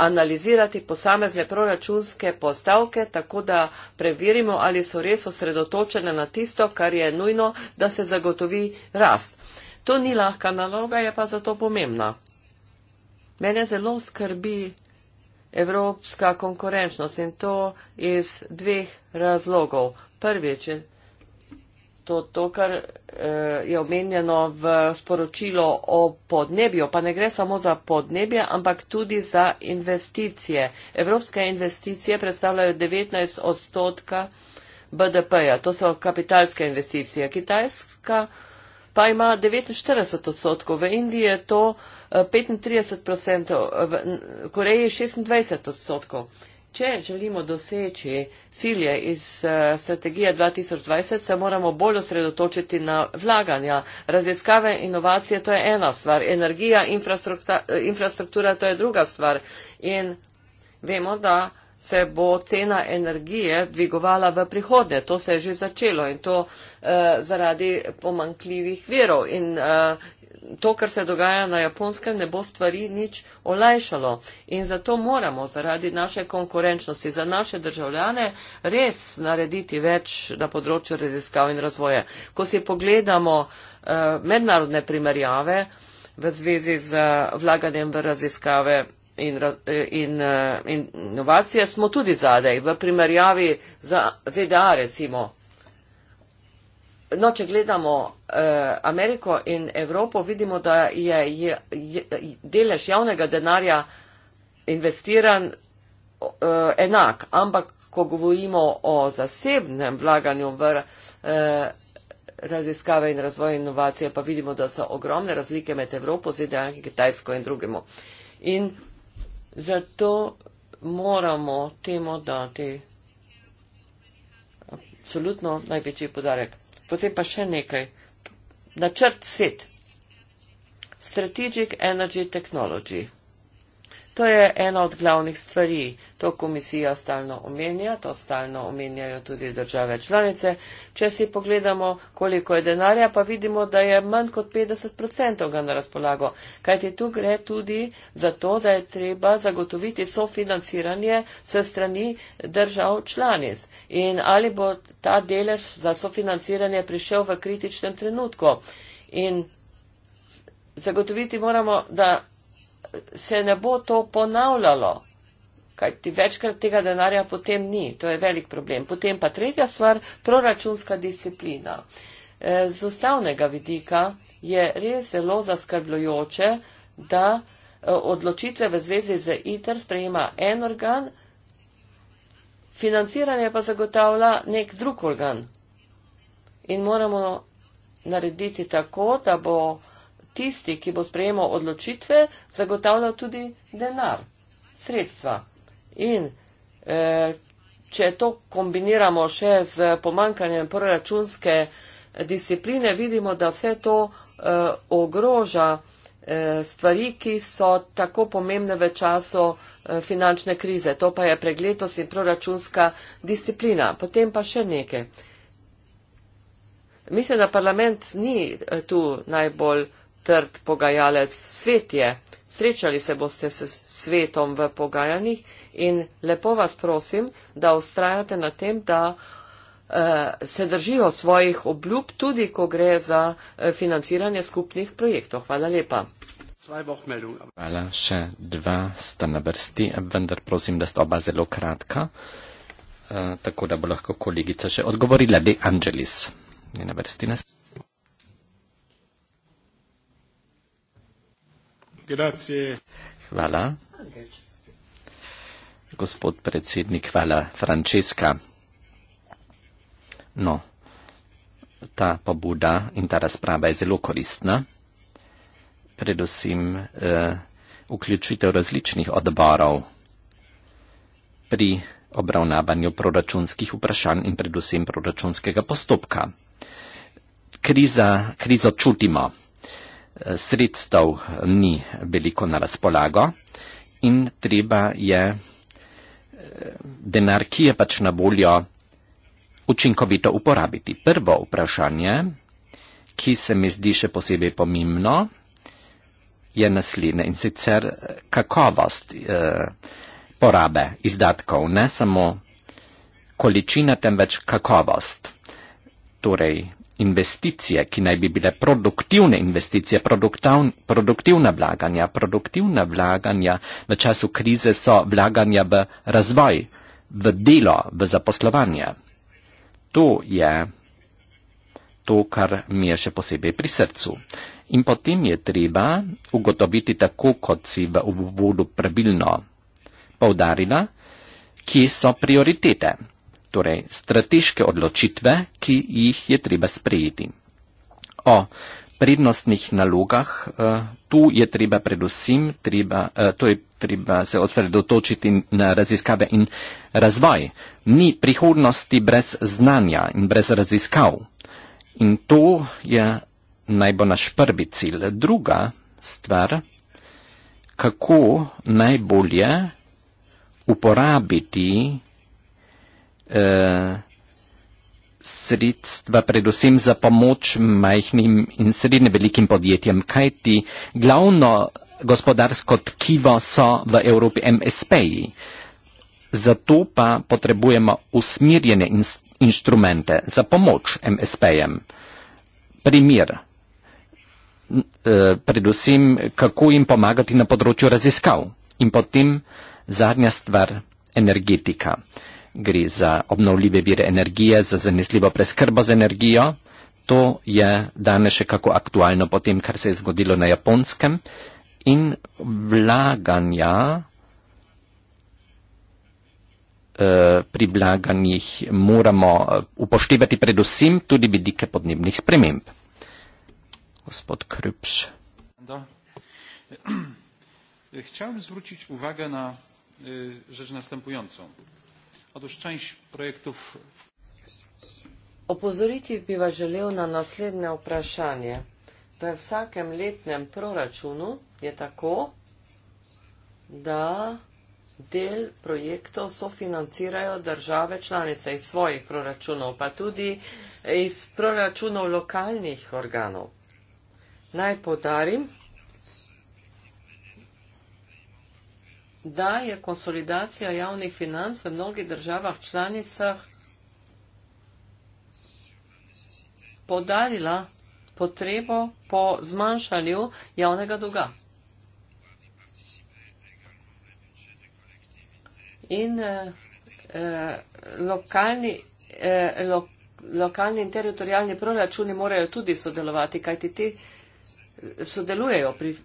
analizirati posamezne proračunske postavke, tako da preverimo, ali so res osredotočene na tisto, kar je nujno, da se zagotovi rast. To ni lahka naloga, je pa zato pomembna. Mene zelo skrbi evropska konkurenčnost in to iz dveh razlogov. Prvič, to, to kar eh, je omenjeno v sporočilu o podnebju. Pa ne gre samo za podnebje, ampak tudi za investicije. Evropske investicije predstavljajo 19 odstotka BDP-ja. To so kapitalske investicije. Kitajska pa ima 49 odstotkov. V Indiji je to 35 eh, odstotkov, v Koreji 26 odstotkov. Če želimo doseči cilje iz uh, strategije 2020, se moramo bolj osredotočiti na vlaganja. Raziskave, inovacije, to je ena stvar. Energija, infrastruktura, eh, infrastruktura to je druga stvar. In vemo, da se bo cena energije dvigovala v prihodnje. To se je že začelo in to uh, zaradi pomankljivih verov. In uh, to, kar se dogaja na japonskem, ne bo stvari nič olajšalo. In zato moramo zaradi naše konkurenčnosti za naše državljane res narediti več na področju raziskav in razvoja. Ko si pogledamo uh, mednarodne primerjave v zvezi z eh, vlaganjem v raziskave in, eh, in, in inovacije, smo tudi zadej v primerjavi za ZDA recimo. No, če gledamo eh, Ameriko in Evropo, vidimo, da je, je, je delež javnega denarja investiran eh, enak, ampak ko govorimo o zasebnem vlaganju v eh, raziskave in razvoj inovacije, pa vidimo, da so ogromne razlike med Evropo, ZDA in Kitajsko in drugemu. In zato moramo temu dati absolutno največji podarek. Potem pa še nekaj. Načrt SET. Strategic Energy Technology. To je ena od glavnih stvari. To komisija stalno omenja, to stalno omenjajo tudi države članice. Če si pogledamo, koliko je denarja, pa vidimo, da je manj kot 50% ga na razpolago. Kajti tu gre tudi za to, da je treba zagotoviti sofinanciranje se strani držav članic. In ali bo ta delež za sofinanciranje prišel v kritičnem trenutku. In zagotoviti moramo, da se ne bo to ponavljalo, kaj ti večkrat tega denarja potem ni. To je velik problem. Potem pa tretja stvar, proračunska disciplina. E, z ustavnega vidika je res zelo zaskrbljujoče, da e, odločitve v zvezi z ITER sprejema en organ, financiranje pa zagotavlja nek drug organ. In moramo narediti tako, da bo tisti, ki bo sprejemal odločitve, zagotavljal tudi denar, sredstva. In eh, če to kombiniramo še z pomankanjem proračunske eh, discipline, vidimo, da vse to eh, ogroža eh, stvari, ki so tako pomembne v času eh, finančne krize. To pa je pregletost in proračunska disciplina. Potem pa še nekaj. Mislim, da parlament ni eh, tu najbolj eh, trd pogajalec, svet je. Srečali se boste s svetom v pogajanjih in lepo vas prosim, da ustrajate na tem, da eh, se držijo svojih obljub, tudi ko gre za eh, financiranje skupnih projektov. Hvala lepa.
Hvala, še dva sta na vrsti, vendar prosim, da sta oba zelo kratka, eh, tako da bo lahko kolegica še odgovorila. De Angelis je na vrsti nas. Grazie. Hvala. Gospod predsednik, hvala. Francesca. No, ta pobuda in ta razprava je zelo koristna. Predvsem eh, vključitev različnih odborov pri obravnavanju proračunskih vprašanj in predvsem proračunskega postopka. Kriza, krizo čutimo sredstev ni veliko na razpolago in treba je eh, denar, ki je pač na voljo, učinkovito uporabiti. Prvo vprašanje, ki se mi zdi še posebej pomembno, je naslednje in sicer eh, kakovost eh, porabe izdatkov, ne samo količina, temveč kakovost. Torej, investicije, ki naj bi bile produktivne investicije, produktivna vlaganja. Produktivna vlaganja v času krize so vlaganja v razvoj, v delo, v zaposlovanje. To je to, kar mi je še posebej pri srcu. In potem je treba ugotoviti tako, kot si v uvodu pravilno poudarila, kje so prioritete torej strateške odločitve, ki jih je treba sprejeti. O prednostnih nalogah, eh, tu je treba predvsem, treba, eh, to je treba se osredotočiti na raziskave in razvoj. Ni prihodnosti brez znanja in brez raziskav. In to je naj bo naš prvi cilj. Druga stvar, kako najbolje uporabiti sredstva predvsem za pomoč majhnim in srednje velikim podjetjem, kajti glavno gospodarsko tkivo so v Evropi MSP-ji. Zato pa potrebujemo usmirjene in inštrumente za pomoč MSP-jem. Primer, e, predvsem, kako jim pomagati na področju raziskav. In potem zadnja stvar, energetika gre za obnovljive vire energije, za zanesljivo preskrbo z energijo. To je danes še kako aktualno po tem, kar se je zgodilo na japonskem. In vlaganja eh, pri vlaganjih moramo eh, upoštevati predvsem tudi vidike podnebnih sprememb. Gospod
Krups. Chciałbym zwrócić uwagę na e, rzecz następującą a to je część projektów. Opozoriti bi vas želel na naslednje vprašanje. V vsakem letnem proračunu je tako, da del projektov sofinancirajo države članice iz svojih proračunov, pa tudi iz proračunov lokalnih organov. Naj podarim, da je konsolidacija javnih financ v mnogih državah članicah podarila potrebo po zmanjšanju javnega dolga. In eh, eh lokalni, eh, lo, lokalni in teritorijalni proračuni morajo tudi sodelovati, kajti ti eh, sodelujejo pri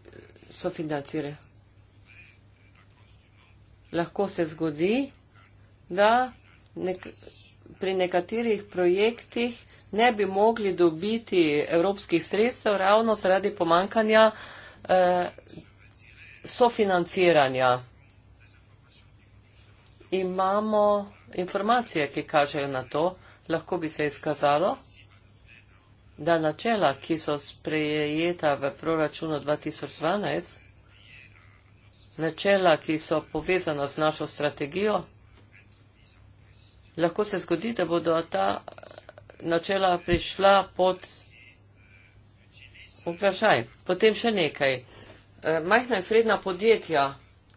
sofinanciranju lahko se zgodi, da nek pri nekaterih projektih ne bi mogli dobiti evropskih sredstev ravno zaradi pomankanja eh, sofinanciranja. Imamo informacije, ki kažejo na to, lahko bi se izkazalo, da načela, ki so sprejeta v proračunu 2012, načela, ki so povezana z našo strategijo, lahko se zgodi, da bodo ta načela prišla pod vprašaj. Potem še nekaj. E, majhna in srednja podjetja,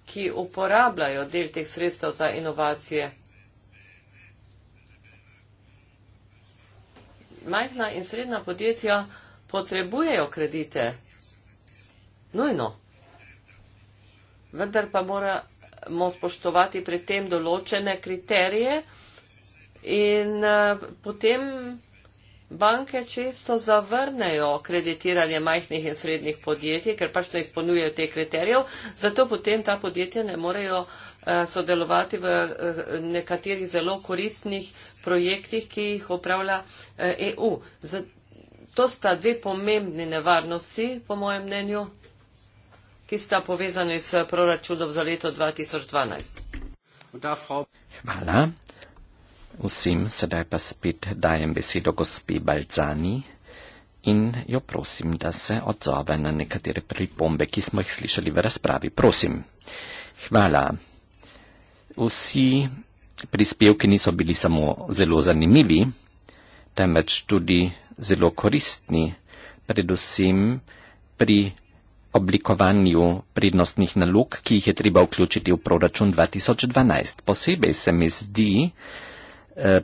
ki uporabljajo del teh sredstev za inovacije. Majhna in srednja podjetja potrebujejo kredite. Nujno. No vendar pa moramo spoštovati pred tem določene kriterije in eh, potem banke često zavrnejo kreditiranje majhnih in srednjih podjetij, ker pač ne izpolnjujejo teh kriterijev, zato potem ta podjetja ne morejo eh, sodelovati v eh, nekaterih zelo koristnih projektih, ki jih upravlja EU. E to sta dve pomembni nevarnosti, po mojem mnenju ki sta povezani s proračunom za leto 2012.
Hvala. Vsem sedaj pa spet dajem besedo gospe Balzani in jo prosim, da se odzove na nekatere pripombe, ki smo jih slišali v razpravi. Prosim. Hvala. Vsi prispevki niso bili samo zelo zanimivi, temveč tudi zelo koristni, predvsem pri oblikovanju prednostnih nalog, ki jih je treba vključiti v proračun 2012. Posebej se mi zdi eh,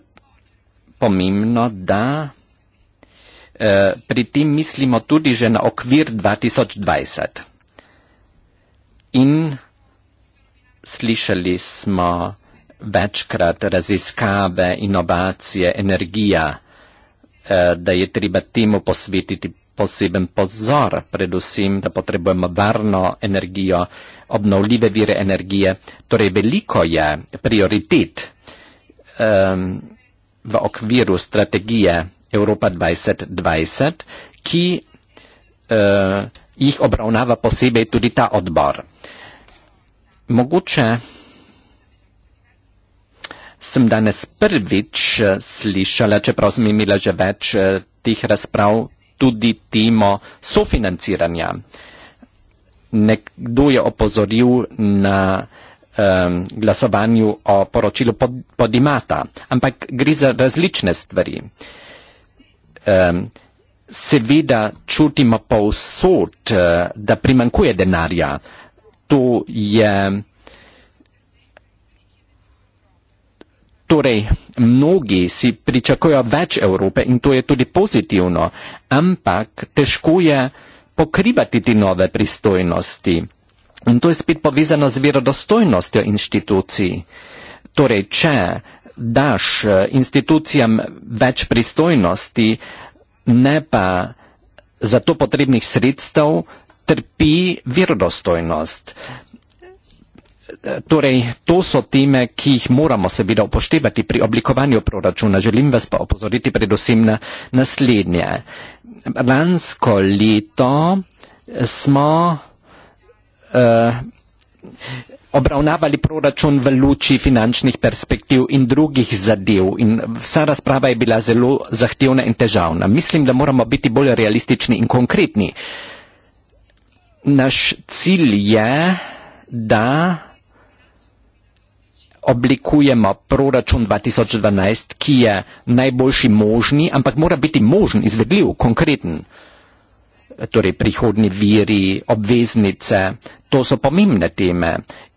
pomembno, da eh, pri tem mislimo tudi že na okvir 2020. In slišali smo večkrat raziskave, inovacije, energija, eh, da je treba temu posvetiti poseben pozor, predvsem, da potrebujemo varno energijo, obnovljive vire energije. Torej, veliko je prioritet um, v okviru strategije Evropa 2020, ki uh, jih obravnava posebej tudi ta odbor. Mogoče sem danes prvič eh, slišala, čeprav sem imela že več tih eh, razprav tudi tema sofinanciranja. Nekdo je opozoril na um, glasovanju o poročilu pod, podimata, ampak gre za različne stvari. Um, seveda čutimo povsod, eh, da primankuje denarja. To je Torej, mnogi si pričakujejo več Evrope in to je tudi pozitivno, ampak težko je pokrivati te nove pristojnosti. In to je spet povezano z verodostojnostjo inštitucij. Torej, če daš eh, institucijam več pristojnosti, ne pa za to potrebnih sredstev, trpi verodostojnost. Torej, to so teme, ki jih moramo seveda upoštevati pri oblikovanju proračuna. Želim vas pa opozoriti predvsem na naslednje. Lansko leto smo uh, obravnavali proračun v luči finančnih perspektiv in drugih zadev in vsa razprava je bila zelo zahtevna in težavna. Mislim, da moramo biti bolj realistični in konkretni. Naš cilj je, da oblikujemo proračun 2012, ki je najboljši možni, ampak mora biti možen, izvedljiv, konkreten. Torej prihodni viri, obveznice, to so pomembne teme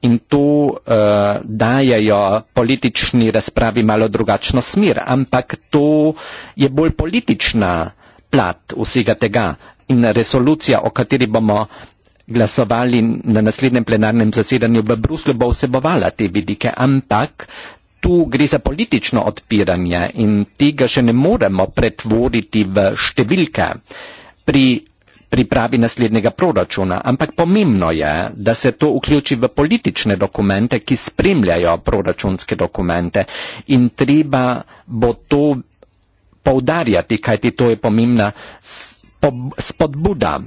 in to uh, eh, dajajo politični razpravi malo drugačno smer, ampak to je bolj politična plat vsega tega in resolucija, o kateri bomo glasovali na naslednjem plenarnem zasedanju v Bruslu, bo vsebovala te vidike, ampak tu gre za politično odpiranje in tega še ne moremo pretvoriti v številke pri pripravi naslednjega proračuna. Ampak pomembno je, da se to vključi v politične dokumente, ki spremljajo proračunske dokumente in treba bo to poudarjati, kajti to je pomembna spodbuda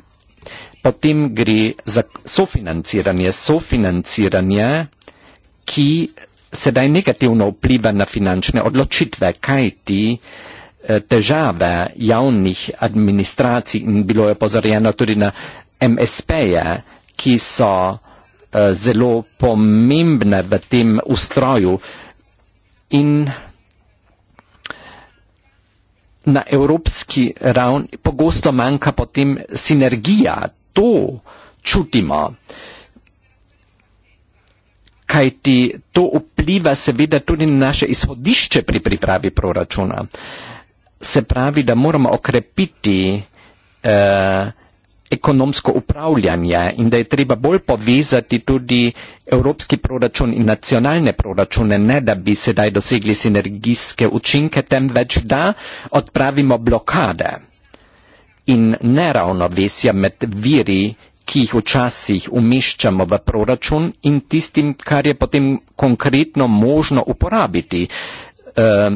potem gre za sofinanciranje. Sofinanciranje, ki sedaj negativno vpliva na finančne odločitve, kaj ti eh, težave javnih administracij in bilo je pozorjeno tudi na MSP-je, ki so eh, zelo pomembne v tem ustroju in na evropski ravni pogosto manjka potem sinergija 또 čutimo. Kaj ti to vpliva seveda tudi na naše izhodišče pri pripravi proračuna. Se pravi, da moramo okrepiti eh, ekonomsko upravljanje in da je treba bolj povezati tudi evropski proračun in nacionalne proračune, ne da bi sedaj dosegli sinergijske učinke, temveč da odpravimo blokade in neravnovesja med viri, ki jih včasih umeščamo v proračun in tistim, kar je potem konkretno možno uporabiti. E,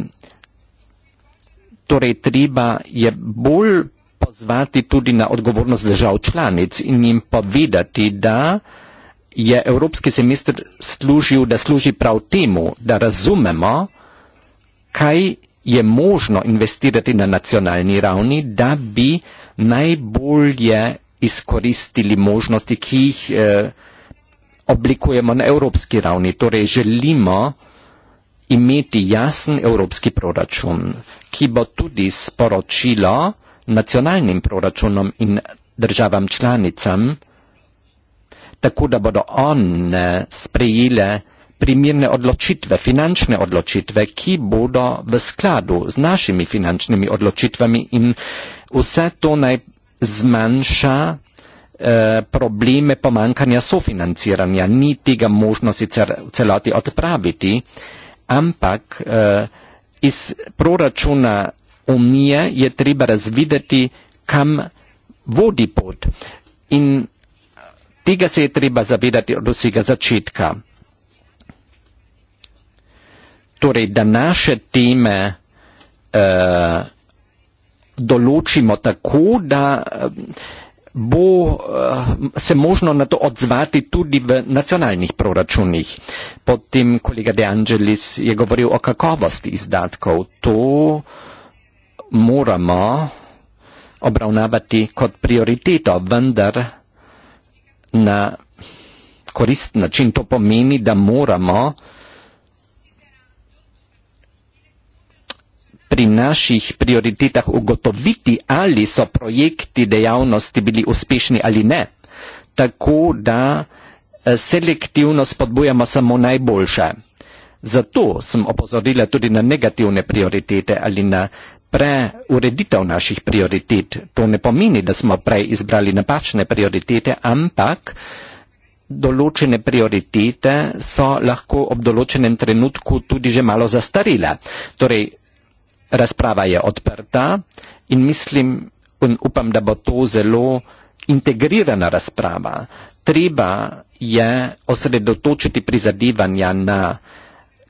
torej, treba je bolj pozvati tudi na odgovornost držav članic in jim povedati, da je Evropski semester služil, da služi prav temu, da razumemo, kaj je možno investirati na nacionalni ravni, da bi najbolje izkoristili možnosti, ki jih eh, oblikujemo na evropski ravni. Torej želimo imeti jasen evropski proračun, ki bo tudi sporočilo nacionalnim proračunom in državam članicam, tako da bodo one sprejele primirne odločitve, finančne odločitve, ki bodo v skladu z našimi finančnimi odločitvami in vse to naj zmanjša eh, probleme pomankanja sofinanciranja. Ni tega možno sicer v celoti odpraviti, ampak eh, iz proračuna Unije je treba razvideti, kam vodi pot. In tega se je treba zavedati od vsega začetka torej da naše teme eh, določimo tako, da eh, bo eh, se možno na to odzvati tudi v nacionalnih proračunih. Potem kolega De Angelis je govoril o kakovosti izdatkov. To moramo obravnavati kot prioriteto, vendar na korist način to pomeni, da moramo eh, pri naših prioritetah ugotoviti, ali so projekti dejavnosti bili uspešni ali ne. Tako da eh, selektivno spodbujamo samo najboljše. Zato sem opozorila tudi na negativne prioritete ali na preureditev naših prioritet. To ne pomeni, da smo prej izbrali napačne prioritete, ampak določene prioritete so lahko ob določenem trenutku tudi že malo zastarile. Torej, razprava je odprta in mislim in upam, da bo to zelo integrirana razprava. Treba je osredotočiti prizadevanja na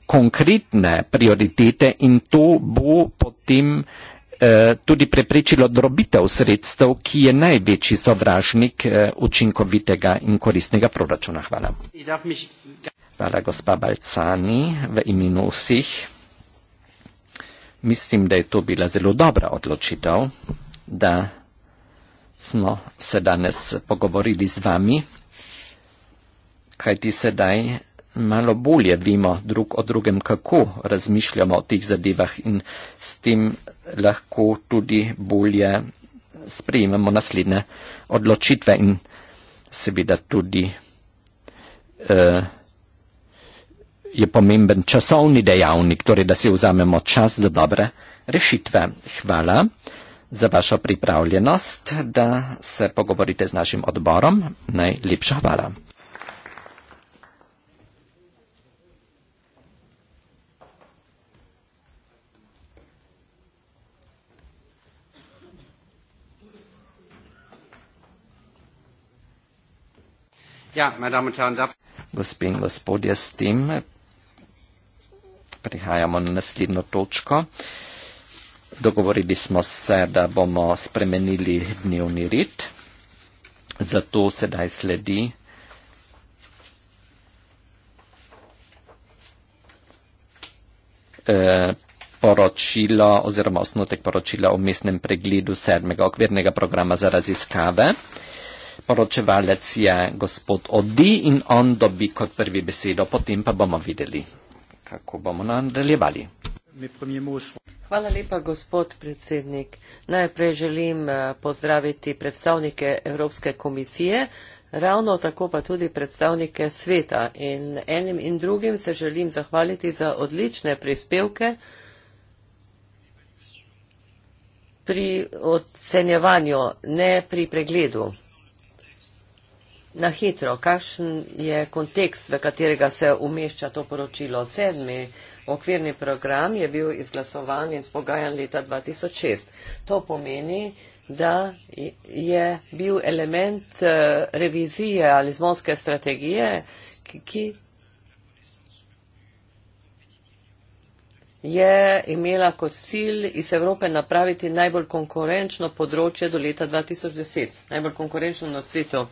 konkretne prioritete in to bo potem eh, tudi preprečilo drobitev sredstev, ki je največji sovražnik eh, učinkovitega in koristnega proračuna. Hvala. Hvala, gospa Balcani, v imenu vseh mislim, da je to bila zelo dobra odločitev, da smo se danes pogovorili z vami, kajti sedaj malo bolje vemo drug o drugem, kako razmišljamo o teh zadevah in s tem lahko tudi bolje sprejemamo naslednje odločitve in seveda tudi uh, je pomemben časovni dejavnik, torej da si vzamemo čas za dobre rešitve. Hvala za vašo pripravljenost, da se pogovorite z našim odborom. Najlepša hvala. Ja, Gospe in gospodje, s tem prihajamo na naslednjo točko. Dogovorili smo se, da bomo spremenili dnevni red, zato sedaj sledi eh, poročilo oziroma osnutek poročila o mestnem pregledu sedmega okvirnega programa za raziskave. Poročevalec je gospod Odi in on dobi kot prvi besedo, potem pa bomo videli kako bomo nadaljevali.
Hvala lepa, gospod predsednik. Najprej želim eh, pozdraviti predstavnike Evropske komisije, ravno tako pa tudi predstavnike sveta. In enim in drugim se želim zahvaliti za odlične prispevke pri ocenjevanju, ne pri pregledu na hitro, kakšen je kontekst, v katerega se umešča to poročilo. Sedmi okvirni program je bil izglasovan in spogajan leta 2006. To pomeni, da je bil element eh, revizije ali zmonske strategije, ki je imela kot cilj iz Evrope napraviti najbolj konkurenčno področje do leta 2010, najbolj konkurenčno na svetu.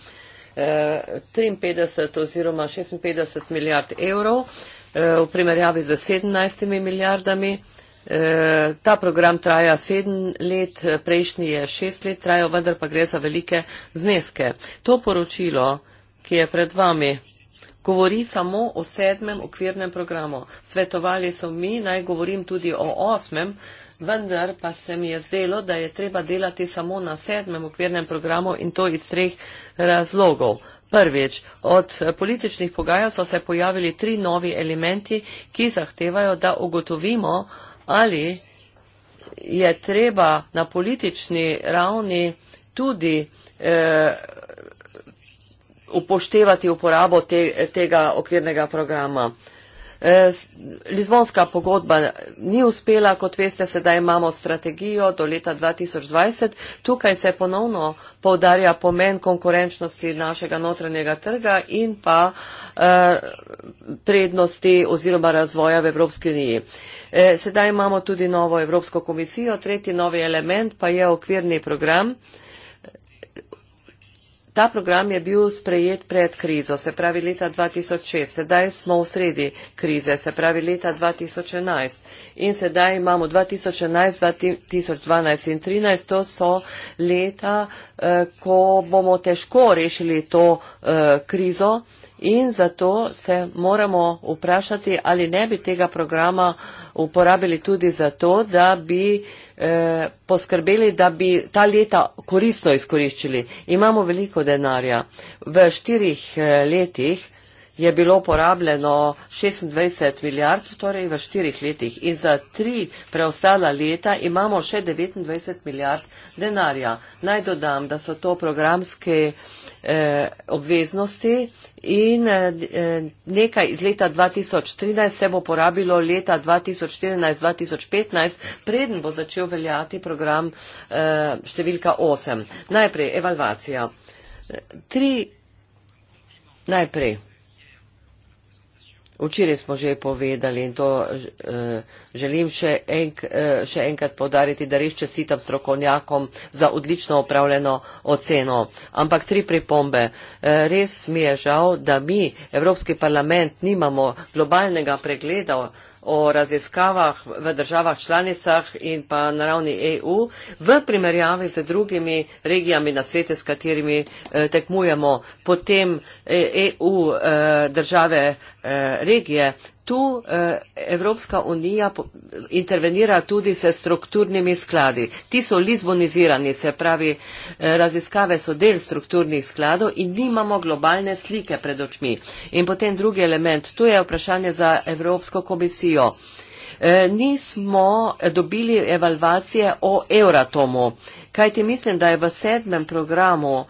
53 oziroma 56 milijard evrov eh, v primerjavi z 17 milijardami. Eh, ta program traja sedem let, prejšnji je šest let trajal, vendar pa gre za velike zneske. To poročilo, ki je pred vami, govori samo o sedmem okvirnem programu. Svetovali so mi, naj govorim tudi o osmem, vendar pa se mi je zdelo, da je treba delati samo na sedmem okvirnem programu in to iz treh razlogov. Prvič, od političnih pogajal so se pojavili tri novi elementi, ki zahtevajo, da ugotovimo, ali je treba na politični ravni tudi eh, upoštevati uporabo te, tega okvirnega programa. Eh, Lizbonska pogodba ni uspela, kot veste, sedaj imamo strategijo do leta 2020. Tukaj se ponovno povdarja pomen konkurenčnosti našega notranjega trga in pa eh, prednosti oziroma razvoja v Evropski uniji. Eh, sedaj imamo tudi novo Evropsko komisijo, tretji novi element pa je okvirni program. Ta program je bil sprejet pred krizo, se pravi leta 2006, sedaj smo v sredi krize, se pravi leta 2011 in sedaj imamo 2011, 2012 in 2013, to so leta, eh, ko bomo težko rešili to eh, krizo in zato se moramo vprašati, ali ne bi tega programa uh, uporabili tudi za to, da bi eh, poskrbeli, da bi ta leta koristno izkoriščili. Imamo veliko denarja. V štirih eh, letih je bilo porabljeno 26 milijard, torej v štirih letih. In za tri preostala leta imamo še 29 milijard denarja. Naj dodam, da so to programske eh, obveznosti in eh, nekaj iz leta 2013 se bo porabilo leta 2014-2015, preden bo začel veljati program eh, številka 8. Najprej evalvacija. Tri najprej. Včeraj smo že povedali in to eh, želim še, enk, eh, še enkrat podariti, da res čestitam strokovnjakom za odlično upravljeno oceno. Ampak tri pripombe. Eh, res mi je žal, da mi, Evropski parlament, nimamo globalnega pregleda o raziskavah v državah članicah in pa na ravni EU v primerjavi z drugimi regijami na svete, s katerimi eh, tekmujemo. Potem EU eh, e eh, države regije tu eh, Evropska unija intervenira tudi se strukturnimi skladi. Ti so lizbonizirani, se pravi, eh, raziskave so del strukturnih skladov in nimamo globalne slike pred očmi. In potem drugi element, tu je vprašanje za Evropsko komisijo. Eh, nismo dobili evalvacije o Euratomu kajti mislim, da je v sedmem programu uh,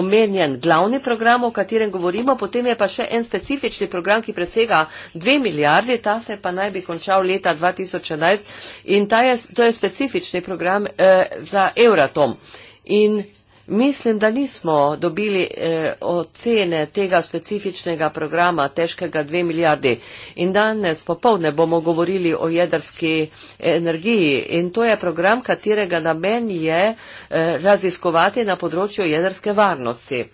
omenjen glavni program, o katerem govorimo, potem je pa še en specifični program, ki presega dve milijardi, ta se pa naj bi končal leta 2011 in je, to je specifični program uh, za Euratom. In Mislim, da nismo dobili eh, ocene tega specifičnega programa težkega 2 milijardi in danes popovdne bomo govorili o jedrski energiji in to je program, katerega namen je eh, raziskovati na področju jedrske varnosti.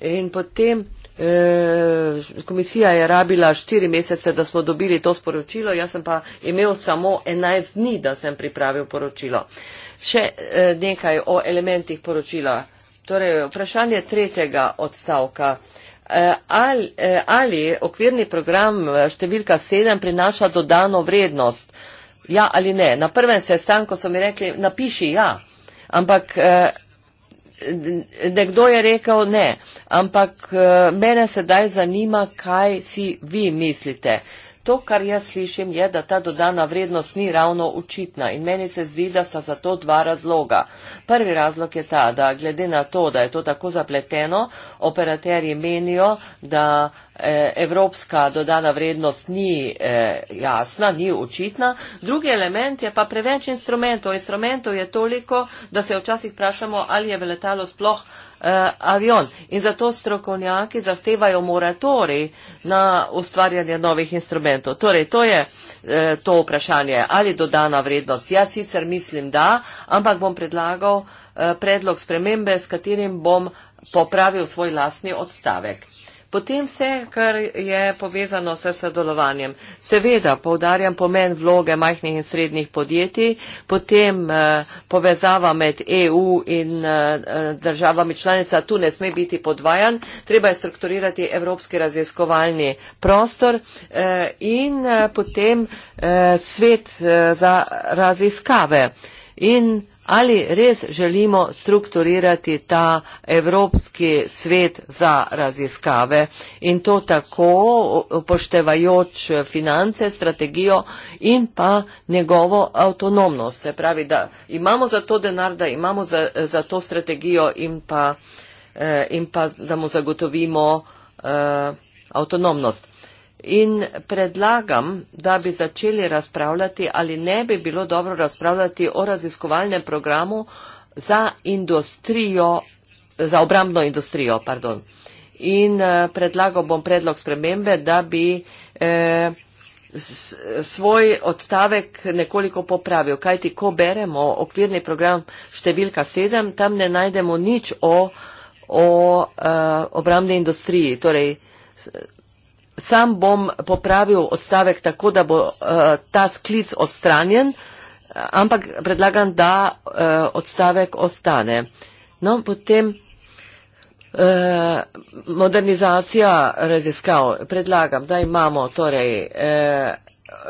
In potem eh, komisija je rabila štiri mesece, da smo dobili to sporočilo, jaz sem pa imel samo 11 dni, da sem pripravil poročilo. Eh, Še eh, nekaj o elementih poročila. Torej, vprašanje tretjega odstavka. Eh, ali, eh, ali okvirni program številka 7 prinaša dodano vrednost? Ja ali ne? Na prvem sestanku so mi rekli, napiši ja. Ampak nekdo je rekel ne. Ampak mene sedaj zanima, kaj si vi mislite. To, kar jaz slišim, je, da ta dodana vrednost ni ravno očitna in meni se zdi, da sta za to dva razloga. Prvi razlog je ta, da glede na to, da je to tako zapleteno, operaterji menijo, da e, evropska dodana vrednost ni eh, jasna, ni očitna. Drugi element je pa preveč instrumentov. Instrumentov je toliko, da se včasih vprašamo, ali je veletalo sploh eh, avion. In zato strokovnjaki zahtevajo moratori na ustvarjanje novih instrumentov. Torej, to je eh, to vprašanje, ali dodana vrednost. Jaz sicer mislim, da, ampak bom predlagal eh, predlog spremembe, s katerim bom popravil svoj lastni odstavek potem vse, kar je povezano s sodelovanjem. Seveda, povdarjam pomen vloge majhnih in srednjih podjetij, potem eh, povezava med EU in eh, eh, državami članica, tu ne sme biti podvajan, treba je strukturirati evropski raziskovalni prostor eh, in eh, potem eh, svet eh, za raziskave. In ali res želimo strukturirati ta Evropski svet za raziskave in to tako upoštevajoč finance, strategijo in pa njegovo avtonomnost. Se pravi, da imamo za to denar, da imamo za, za to strategijo in pa, eh, in pa da mu zagotovimo eh, avtonomnost. In predlagam, da bi začeli razpravljati ali ne bi bilo dobro razpravljati o raziskovalnem programu za industrijo, za obrambno industrijo, pardon. In eh, predlagal bom predlog spremembe, da bi eh, svoj odstavek nekoliko popravil. Kajti, ko beremo okvirni program številka 7, tam ne najdemo nič o, o, o eh, obrambni industriji. Torej, sam bom popravil odstavek tako, da bo eh, ta sklic odstranjen, ampak predlagam, da eh, odstavek ostane. No, potem eh, modernizacija raziskav. Predlagam, da imamo torej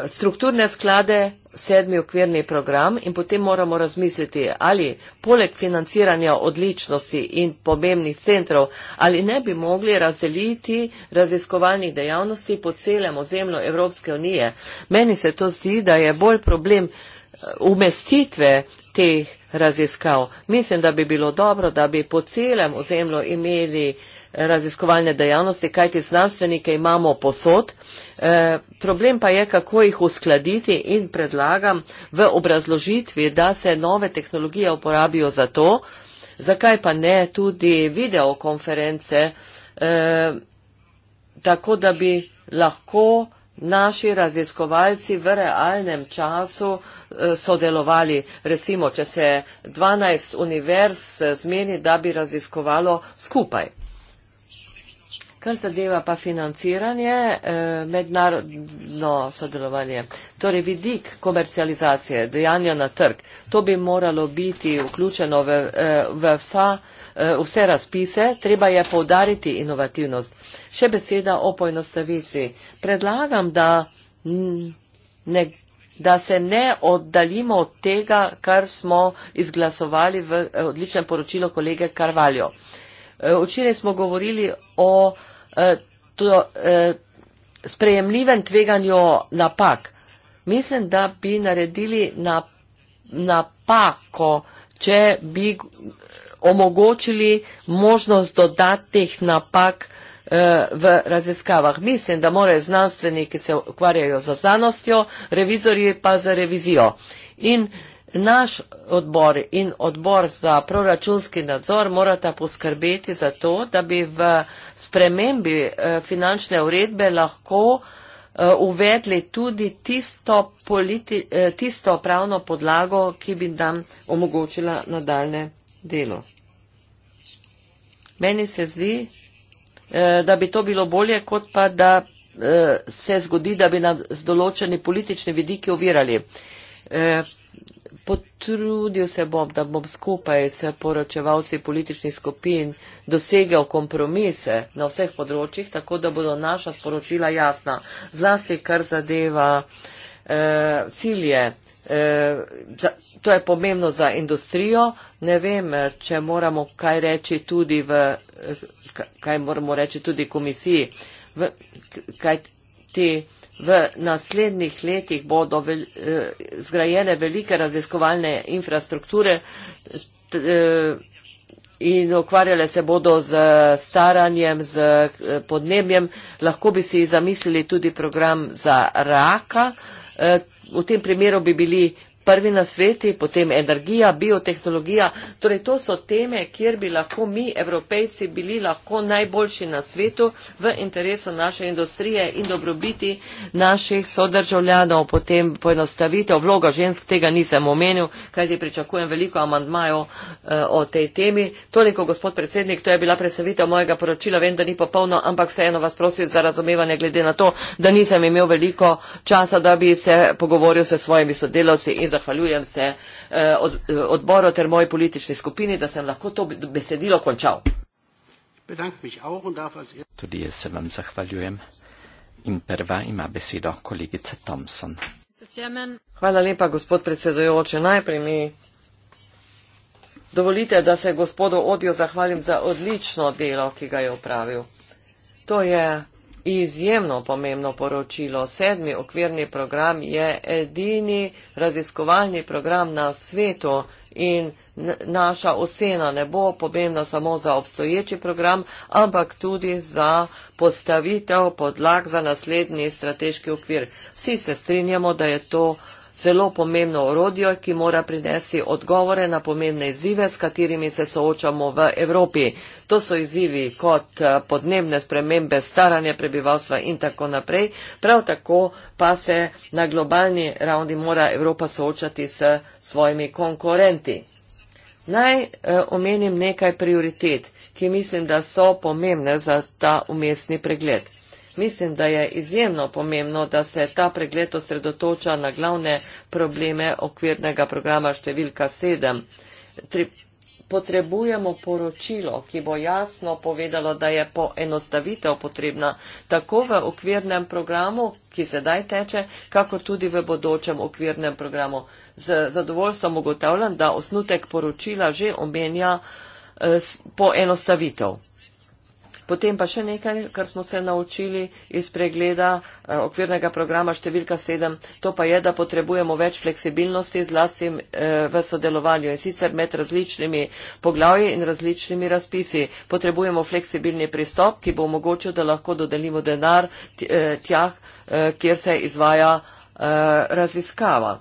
strukturne sklade, sedmi okvirni program in potem moramo razmisliti, ali poleg financiranja odličnosti in pomembnih centrov, ali ne bi mogli razdeliti raziskovalnih dejavnosti po celem ozemlju Evropske unije. Meni se to zdi, da je bolj problem eh, umestitve teh raziskav. Mislim, da bi bilo dobro, da bi po celem ozemlju imeli uh, raziskovalne dejavnosti, kajti znanstvenike imamo posod. E, problem pa je, kako jih uskladiti in predlagam v obrazložitvi, da se nove tehnologije uporabijo za to, zakaj pa ne tudi videokonference, e, tako da bi lahko naši raziskovalci v realnem času e, sodelovali. Recimo, če se 12 univerz zmeni, da bi raziskovalo skupaj. Kar zadeva pa financiranje, eh, mednarodno sodelovanje, torej vidik komercializacije, dejanja na trg, to bi moralo biti vključeno v, eh, v vsa, eh, vse razpise, treba je povdariti inovativnost. Še beseda o poenostavici. Predlagam, da, ne, da se ne oddaljimo od tega, kar smo izglasovali v odličnem poročilu kolege Karvaljo. Včeraj smo govorili o Eh, to, eh, sprejemljivem tveganju napak. Mislim, da bi naredili napako, na če bi omogočili možnost dodatnih napak eh, v raziskavah. Mislim, da morajo znanstveniki se ukvarjajo za znanostjo, revizori pa za revizijo. In eh, Naš odbor in odbor za proračunski nadzor morata poskrbeti za to, da bi v spremembi eh, finančne uredbe lahko eh, uvedli tudi tisto, politi, eh, tisto pravno podlago, ki bi nam omogočila nadaljne delo. Meni se zdi, da bi to bilo bolje, kot pa da se zgodi, da bi nam z določeni politični vidiki ovirali potrudil se bom, da bom skupaj s poročevalci političnih skupin dosegel kompromise na vseh področjih, tako da bodo naša sporočila jasna. Zlasti, kar zadeva eh, cilje. E, za, to je pomembno za industrijo. Ne vem, če moramo kaj reči tudi, v, eh, kaj moramo reči tudi komisiji. V, kaj ti, v naslednjih letih bodo vel, eh, zgrajene velike raziskovalne infrastrukture eh, in ukvarjale se bodo z staranjem, z eh, podnebjem. Lahko bi si zamislili tudi program za raka. Eh, v tem primeru bi bili prvi na sveti, potem energija, biotehnologija, torej to so teme, kjer bi lahko mi, evropejci, bili lahko najboljši na svetu v interesu naše industrije in dobrobiti naših sodržavljanov, potem poenostavitev vloga žensk, tega nisem omenil, kajti pričakujem veliko amandmajev eh, o tej temi. Toliko, gospod predsednik, to je bila predstavitev mojega poročila, vem, da ni popolno, ampak vseeno vas prosim za razumevanje glede na to, da nisem imel veliko časa, da bi se pogovoril s svojimi sodelavci. In zahvaljujem se eh, od, eh, odboru ter moji politični skupini, da sem lahko to besedilo končal.
Tudi jaz se vam zahvaljujem. In prva ima besedo kolegica Thompson.
Hvala lepa, gospod predsedojoče. Najprej mi dovolite, da se gospodu Odijo zahvalim za odlično delo, ki ga je upravil. To je izjemno pomembno poročilo. Sedmi okvirni program je edini raziskovalni program na svetu in naša ocena ne bo pomembna samo za obstoječi program, ampak tudi za postavitev podlag za naslednji strateški okvir. Vsi se strinjamo, da je to zelo pomembno orodje, ki mora prinesti odgovore na pomembne izzive, s katerimi se soočamo v Evropi. To so izzivi kot eh, podnebne spremembe, staranje prebivalstva in tako naprej. Prav tako pa se na globalni ravni mora Evropa soočati s svojimi konkurenti. Naj eh, omenim nekaj prioritet, ki mislim, da so pomembne za ta umestni pregled. Mislim, da je izjemno pomembno, da se ta pregled osredotoča na glavne probleme okvirnega programa številka 7. Tri, potrebujemo poročilo, ki bo jasno povedalo, da je poenostavitev potrebna tako v okvirnem programu, ki sedaj teče, kako tudi v bodočem okvirnem programu. Z zadovoljstvom ugotavljam, da osnutek poročila že omenja eh, poenostavitev. Potem pa še nekaj, kar smo se naučili iz pregleda eh, okvirnega programa številka 7, to pa je, da potrebujemo več fleksibilnosti zlasti eh, v sodelovanju in sicer med različnimi poglavji in različnimi razpisi. Potrebujemo fleksibilni pristop, ki bo omogočil, da lahko dodelimo denar eh, tjah, kjer se izvaja raziskava.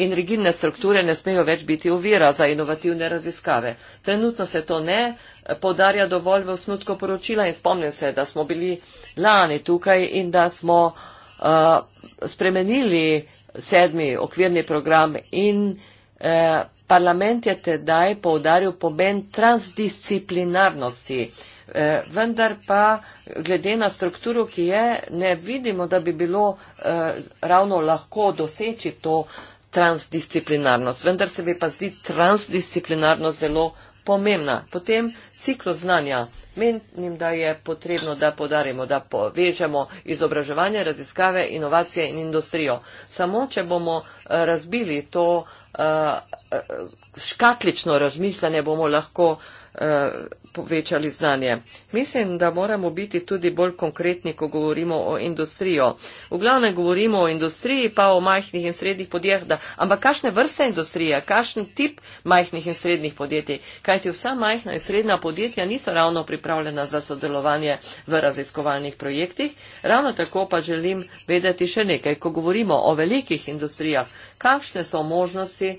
In rigidne strukture ne smejo več biti uvira za inovativne raziskave. Trenutno se to ne podarja dovolj v osnutku poročila in spomnim se, da smo bili lani tukaj in da smo uh, spremenili sedmi okvirni program in uh, parlament je tedaj poudaril pomen transdisciplinarnosti. Uh, vendar pa, glede na strukturo, ki je, ne vidimo, da bi bilo eh, ravno lahko doseči to transdisciplinarnost. Vendar se mi pa zdi transdisciplinarnost zelo pomembna. Potem ciklo znanja. Menim, da je potrebno, da podarimo, da povežemo izobraževanje, raziskave, inovacije in industrijo. Samo, če bomo eh, razbili to uh, škatlično razmišljanje, bomo lahko uh, Eh, povečali znanje. Mislim, da moramo biti tudi bolj konkretni, ko govorimo o industrijo. V glavnem govorimo o industriji, pa o majhnih in srednjih podjetjih, ampak kakšne vrste industrije, kakšen tip majhnih in srednjih podjetij, kajti vsa majhna in srednja podjetja niso ravno pripravljena za sodelovanje v raziskovalnih projektih. Ravno tako pa želim vedeti še nekaj, ko govorimo o velikih industrijah, kakšne so možnosti,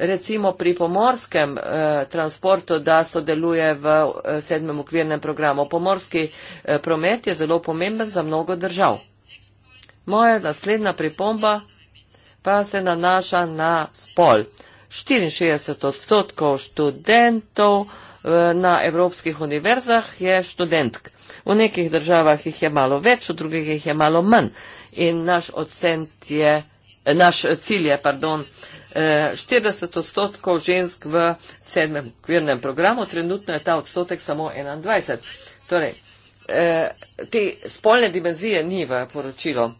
recimo pri pomorskem eh, transportu, da sodeluje v eh, sedmem ukvirnem programu. Pomorski eh, promet je zelo pomemben za mnogo držav. Moja naslednja pripomba pa se nanaša na spol. 64 odstotkov študentov na evropskih univerzah je študentk. V nekih državah jih je malo več, v drugih jih je malo manj. In naš, je, naš cilj je pardon, 40 odstotkov žensk v sedmem kvirnem programu, trenutno je ta odstotek samo 21. Torej, eh, te spolne dimenzije ni v poročilu.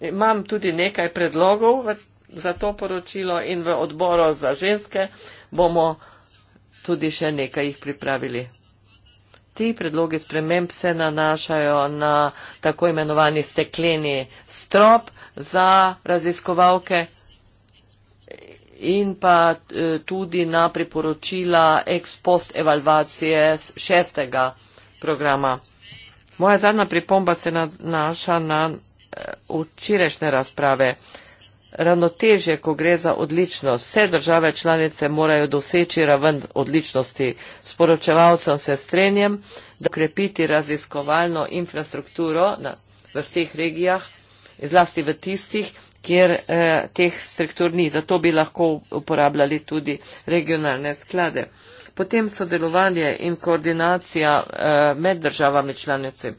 Imam tudi nekaj predlogov za to poročilo in v odboru za ženske bomo tudi še nekaj jih pripravili ti predlogi sprememb se nanašajo na tako imenovani stekleni strop za raziskovalke in pa e, tudi na priporočila ex post evalvacije šestega programa. Moja zadnja pripomba se nanaša na e, včerajšnje razprave ravnotežje, ko gre za odličnost. Vse države članice morajo doseči raven odličnosti. Sporočevalcem se strenjem, da krepiti raziskovalno infrastrukturo na vseh regijah, zlasti v tistih, kjer eh, teh struktur ni. Zato bi lahko uporabljali tudi regionalne sklade. Potem sodelovanje in koordinacija eh, med državami članice.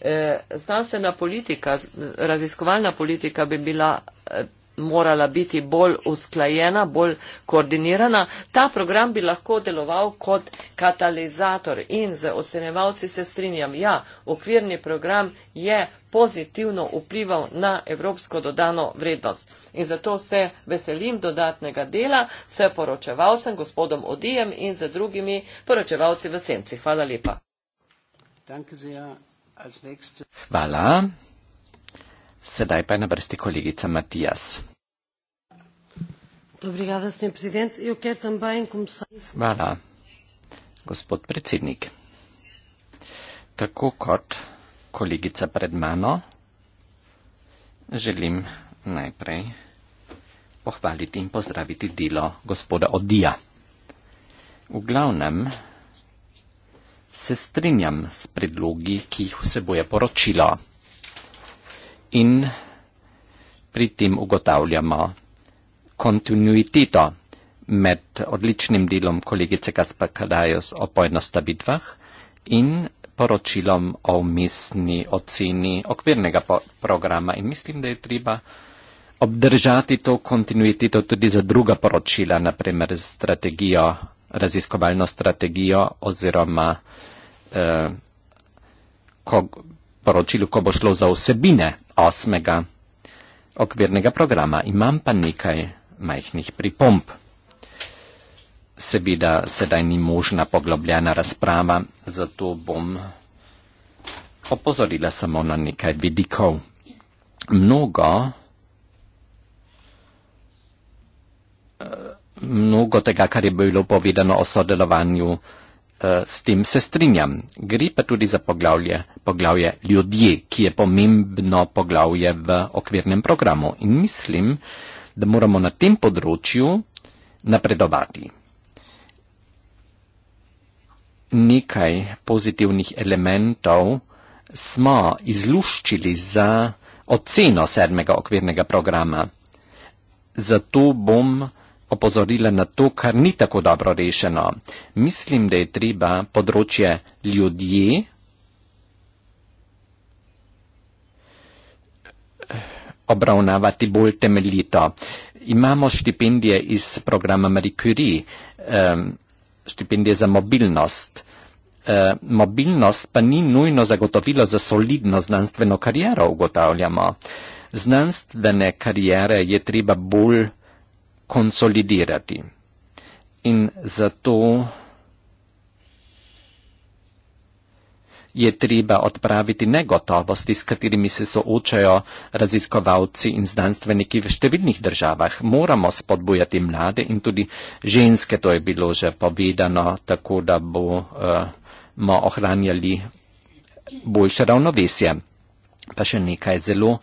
Eh, znanstvena politika, raziskovalna politika bi bila. Eh, morala biti bolj usklajena, bolj koordinirana. Ta program bi lahko deloval kot katalizator in z ocenevalci se strinjam. Ja, okvirni program je pozitivno vplival na evropsko dodano vrednost. In zato se veselim dodatnega dela, se poročeval sem gospodom Odijem in z drugimi poročevalci v Senci. Hvala lepa.
Hvala. Sedaj pa je na vrsti kolegica Matijas.
Obrigada, sem predsednik. Jo ker tam bajem komisar.
Hvala, gospod predsednik. Tako kot kolegica pred mano, želim najprej pohvaliti in pozdraviti delo gospoda Odija. V glavnem se strinjam s predlogi, ki jih vseboje poročilo in pri tem ugotavljamo kontinuiteto med odličnim delom kolegice Kaspar Kadajos o poenostavitvah in poročilom o mestni oceni okvirnega po programa. In mislim, da je treba obdržati to kontinuiteto tudi za druga poročila, naprimer strategijo, raziskovalno strategijo oziroma eh, poročilu, ko bo šlo za osebine osmega okvirnega programa. Imam pa nekaj majhnih pripomp. Seveda sedaj ni možna poglobljena razprava, zato bom opozorila samo na nekaj vidikov. Mnogo, eh, mnogo tega, kar je bilo povedano o sodelovanju Eh, s tem se strinjam. Gre pa tudi za poglavje, poglavje ljudje, ki je pomembno poglavje v okvirnem programu in mislim, da moramo na tem področju napredovati. Nekaj pozitivnih elementov smo izluščili za oceno sedmega okvirnega programa. Zato bom opozorile na to, kar ni tako dobro rešeno. Mislim, da je treba področje ljudje obravnavati bolj temeljito. Imamo štipendije iz programa Marie Curie, štipendije za mobilnost. Mobilnost pa ni nujno zagotovilo za solidno znanstveno kariero, ugotavljamo. Znanstvene karijere je treba bolj konsolidirati. In zato je treba odpraviti negotovosti, s katerimi se soočajo raziskovalci in znanstveniki v številnih državah. Moramo spodbujati mlade in tudi ženske, to je bilo že povedano, tako da bomo eh, uh, ohranjali boljše ravnovesje. Pa še nekaj zelo uh,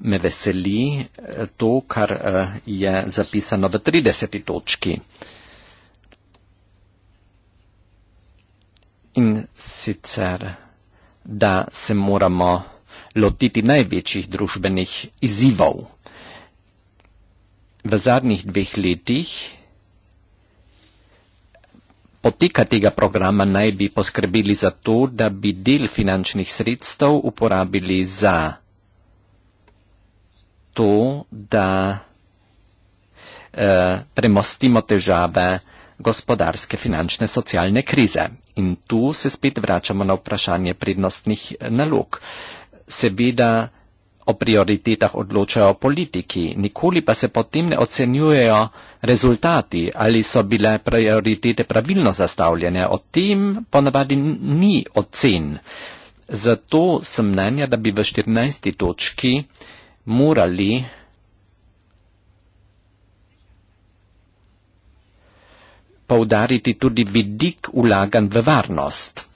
me veseli eh, to, kar eh, je zapisano v 30. točki. In sicer, da se moramo lotiti največjih družbenih izzivov. V zadnjih dveh letih poteka tega programa naj bi poskrbeli za to, da bi del finančnih sredstev uporabili za to, da eh, premostimo težave gospodarske, finančne, socialne krize. In tu se spet vračamo na vprašanje prednostnih eh, nalog. Seveda o prioritetah odločajo politiki, nikoli pa se potem ne ocenjujejo rezultati, ali so bile prioritete pravilno zastavljene. O tem ponavadi ni ocen. Zato sem mnenja, da bi v 14. točki uh, morali poudariti tudi vidik ulagan v varnost.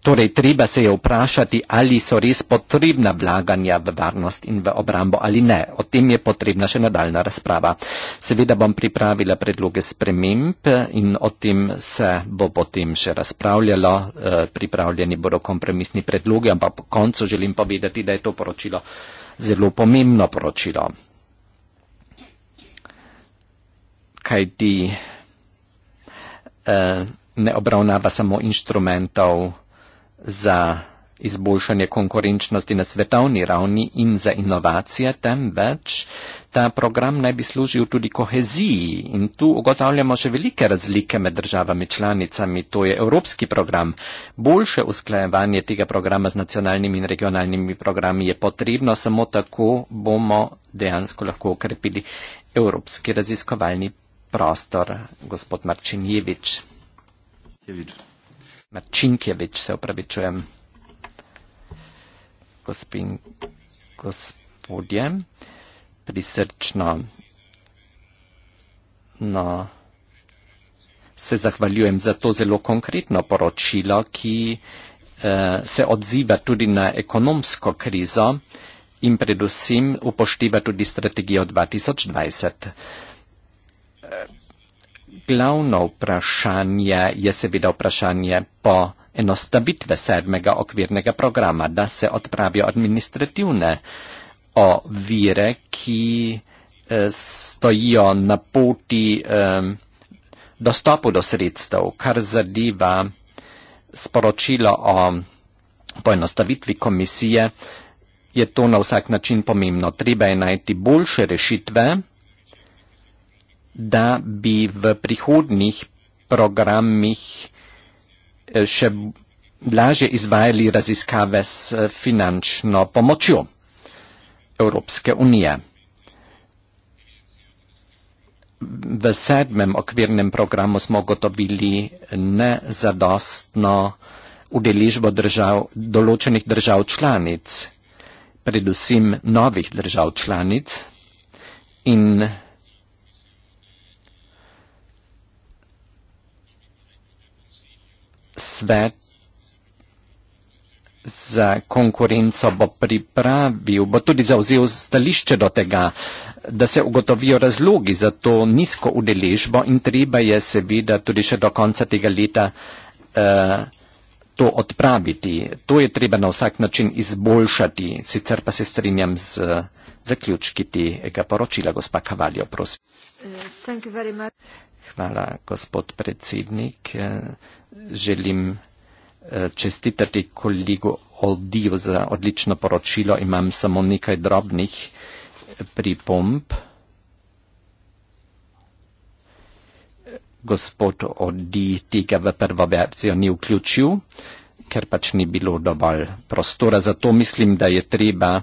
Torej, treba se je vprašati, ali so res potrebna vlaganja v varnost in v obrambo ali ne. O tem je potrebna še nadaljna razprava. Seveda bom pripravila predloge sprememb in o tem se bo potem še razpravljalo. Eh, pripravljeni bodo kompromisni predloge, ampak po koncu želim povedati, da je to poročilo zelo pomembno poročilo. Kaj ti eh, ne obravnava samo inštrumentov, za izboljšanje konkurenčnosti na svetovni ravni in za inovacije, temveč ta program naj bi služil tudi koheziji. In tu ugotavljamo še velike razlike med državami članicami. To je evropski program. Boljše usklajevanje tega programa z nacionalnimi in regionalnimi programi je potrebno, samo tako bomo dejansko lahko okrepili evropski raziskovalni prostor. Gospod Marčinjevič. Jevič. Marcinkiewicz, se opravičujem. Gospin, gospodje, prisrčno no, se zahvaljujem za to zelo konkretno poročilo, ki eh, se odziva tudi na ekonomsko krizo in predvsem upošteva tudi strategijo 2020 glavno vprašanje je seveda vprašanje po enostavitve sedmega okvirnega programa, da se odpravijo administrativne ovire, ki eh, stojijo na poti eh, dostopu do sredstev, kar zadeva sporočilo o poenostavitvi komisije, je to na vsak način pomembno. Treba je najti boljše rešitve, da bi v prihodnih programih eh, še lažje izvajali raziskave s eh, finančno pomočjo Evropske unije. V sedmem okvirnem programu smo gotovili nezadostno udeležbo držav, določenih držav članic, predvsem novih držav članic in članic. svet za konkurenco bo pripravil, bo tudi zauzel stališče do tega, da se ugotovijo razlogi za to nizko udeležbo in treba je seveda tudi še do konca tega leta uh, to odpraviti. To je treba na vsak način izboljšati, sicer pa se strinjam z zaključki tega poročila, gospa Kavaljo, prosim.
Eh,
Hvala, gospod predsednik. Eh, želim eh, čestitati kolegu Oldiju za odlično poročilo. Imam samo nekaj drobnih eh, pripomb. Gospod Oldi tega v prvo verzijo ni vključil, ker pač ni bilo dovolj prostora. Zato mislim, da je treba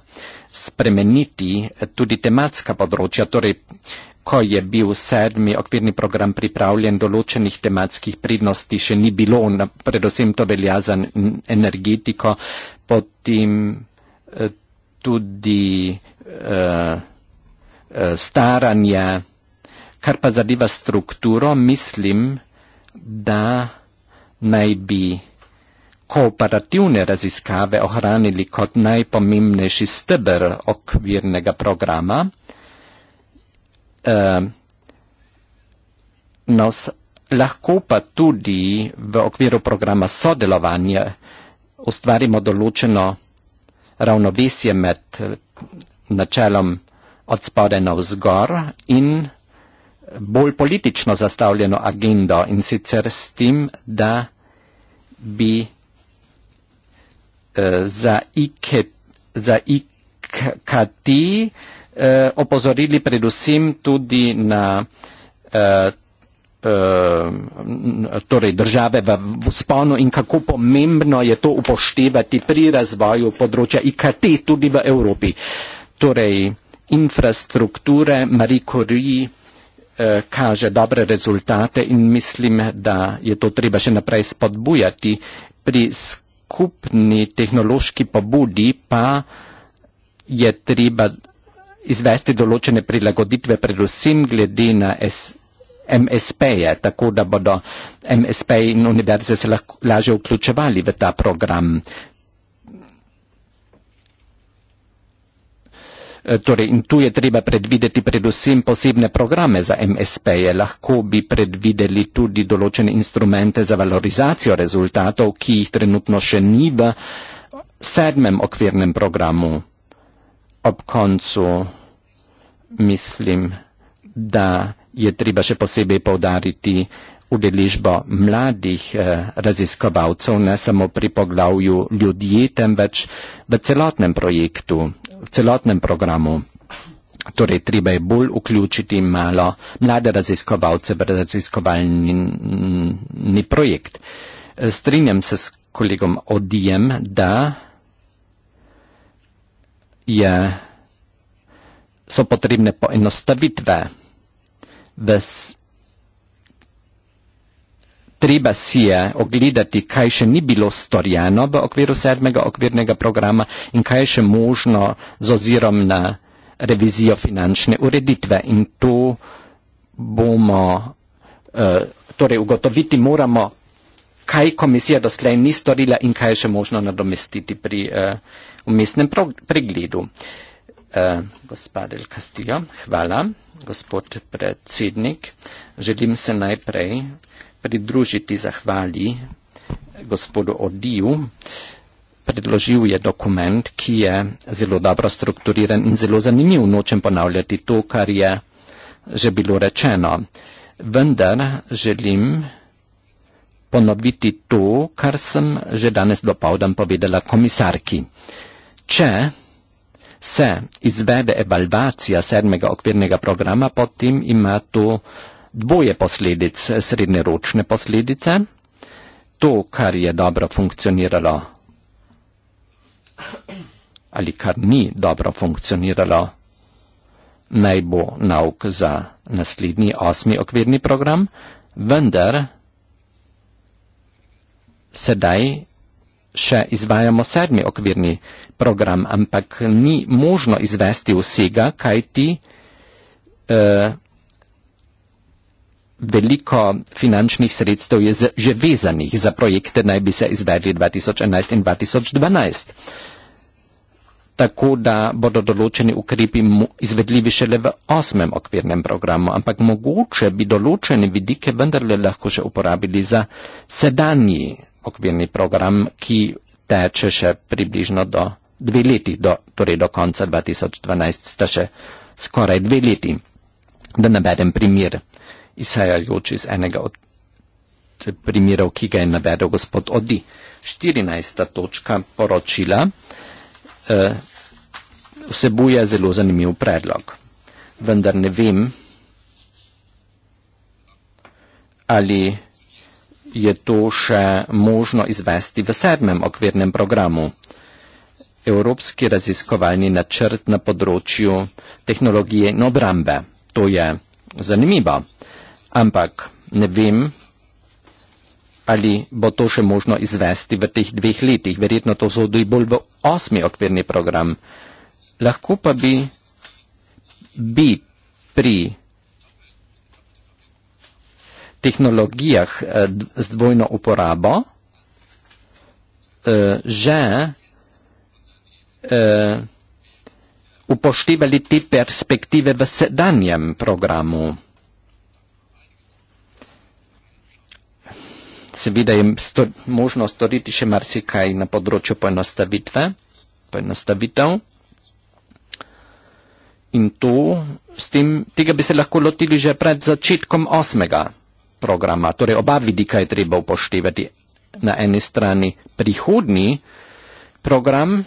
spremeniti eh, tudi tematska področja. Torej, ko je bil sedmi okvirni program pripravljen, določenih tematskih pridnosti še ni bilo, predvsem to velja za energetiko, potem eh, tudi uh, staranje, kar pa zadeva strukturo, mislim, da naj bi kooperativne raziskave ohranili kot najpomembnejši steber okvirnega programa uh, ehm, nas lahko pa tudi v okviru programa sodelovanja ustvarimo določeno ravnovesje med eh, načelom od spode na vzgor in bolj politično zastavljeno agendo in sicer s tem, da bi uh, za IKT, za IKT uh, Eh, opozorili predvsem tudi na eh, eh, torej države v vzponu in kako pomembno je to upoštevati pri razvoju področja IKT tudi v Evropi. Torej infrastrukture Marie Curie kaže dobre rezultate in mislim, da je to treba še naprej spodbujati. Pri skupni tehnološki pobudi pa je treba izvesti določene prilagoditve, predvsem glede na MSP-je, tako da bodo MSP in univerze se lahko lažje vključevali v ta program. E, torej, in tu je treba predvideti predvsem posebne programe za MSP-je. Lahko bi predvideli tudi določene instrumente za valorizacijo rezultatov, ki jih trenutno še ni v sedmem okvirnem programu. Ob koncu mislim, da je treba še posebej povdariti udeležbo mladih eh, raziskovalcev, ne samo pri poglavju ljudje, temveč v celotnem projektu, v celotnem programu. Torej, treba je bolj vključiti malo mlade raziskovalce v raziskovalni projekt. Eh, strinjam se s kolegom Odijem, da je so potrebne poenostavitve. Ves, treba si je ogledati, kaj še ni bilo storjeno v okviru sedmega okvirnega programa in kaj je še možno z ozirom na revizijo finančne ureditve. In to bomo, eh, torej ugotoviti moramo, kaj komisija doslej ni storila in kaj je še možno nadomestiti pri eh, umestnem pregledu. Eh, Eh, gospa Del Castillo, hvala, gospod predsednik. Želim se najprej pridružiti zahvali gospodu Odiju. Predložil je dokument, ki je zelo dobro strukturiran in zelo zanimiv. Nočem ponavljati to, kar je že bilo rečeno. Vendar želim ponoviti to, kar sem že danes dopovdan povedala komisarki. Če se izvede evalvacija sedmega okvirnega programa, potem ima to dvoje posledic, srednjeročne posledice. To, kar je dobro funkcioniralo ali kar ni dobro funkcioniralo, naj bo nauk za naslednji osmi okvirni program, vendar sedaj še izvajamo sedmi okvirni program, ampak ni možno izvesti vsega, kaj ti eh, veliko finančnih sredstev je že vezanih za projekte, naj bi se izvedli 2011 in 2012. Tako da bodo določeni ukrepi izvedljivi šele v osmem okvirnem programu, ampak mogoče bi določene vidike vendarle lahko še uporabili za sedanji okvirni program, ki teče še približno do dve leti, do, torej do konca 2012 sta še skoraj dve leti. Da navedem primer, izhajajoč iz enega od primerov, ki ga je navedel gospod Odi. 14. točka poročila eh, vsebuje zelo zanimiv predlog, vendar ne vem, ali je to še možno izvesti v sedmem okvirnem programu. Evropski raziskovalni načrt na področju tehnologije in obrambe. To je zanimivo, ampak ne vem, ali bo to še možno izvesti v teh dveh letih. Verjetno to zodi bolj v osmi okvirni program. Lahko pa bi, bi pri tehnologijah eh, z dvojno uporabo, eh, že eh, upoštevali te perspektive v sedanjem programu. Seveda je možno storiti še marsikaj na področju poenostavitev. In to, tem, tega bi se lahko lotili že pred začetkom osmega programa. Torej oba vidika je treba upoštevati. Na eni strani prihodni program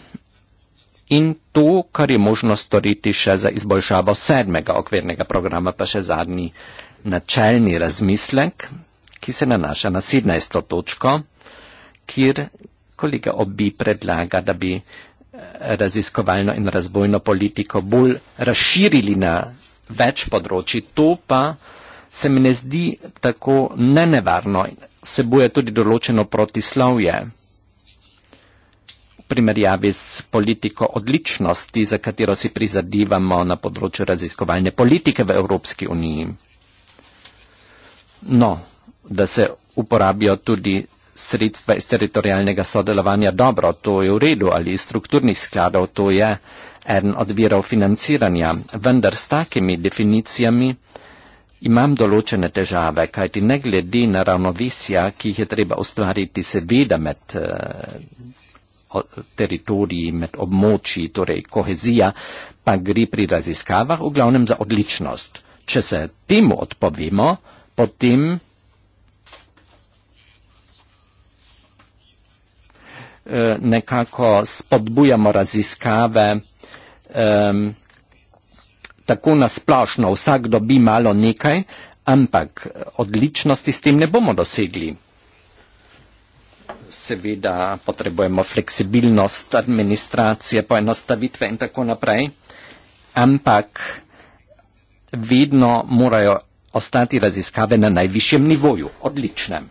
in to, kar je možno storiti še za izboljšavo sedmega okvirnega programa, pa še zadnji načelni razmislek, ki se nanaša na 17. točko, kjer kolega obi predlaga, da bi eh, raziskovalno in razvojno politiko bolj razširili na več področji. To pa se mi ne zdi tako nenevarno, seboj je tudi določeno protislovje v primerjavi s politiko odličnosti, za katero si prizadivamo na področju raziskovalne politike v Evropski uniji. No, da se uporabijo tudi sredstva iz teritorijalnega sodelovanja, dobro, to je v redu, ali iz strukturnih skladov, to je en od virov financiranja, vendar s takimi definicijami, Imam določene težave, kajti ne glede na ravnovesja, ki jih je treba ustvariti seveda med eh, teritoriji, med območji, torej kohezija, pa gre pri raziskavah v glavnem za odličnost. Če se temu odpovemo, potem eh, nekako spodbujamo raziskave. Eh, tako nasplošno vsak dobi malo nekaj, ampak eh, odličnosti s tem ne bomo dosegli. Seveda potrebujemo fleksibilnost administracije, poenostavitve in tako naprej, ampak vedno morajo ostati raziskave na najvišjem nivoju, odličnem.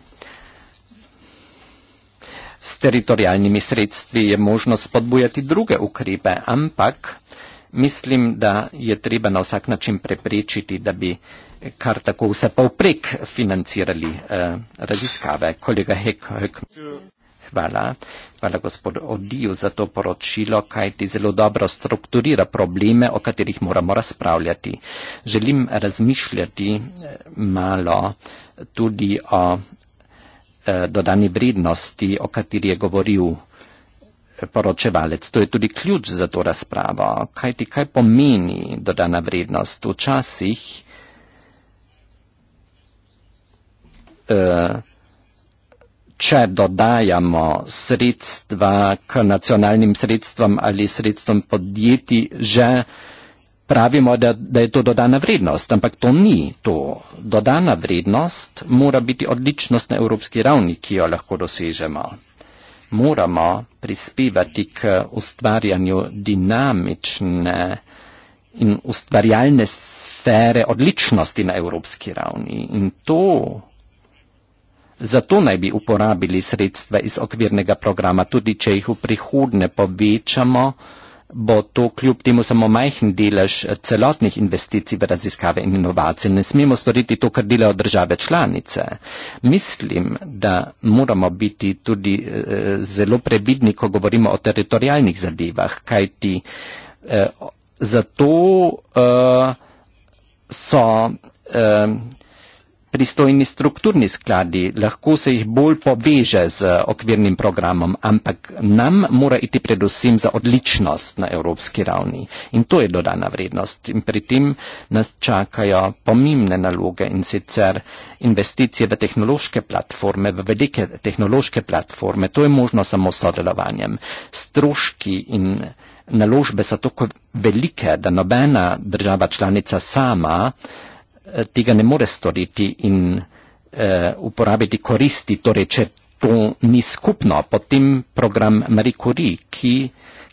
S teritorijalnimi sredstvi je možno spodbujati druge ukrepe, ampak mislim, da je treba na vsak način preprečiti, da bi kar tako vse povprek financirali eh, raziskave. Kolega Hek, Hek. Hvala. Hvala gospod Odiju za to poročilo, kaj ti zelo dobro strukturira probleme, o katerih moramo razpravljati. Želim razmišljati eh, malo tudi o eh, dodani vrednosti, o kateri je govoril poročevalec. To je tudi ključ za to razpravo. Kaj ti kaj pomeni dodana vrednost? Včasih eh, če dodajamo sredstva k nacionalnim sredstvom ali sredstvom podjetij, že pravimo, da, da je to dodana vrednost, ampak to ni to. Dodana vrednost mora biti odličnost na evropski ravni, ki jo lahko dosežemo moramo prispevati k ustvarjanju dinamične in ustvarjalne sfere odličnosti na evropski ravni. In to, zato naj bi uporabili sredstva iz okvirnega programa, tudi če jih v prihodne povečamo, uh, bo to kljub temu samo majhen delež eh, celotnih investicij v raziskave in inovacije. Ne smemo storiti to, kar delajo države članice. Mislim, da moramo biti tudi eh, zelo previdni, ko govorimo o teritorijalnih zadevah, kajti eh, zato eh, so. Eh, pristojni strukturni skladi, lahko se jih bolj poveže z okvirnim programom, ampak nam mora iti predvsem za odličnost na evropski ravni. In to je dodana vrednost. In pri tem nas čakajo pomembne naloge in sicer investicije v tehnološke platforme, v velike tehnološke platforme. To je možno samo s sodelovanjem. Stroški in naložbe so tako velike, da nobena država članica sama Eh, tega ne more storiti in uh, uporabiti koristi, torej če to ni skupno, potem program Marie Curie, ki,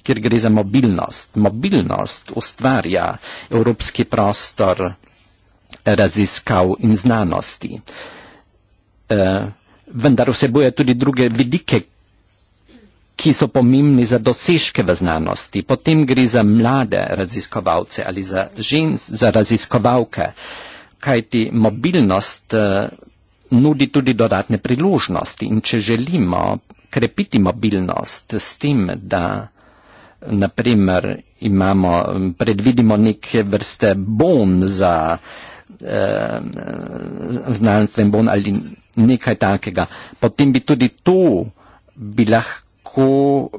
kjer gre za mobilnost. Mobilnost ustvarja evropski prostor raziskav in znanosti. Uh, vendar vsebuje tudi druge vidike, ki so pomembni za dosežke v znanosti. Potem gre za mlade raziskovalce ali za žens, za raziskovalke. Uh, kajti mobilnost eh, nudi tudi dodatne priložnosti in če želimo krepiti mobilnost s tem, da naprimer imamo, predvidimo neke vrste bon za eh, znanstven bon ali nekaj takega, potem bi tudi to bi lahko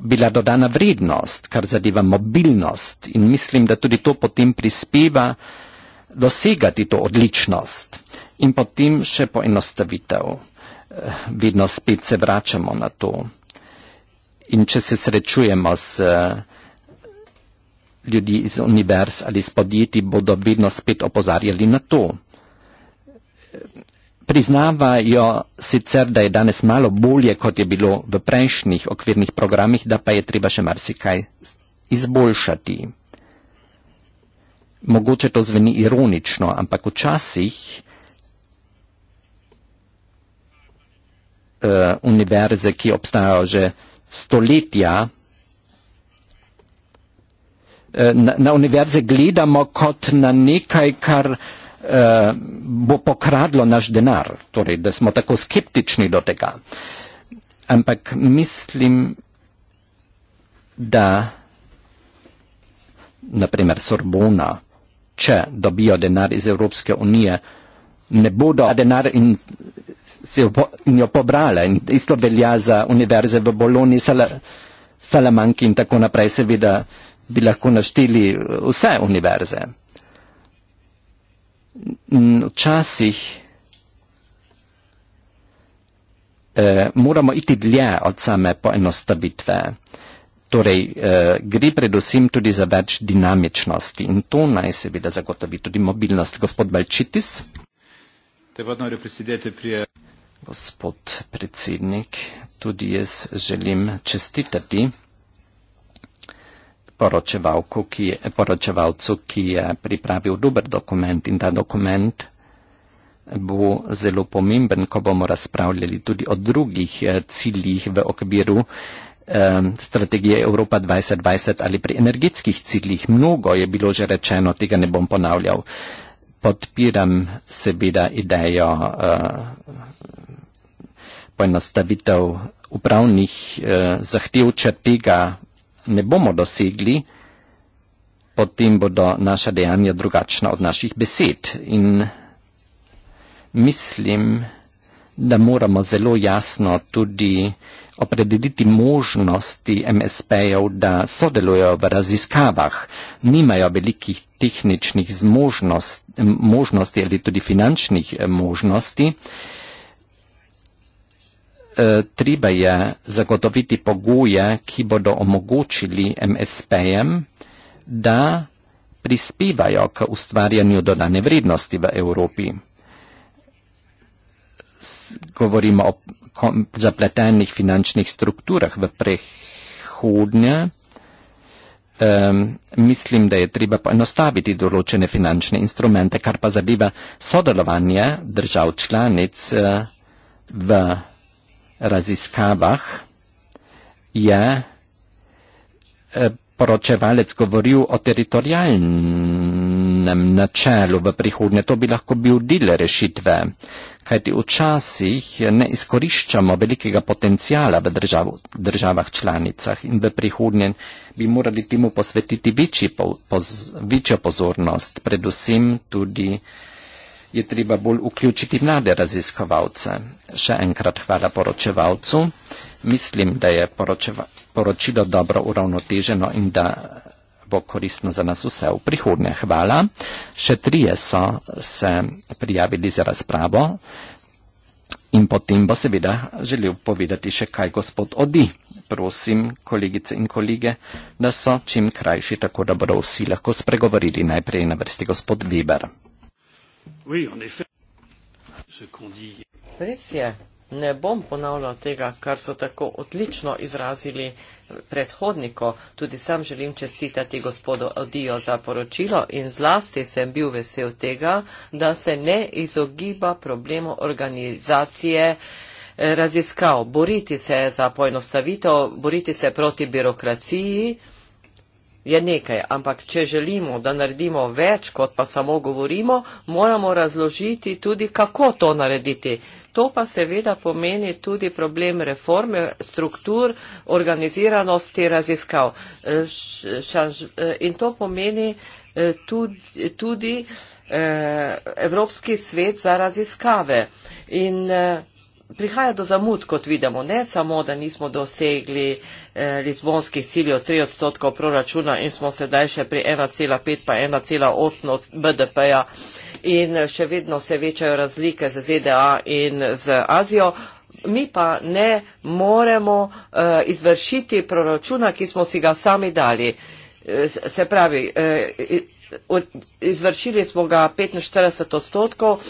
bila dodana vrednost, kar zadeva mobilnost in mislim, da tudi to potem prispeva eh, dosegati to odličnost. In potem še poenostavitev. Eh, vedno spet se vračamo na to. In če se srečujemo s eh, ljudmi iz univerz ali s podjetji, bodo vedno spet opozarjali na to. Priznavajo sicer, da je danes malo bolje, kot je bilo v prejšnjih okvirnih programih, da pa je treba še marsikaj izboljšati mogoče to zveni ironično, ampak včasih uh, univerze, ki obstajajo že stoletja, eh, Na, na univerze gledamo kot na nekaj, kar uh, bo pokradlo naš denar, torej, da smo tako skeptični do tega. Ampak mislim, da naprimer Sorbona, če dobijo denar iz Evropske unije, ne bodo denar in se jo, po, in jo pobrale. In isto velja za univerze v Boloni, Sal Salamanki in tako naprej, seveda bi lahko našteli eh, vse univerze. Včasih eh, moramo iti dlje od same poenostavitve. Eh, Torej, eh, gre predvsem tudi za več dinamičnosti in to naj seveda zagotovi tudi mobilnost. Gospod Balčitis. Gospod predsednik, tudi jaz želim čestitati ki je, poročevalcu, ki je pripravil dober dokument in ta dokument bo zelo pomemben, ko bomo razpravljali tudi o drugih eh, ciljih v okviru eh, eh, strategije Evropa 2020 ali pri energetskih ciljih. Mnogo je bilo že rečeno, tega ne bom ponavljal. Podpiram seveda idejo eh, poenostavitev upravnih eh, zahtev, če tega ne bomo dosegli potem bodo naša dejanja drugačna od naših besed. In mislim, da moramo zelo jasno tudi opredeliti možnosti MSP-jev, da sodelujejo v raziskavah. Nimajo velikih tehničnih zmožnost, možnosti ali tudi finančnih eh, možnosti. Eh, treba je zagotoviti pogoje, ki bodo omogočili MSP-jem, da prispevajo k ustvarjanju dodane vrednosti v Evropi govorimo o zapletenih finančnih strukturah v prehodnje, um, mislim, da je treba poenostaviti določene finančne instrumente, kar pa zadeva sodelovanje držav članic uh, v raziskavah, je eh, poročevalec govoril o teritorijalnem nam na čelu v prihodnje. To bi lahko bil del rešitve. Kajti včasih ne izkoriščamo velikega potencijala v državu, državah članicah in v prihodnje bi morali temu posvetiti po, poz, večjo pozornost. Predvsem tudi je treba bolj vključiti mlade raziskovalce. Še enkrat hvala poročevalcu. Mislim, da je poročilo dobro uravnoteženo in da bo koristno za nas vse v prihodnje. Hvala. Še trije so se prijavili za razpravo in potem bo seveda želel povedati še kaj gospod Odi. Prosim, kolegice in kolege, da so čim krajši, tako da bodo vsi lahko spregovorili najprej na vrsti gospod Weber.
Res je, ne bom ponavljal tega, kar so tako odlično izrazili predhodniku. Tudi sam želim čestitati gospodu Odijo za poročilo in zlasti sem bil vesel tega, da se ne izogiba problemu organizacije eh, raziskav. Boriti se za poenostavitev, boriti se proti birokraciji je nekaj, ampak če želimo, da naredimo več, kot pa samo govorimo, moramo razložiti tudi, kako to narediti. To pa seveda pomeni tudi problem reforme, struktur, organiziranosti raziskav. E, e, in to pomeni e, tudi, tudi Evropski svet za raziskave. In prihaja do zamud, kot vidimo, ne samo, da nismo dosegli lizbonskih ciljev 3 odstotkov proračuna in smo sedaj še pri 1,5 pa 1,8 BDP-ja in še vedno se večajo razlike z ZDA in z Azijo. Mi pa ne moremo uh, izvršiti proračuna, ki smo si ga sami dali. Eh, se pravi, uh, izvršili smo ga 45 odstotkov,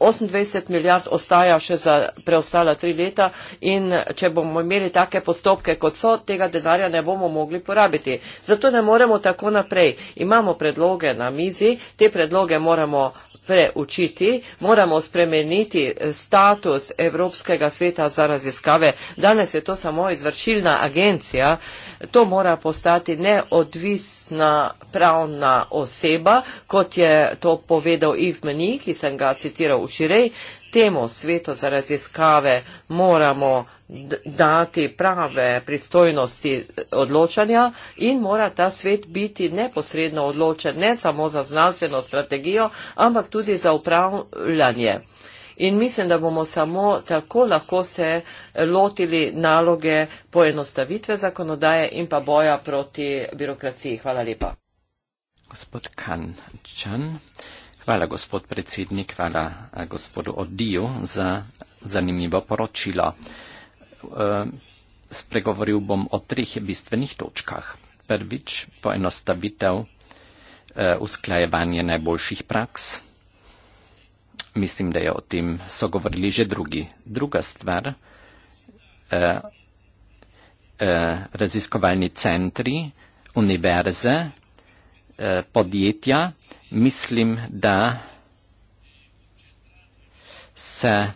28 milijard ostaja še za preostala tri leta in če bomo imeli take postopke kot so, tega denarja ne bomo mogli porabiti. Zato ne moremo tako naprej. Imamo predloge na mizi, te predloge moramo preučiti, moramo spremeniti status Evropskega sveta za raziskave. Danes je to samo izvršilna agencija, to mora postati neodvisna pravna oseba, kot je to povedal Iv Meni, ki sem ga citiral včeraj, temu svetu za raziskave moramo dati prave pristojnosti odločanja in mora ta svet biti neposredno odločen ne samo za znanstveno strategijo, ampak tudi za upravljanje. In mislim, da bomo samo tako lahko se lotili naloge poenostavitve zakonodaje in pa boja proti birokraciji. Hvala lepa.
Gospod Kan Čan, hvala gospod predsednik, hvala gospodu Odiju za zanimivo poročilo. Eh, spregovoril bom o treh bistvenih točkah. Prvič, poenostavitev eh, usklajevanje najboljših praks. Mislim, da je o tem so govorili že drugi. Druga stvar, eh, raziskovalni centri, univerze, podjetja, mislim, da se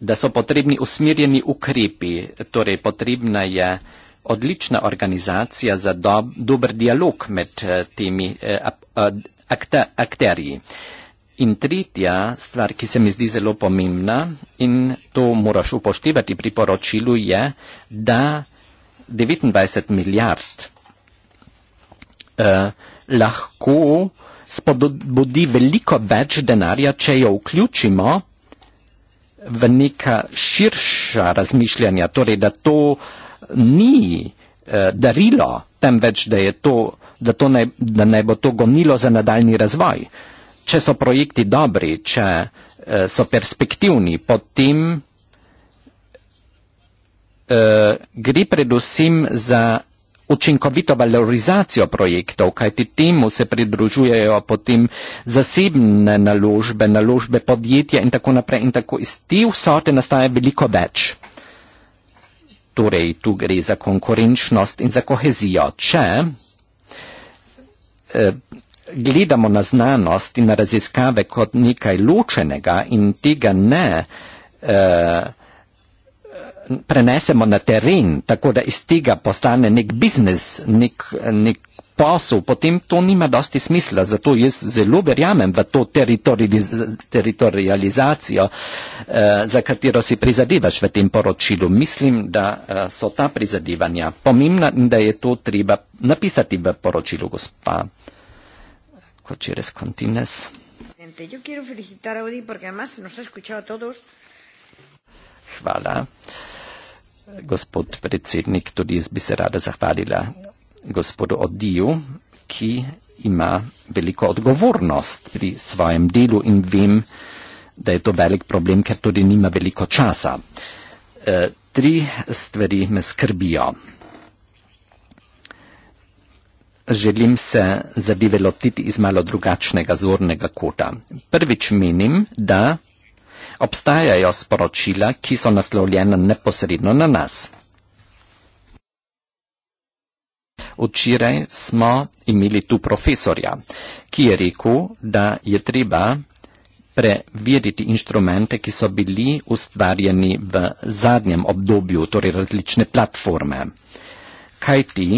da so potrebni usmirjeni ukrepi, torej potrebna je odlična organizacija za dob, dober dialog med eh, temi eh, eh, akter, akterji. In tretja stvar, ki se mi zdi zelo pomembna in to moraš upoštevati pri poročilu, je, da 29 milijard eh, lahko spodbudi veliko več denarja, če jo vključimo v neka širša razmišljanja, torej da to ni eh, darilo, temveč da, to, da, to naj, da naj bo to gonilo za nadaljni razvoj. Če so projekti dobri, če eh, so perspektivni, potem eh, gre predvsem za učinkovito valorizacijo projektov, kajti temu se pridružujejo potem zasebne naložbe, naložbe podjetja in tako naprej in tako iz te vsote nastaja veliko več. Torej, tu gre za konkurenčnost in za kohezijo. Če eh, gledamo na znanost in na raziskave kot nekaj ločenega in tega ne, eh, prenesemo na teren, tako da iz tega postane nek biznis, nek, nek posel, potem to nima dosti smisla. Zato jaz zelo verjamem v to teritorializacijo, eh, za katero si prizadevaš v tem poročilu. Mislim, da eh, so ta prizadevanja pomembna in da je to treba napisati v poročilu, gospa Kočeres Kontines. Hvala gospod predsednik, tudi jaz bi se rada zahvalila gospodu Odiju, ki ima veliko odgovornost pri svojem delu in vem, da je to velik problem, ker tudi nima veliko časa. E, tri stvari me skrbijo. Želim se zadeve lotiti iz malo drugačnega zornega kota. Prvič menim, da obstajajo sporočila, ki so naslovljena neposredno na nas. Včeraj smo imeli tu profesorja, ki je rekel, da je treba preveriti inštrumente, ki so bili ustvarjeni v zadnjem obdobju, torej različne platforme. Kaj ti?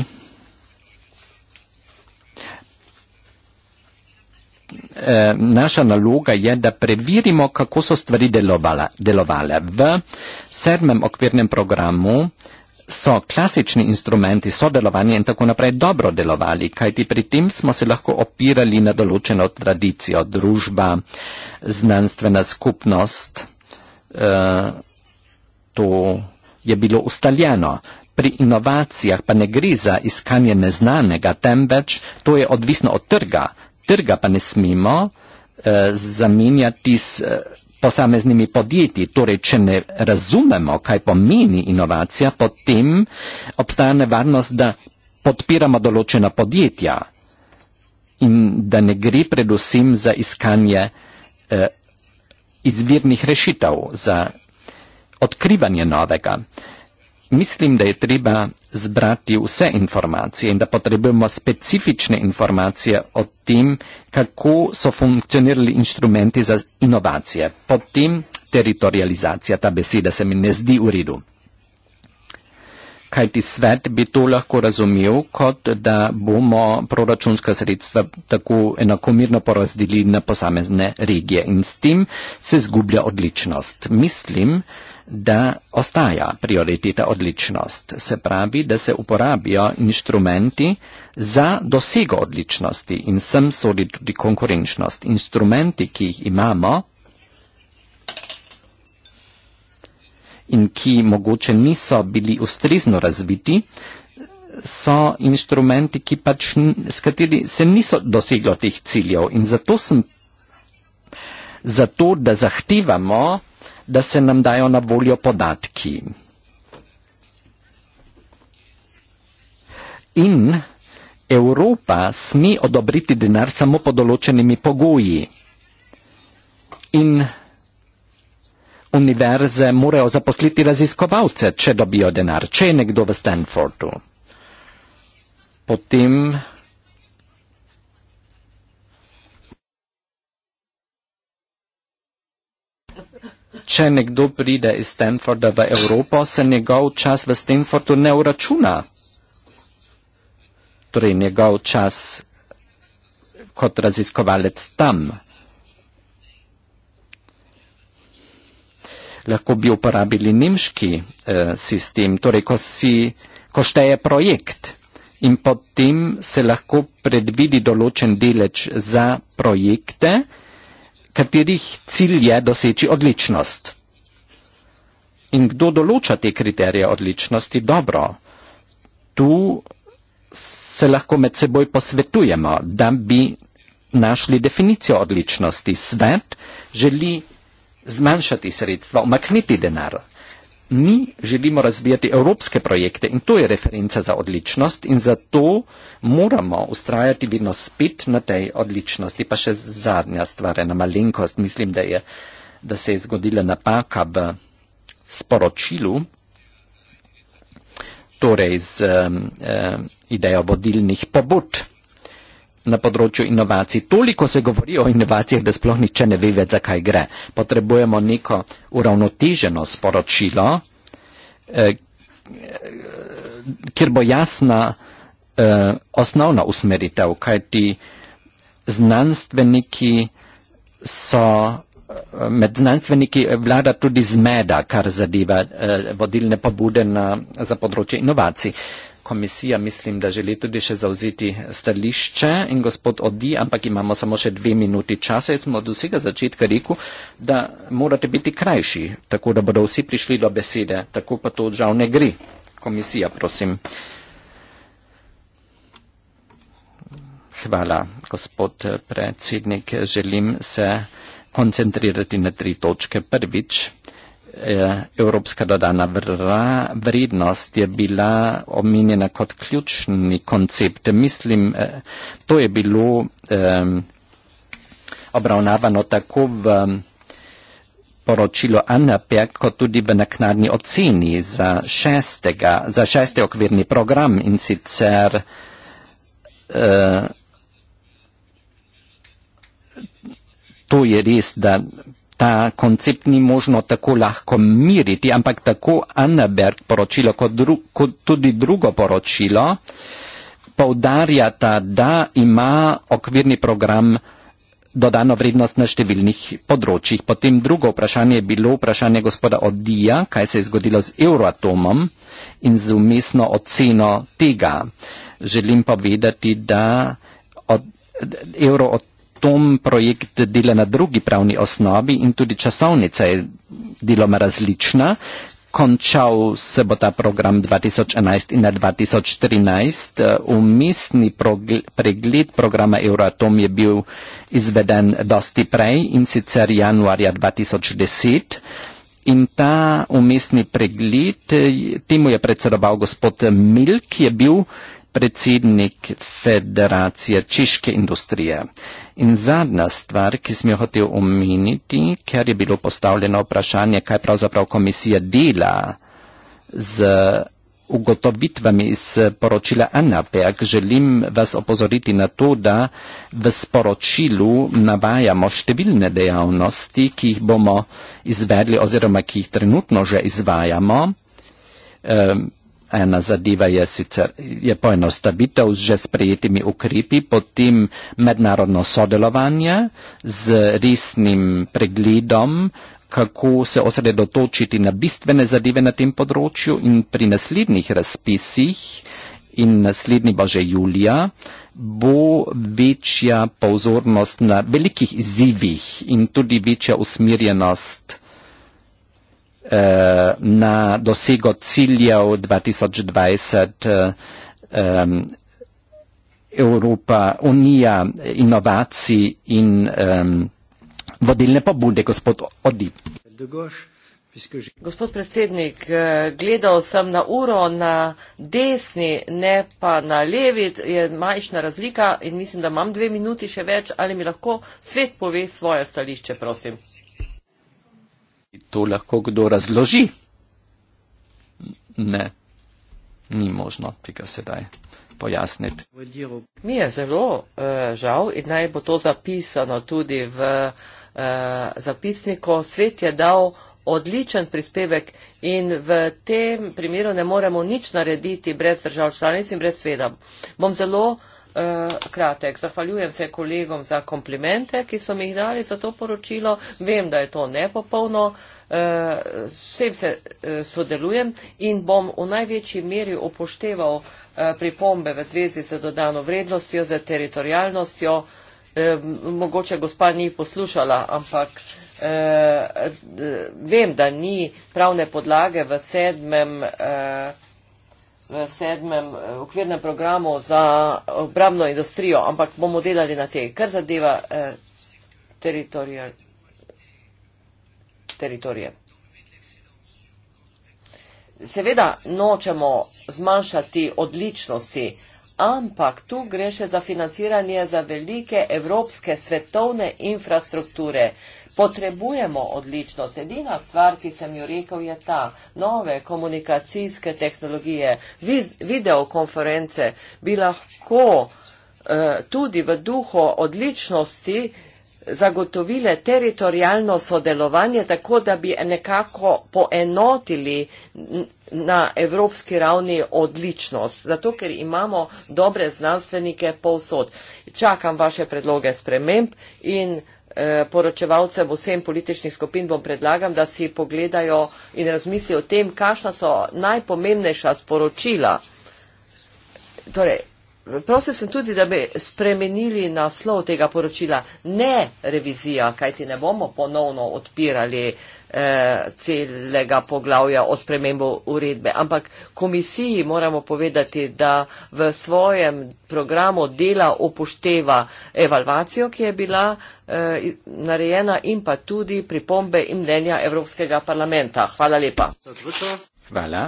Eh, naša naloga je, da preverimo, kako so stvari delovala, delovale. V sedmem okvirnem programu so klasični instrumenti sodelovanja in tako naprej dobro delovali, kajti pri tem smo se lahko opirali na določeno tradicijo, družba, znanstvena skupnost. Eh, to je bilo ustaljeno. Pri inovacijah pa ne gre za iskanje neznanega, temveč to je odvisno od trga, trga pa ne smemo eh, zamenjati s eh, posameznimi podjetji. Torej, če ne razumemo, kaj pomeni inovacija, potem obstaja nevarnost, da podpiramo določena podjetja in da ne gre predvsem za iskanje eh, izvirnih rešitev, za odkrivanje novega. Eh, mislim, da je treba zbrati vse informacije in da potrebujemo specifične informacije o tem, kako so funkcionirali inštrumenti za inovacije. Potem teritorializacija, ta beseda se mi ne zdi v redu. Kaj ti svet bi to lahko razumel, kot da bomo proračunska sredstva tako enakomirno porazdelili na posamezne regije in s tem se zgublja odličnost. Mislim, da ostaja prioriteta odličnost, se pravi, da se uporabijo inštrumenti za dosego odličnosti in sem sodi tudi konkurenčnost. Inštrumenti, ki jih imamo in ki mogoče niso bili ustrezno razviti, so inštrumenti, ki pač, s kateri se niso doseglo teh ciljev in zato sem, zato da zahtevamo, da se nam dajo na voljo podatki. In Evropa sme odobriti denar samo pod določenimi pogoji. In univerze morajo zaposliti raziskovalce, če dobijo denar, če je nekdo v Stanfordu. Potem če nekdo pride iz Stanforda v Evropo, se njegov čas v Stanfordu ne uračuna. Torej njegov čas kot raziskovalec tam. Lahko bi uporabili nemški eh, sistem, torej ko, si, ko šteje projekt in potem se lahko predvidi določen delež za projekte katerih cilj je doseči odličnost. In kdo določa te kriterije odličnosti? Dobro, tu se lahko med seboj posvetujemo, da bi našli definicijo odličnosti. Svet želi zmanjšati sredstva, omakniti denar. Mi želimo razvijati evropske projekte in to je referenca za odličnost in zato uh, moramo ustrajati vedno spet na tej odličnosti. Pa še zadnja stvar, ena malenkost, mislim, da, je, da se je zgodila napaka v sporočilu, torej z um, idejo vodilnih pobud na področju inovacij. Toliko se govori o inovacijah, da sploh niče ne ve več, zakaj gre. Potrebujemo neko uravnoteženo sporočilo, eh, eh kjer bo jasna, eh, Eh, osnovna usmeritev, kajti znanstveniki so eh, med znanstveniki vlada tudi zmeda, kar zadeva eh, vodilne pobude na, za področje inovacij. Komisija mislim, da želi tudi še zauzeti stališče in gospod odi, ampak imamo samo še dve minuti časa. Jaz smo od vsega začetka rekel, da morate biti krajši, tako da bodo vsi prišli do besede, tako pa to žal ne gre. Komisija, prosim. Uh, Hvala, gospod predsednik. Želim se koncentrirati na tri točke. Prvič, eh, evropska dodana vrednost je bila omenjena kot ključni koncept. Mislim, eh, to je bilo obravnavano tako v poročilo ANP, kot tudi v naknadni oceni za, šestega, za šesti okvirni program in sicer eh, to je res, da ta koncept ni možno tako lahko miriti, ampak tako Annaberg poročilo kot, dru, kot tudi drugo poročilo povdarjata, da ima okvirni program dodano vrednost na številnih področjih. Potem drugo vprašanje je bilo vprašanje gospoda Odija, kaj se je zgodilo z euroatomom in z umestno oceno tega. Želim povedati, da od, euroatom tom projekt dela na drugi pravni osnovi in tudi časovnica je deloma različna. Končal se bo ta program 2011 in na 2013. Eh, umestni pregled programa Euratom je bil izveden dosti prej in sicer januarja 2010. In ta umestni pregled, eh, temu je predsedoval gospod Mil, ki je bil predsednik Federacije Češke industrije. In zadnja stvar, ki sem jo hotel omeniti, ker je bilo postavljeno vprašanje, kaj pravzaprav komisija dela z ugotovitvami iz poročila ANAPEG, želim vas opozoriti na to, da v sporočilu navajamo številne dejavnosti, ki jih bomo izvedli oziroma ki jih trenutno že izvajamo. Um, ena zadeva je sicer je poenostavitev že sprejetimi ukrepi, potem mednarodno sodelovanje z resnim pregledom, kako se osredotočiti na bistvene zadeve na tem področju in pri naslednjih razpisih in naslednji bože julija bo večja pozornost na velikih izzivih in tudi večja usmirjenost. Eh, na dosego ciljev 2020 um, Evropa, Unija, inovacij in um, vodilne pobude, gospod Odi.
Gospod predsednik, eh, gledal sem na uro na desni, ne pa na levi, je majhna razlika in mislim, da imam dve minuti še več, ali mi lahko svet pove svoje stališče, prosim
to lahko kdo razloži? Ne, ni možno, ki ga sedaj pojasniti.
Mi je zelo uh, žal in naj bo to zapisano tudi v uh, zapisniku. Svet je dal odličen prispevek in v tem primeru ne moremo nič narediti brez držav članic in brez sveda. Bom zelo uh, Eh, kratek. Zahvaljujem se kolegom za komplimente, ki so mi jih dali za to poročilo. Vem, da je to nepopolno. Vsem eh, se eh, sodelujem in bom v največji meri upošteval pripombe v zvezi z dodano vrednostjo, z teritorijalnostjo. Mogoče gospa ni poslušala, ampak vem, da ni pravne podlage v sedmem v sedmem eh, okvirnem programu za obrambno industrijo, ampak bomo delali na tej, kar zadeva eh, teritorije. Seveda nočemo zmanjšati odličnosti, ampak tu gre še za financiranje za velike evropske svetovne infrastrukture. Potrebujemo odličnost. Edina stvar, ki sem jo rekel, je ta. Nove komunikacijske tehnologije, videokonference bi lahko eh, tudi v duhu odličnosti eh, zagotovile teritorijalno sodelovanje, tako da bi nekako poenotili na evropski ravni odličnost, zato ker imamo dobre znanstvenike povsod. Čakam vaše predloge sprememb in eh, poročevalcem vsem političnih skupin bom predlagam, da si pogledajo in razmislijo o tem, kakšna so najpomembnejša sporočila. Torej, Prosil sem tudi, da bi spremenili naslov tega poročila. Ne revizija, kajti ne bomo ponovno odpirali eh, celega poglavja o spremembu uredbe, ampak komisiji moramo povedati, da v svojem programu dela upošteva evalvacijo, ki je bila eh, narejena in pa tudi pripombe in mnenja Evropskega parlamenta. Hvala lepa.
Hvala.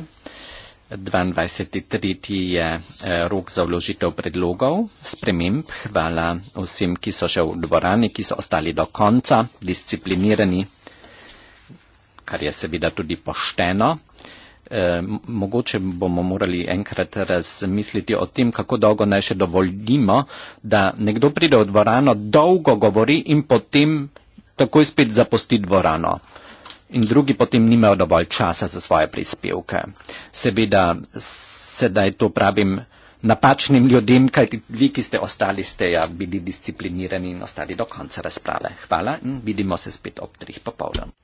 22.3. je eh, rok za vložitev predlogov, sprememb. Hvala vsem, ki so še v dvorani, ki so ostali do konca, disciplinirani, kar je seveda tudi pošteno. Eh, mogoče bomo morali enkrat razmisliti o tem, kako dolgo naj še dovolimo, da nekdo pride v dvorano, dolgo govori in potem takoj spet zapusti dvorano in drugi potem nimajo dovolj časa za svoje prispevke. Seveda, sedaj to pravim napačnim ljudem, kaj ti vi, ki ste ostali, ste ja bili disciplinirani in ostali do konca razprave. Hvala in vidimo se spet ob trih popovdan.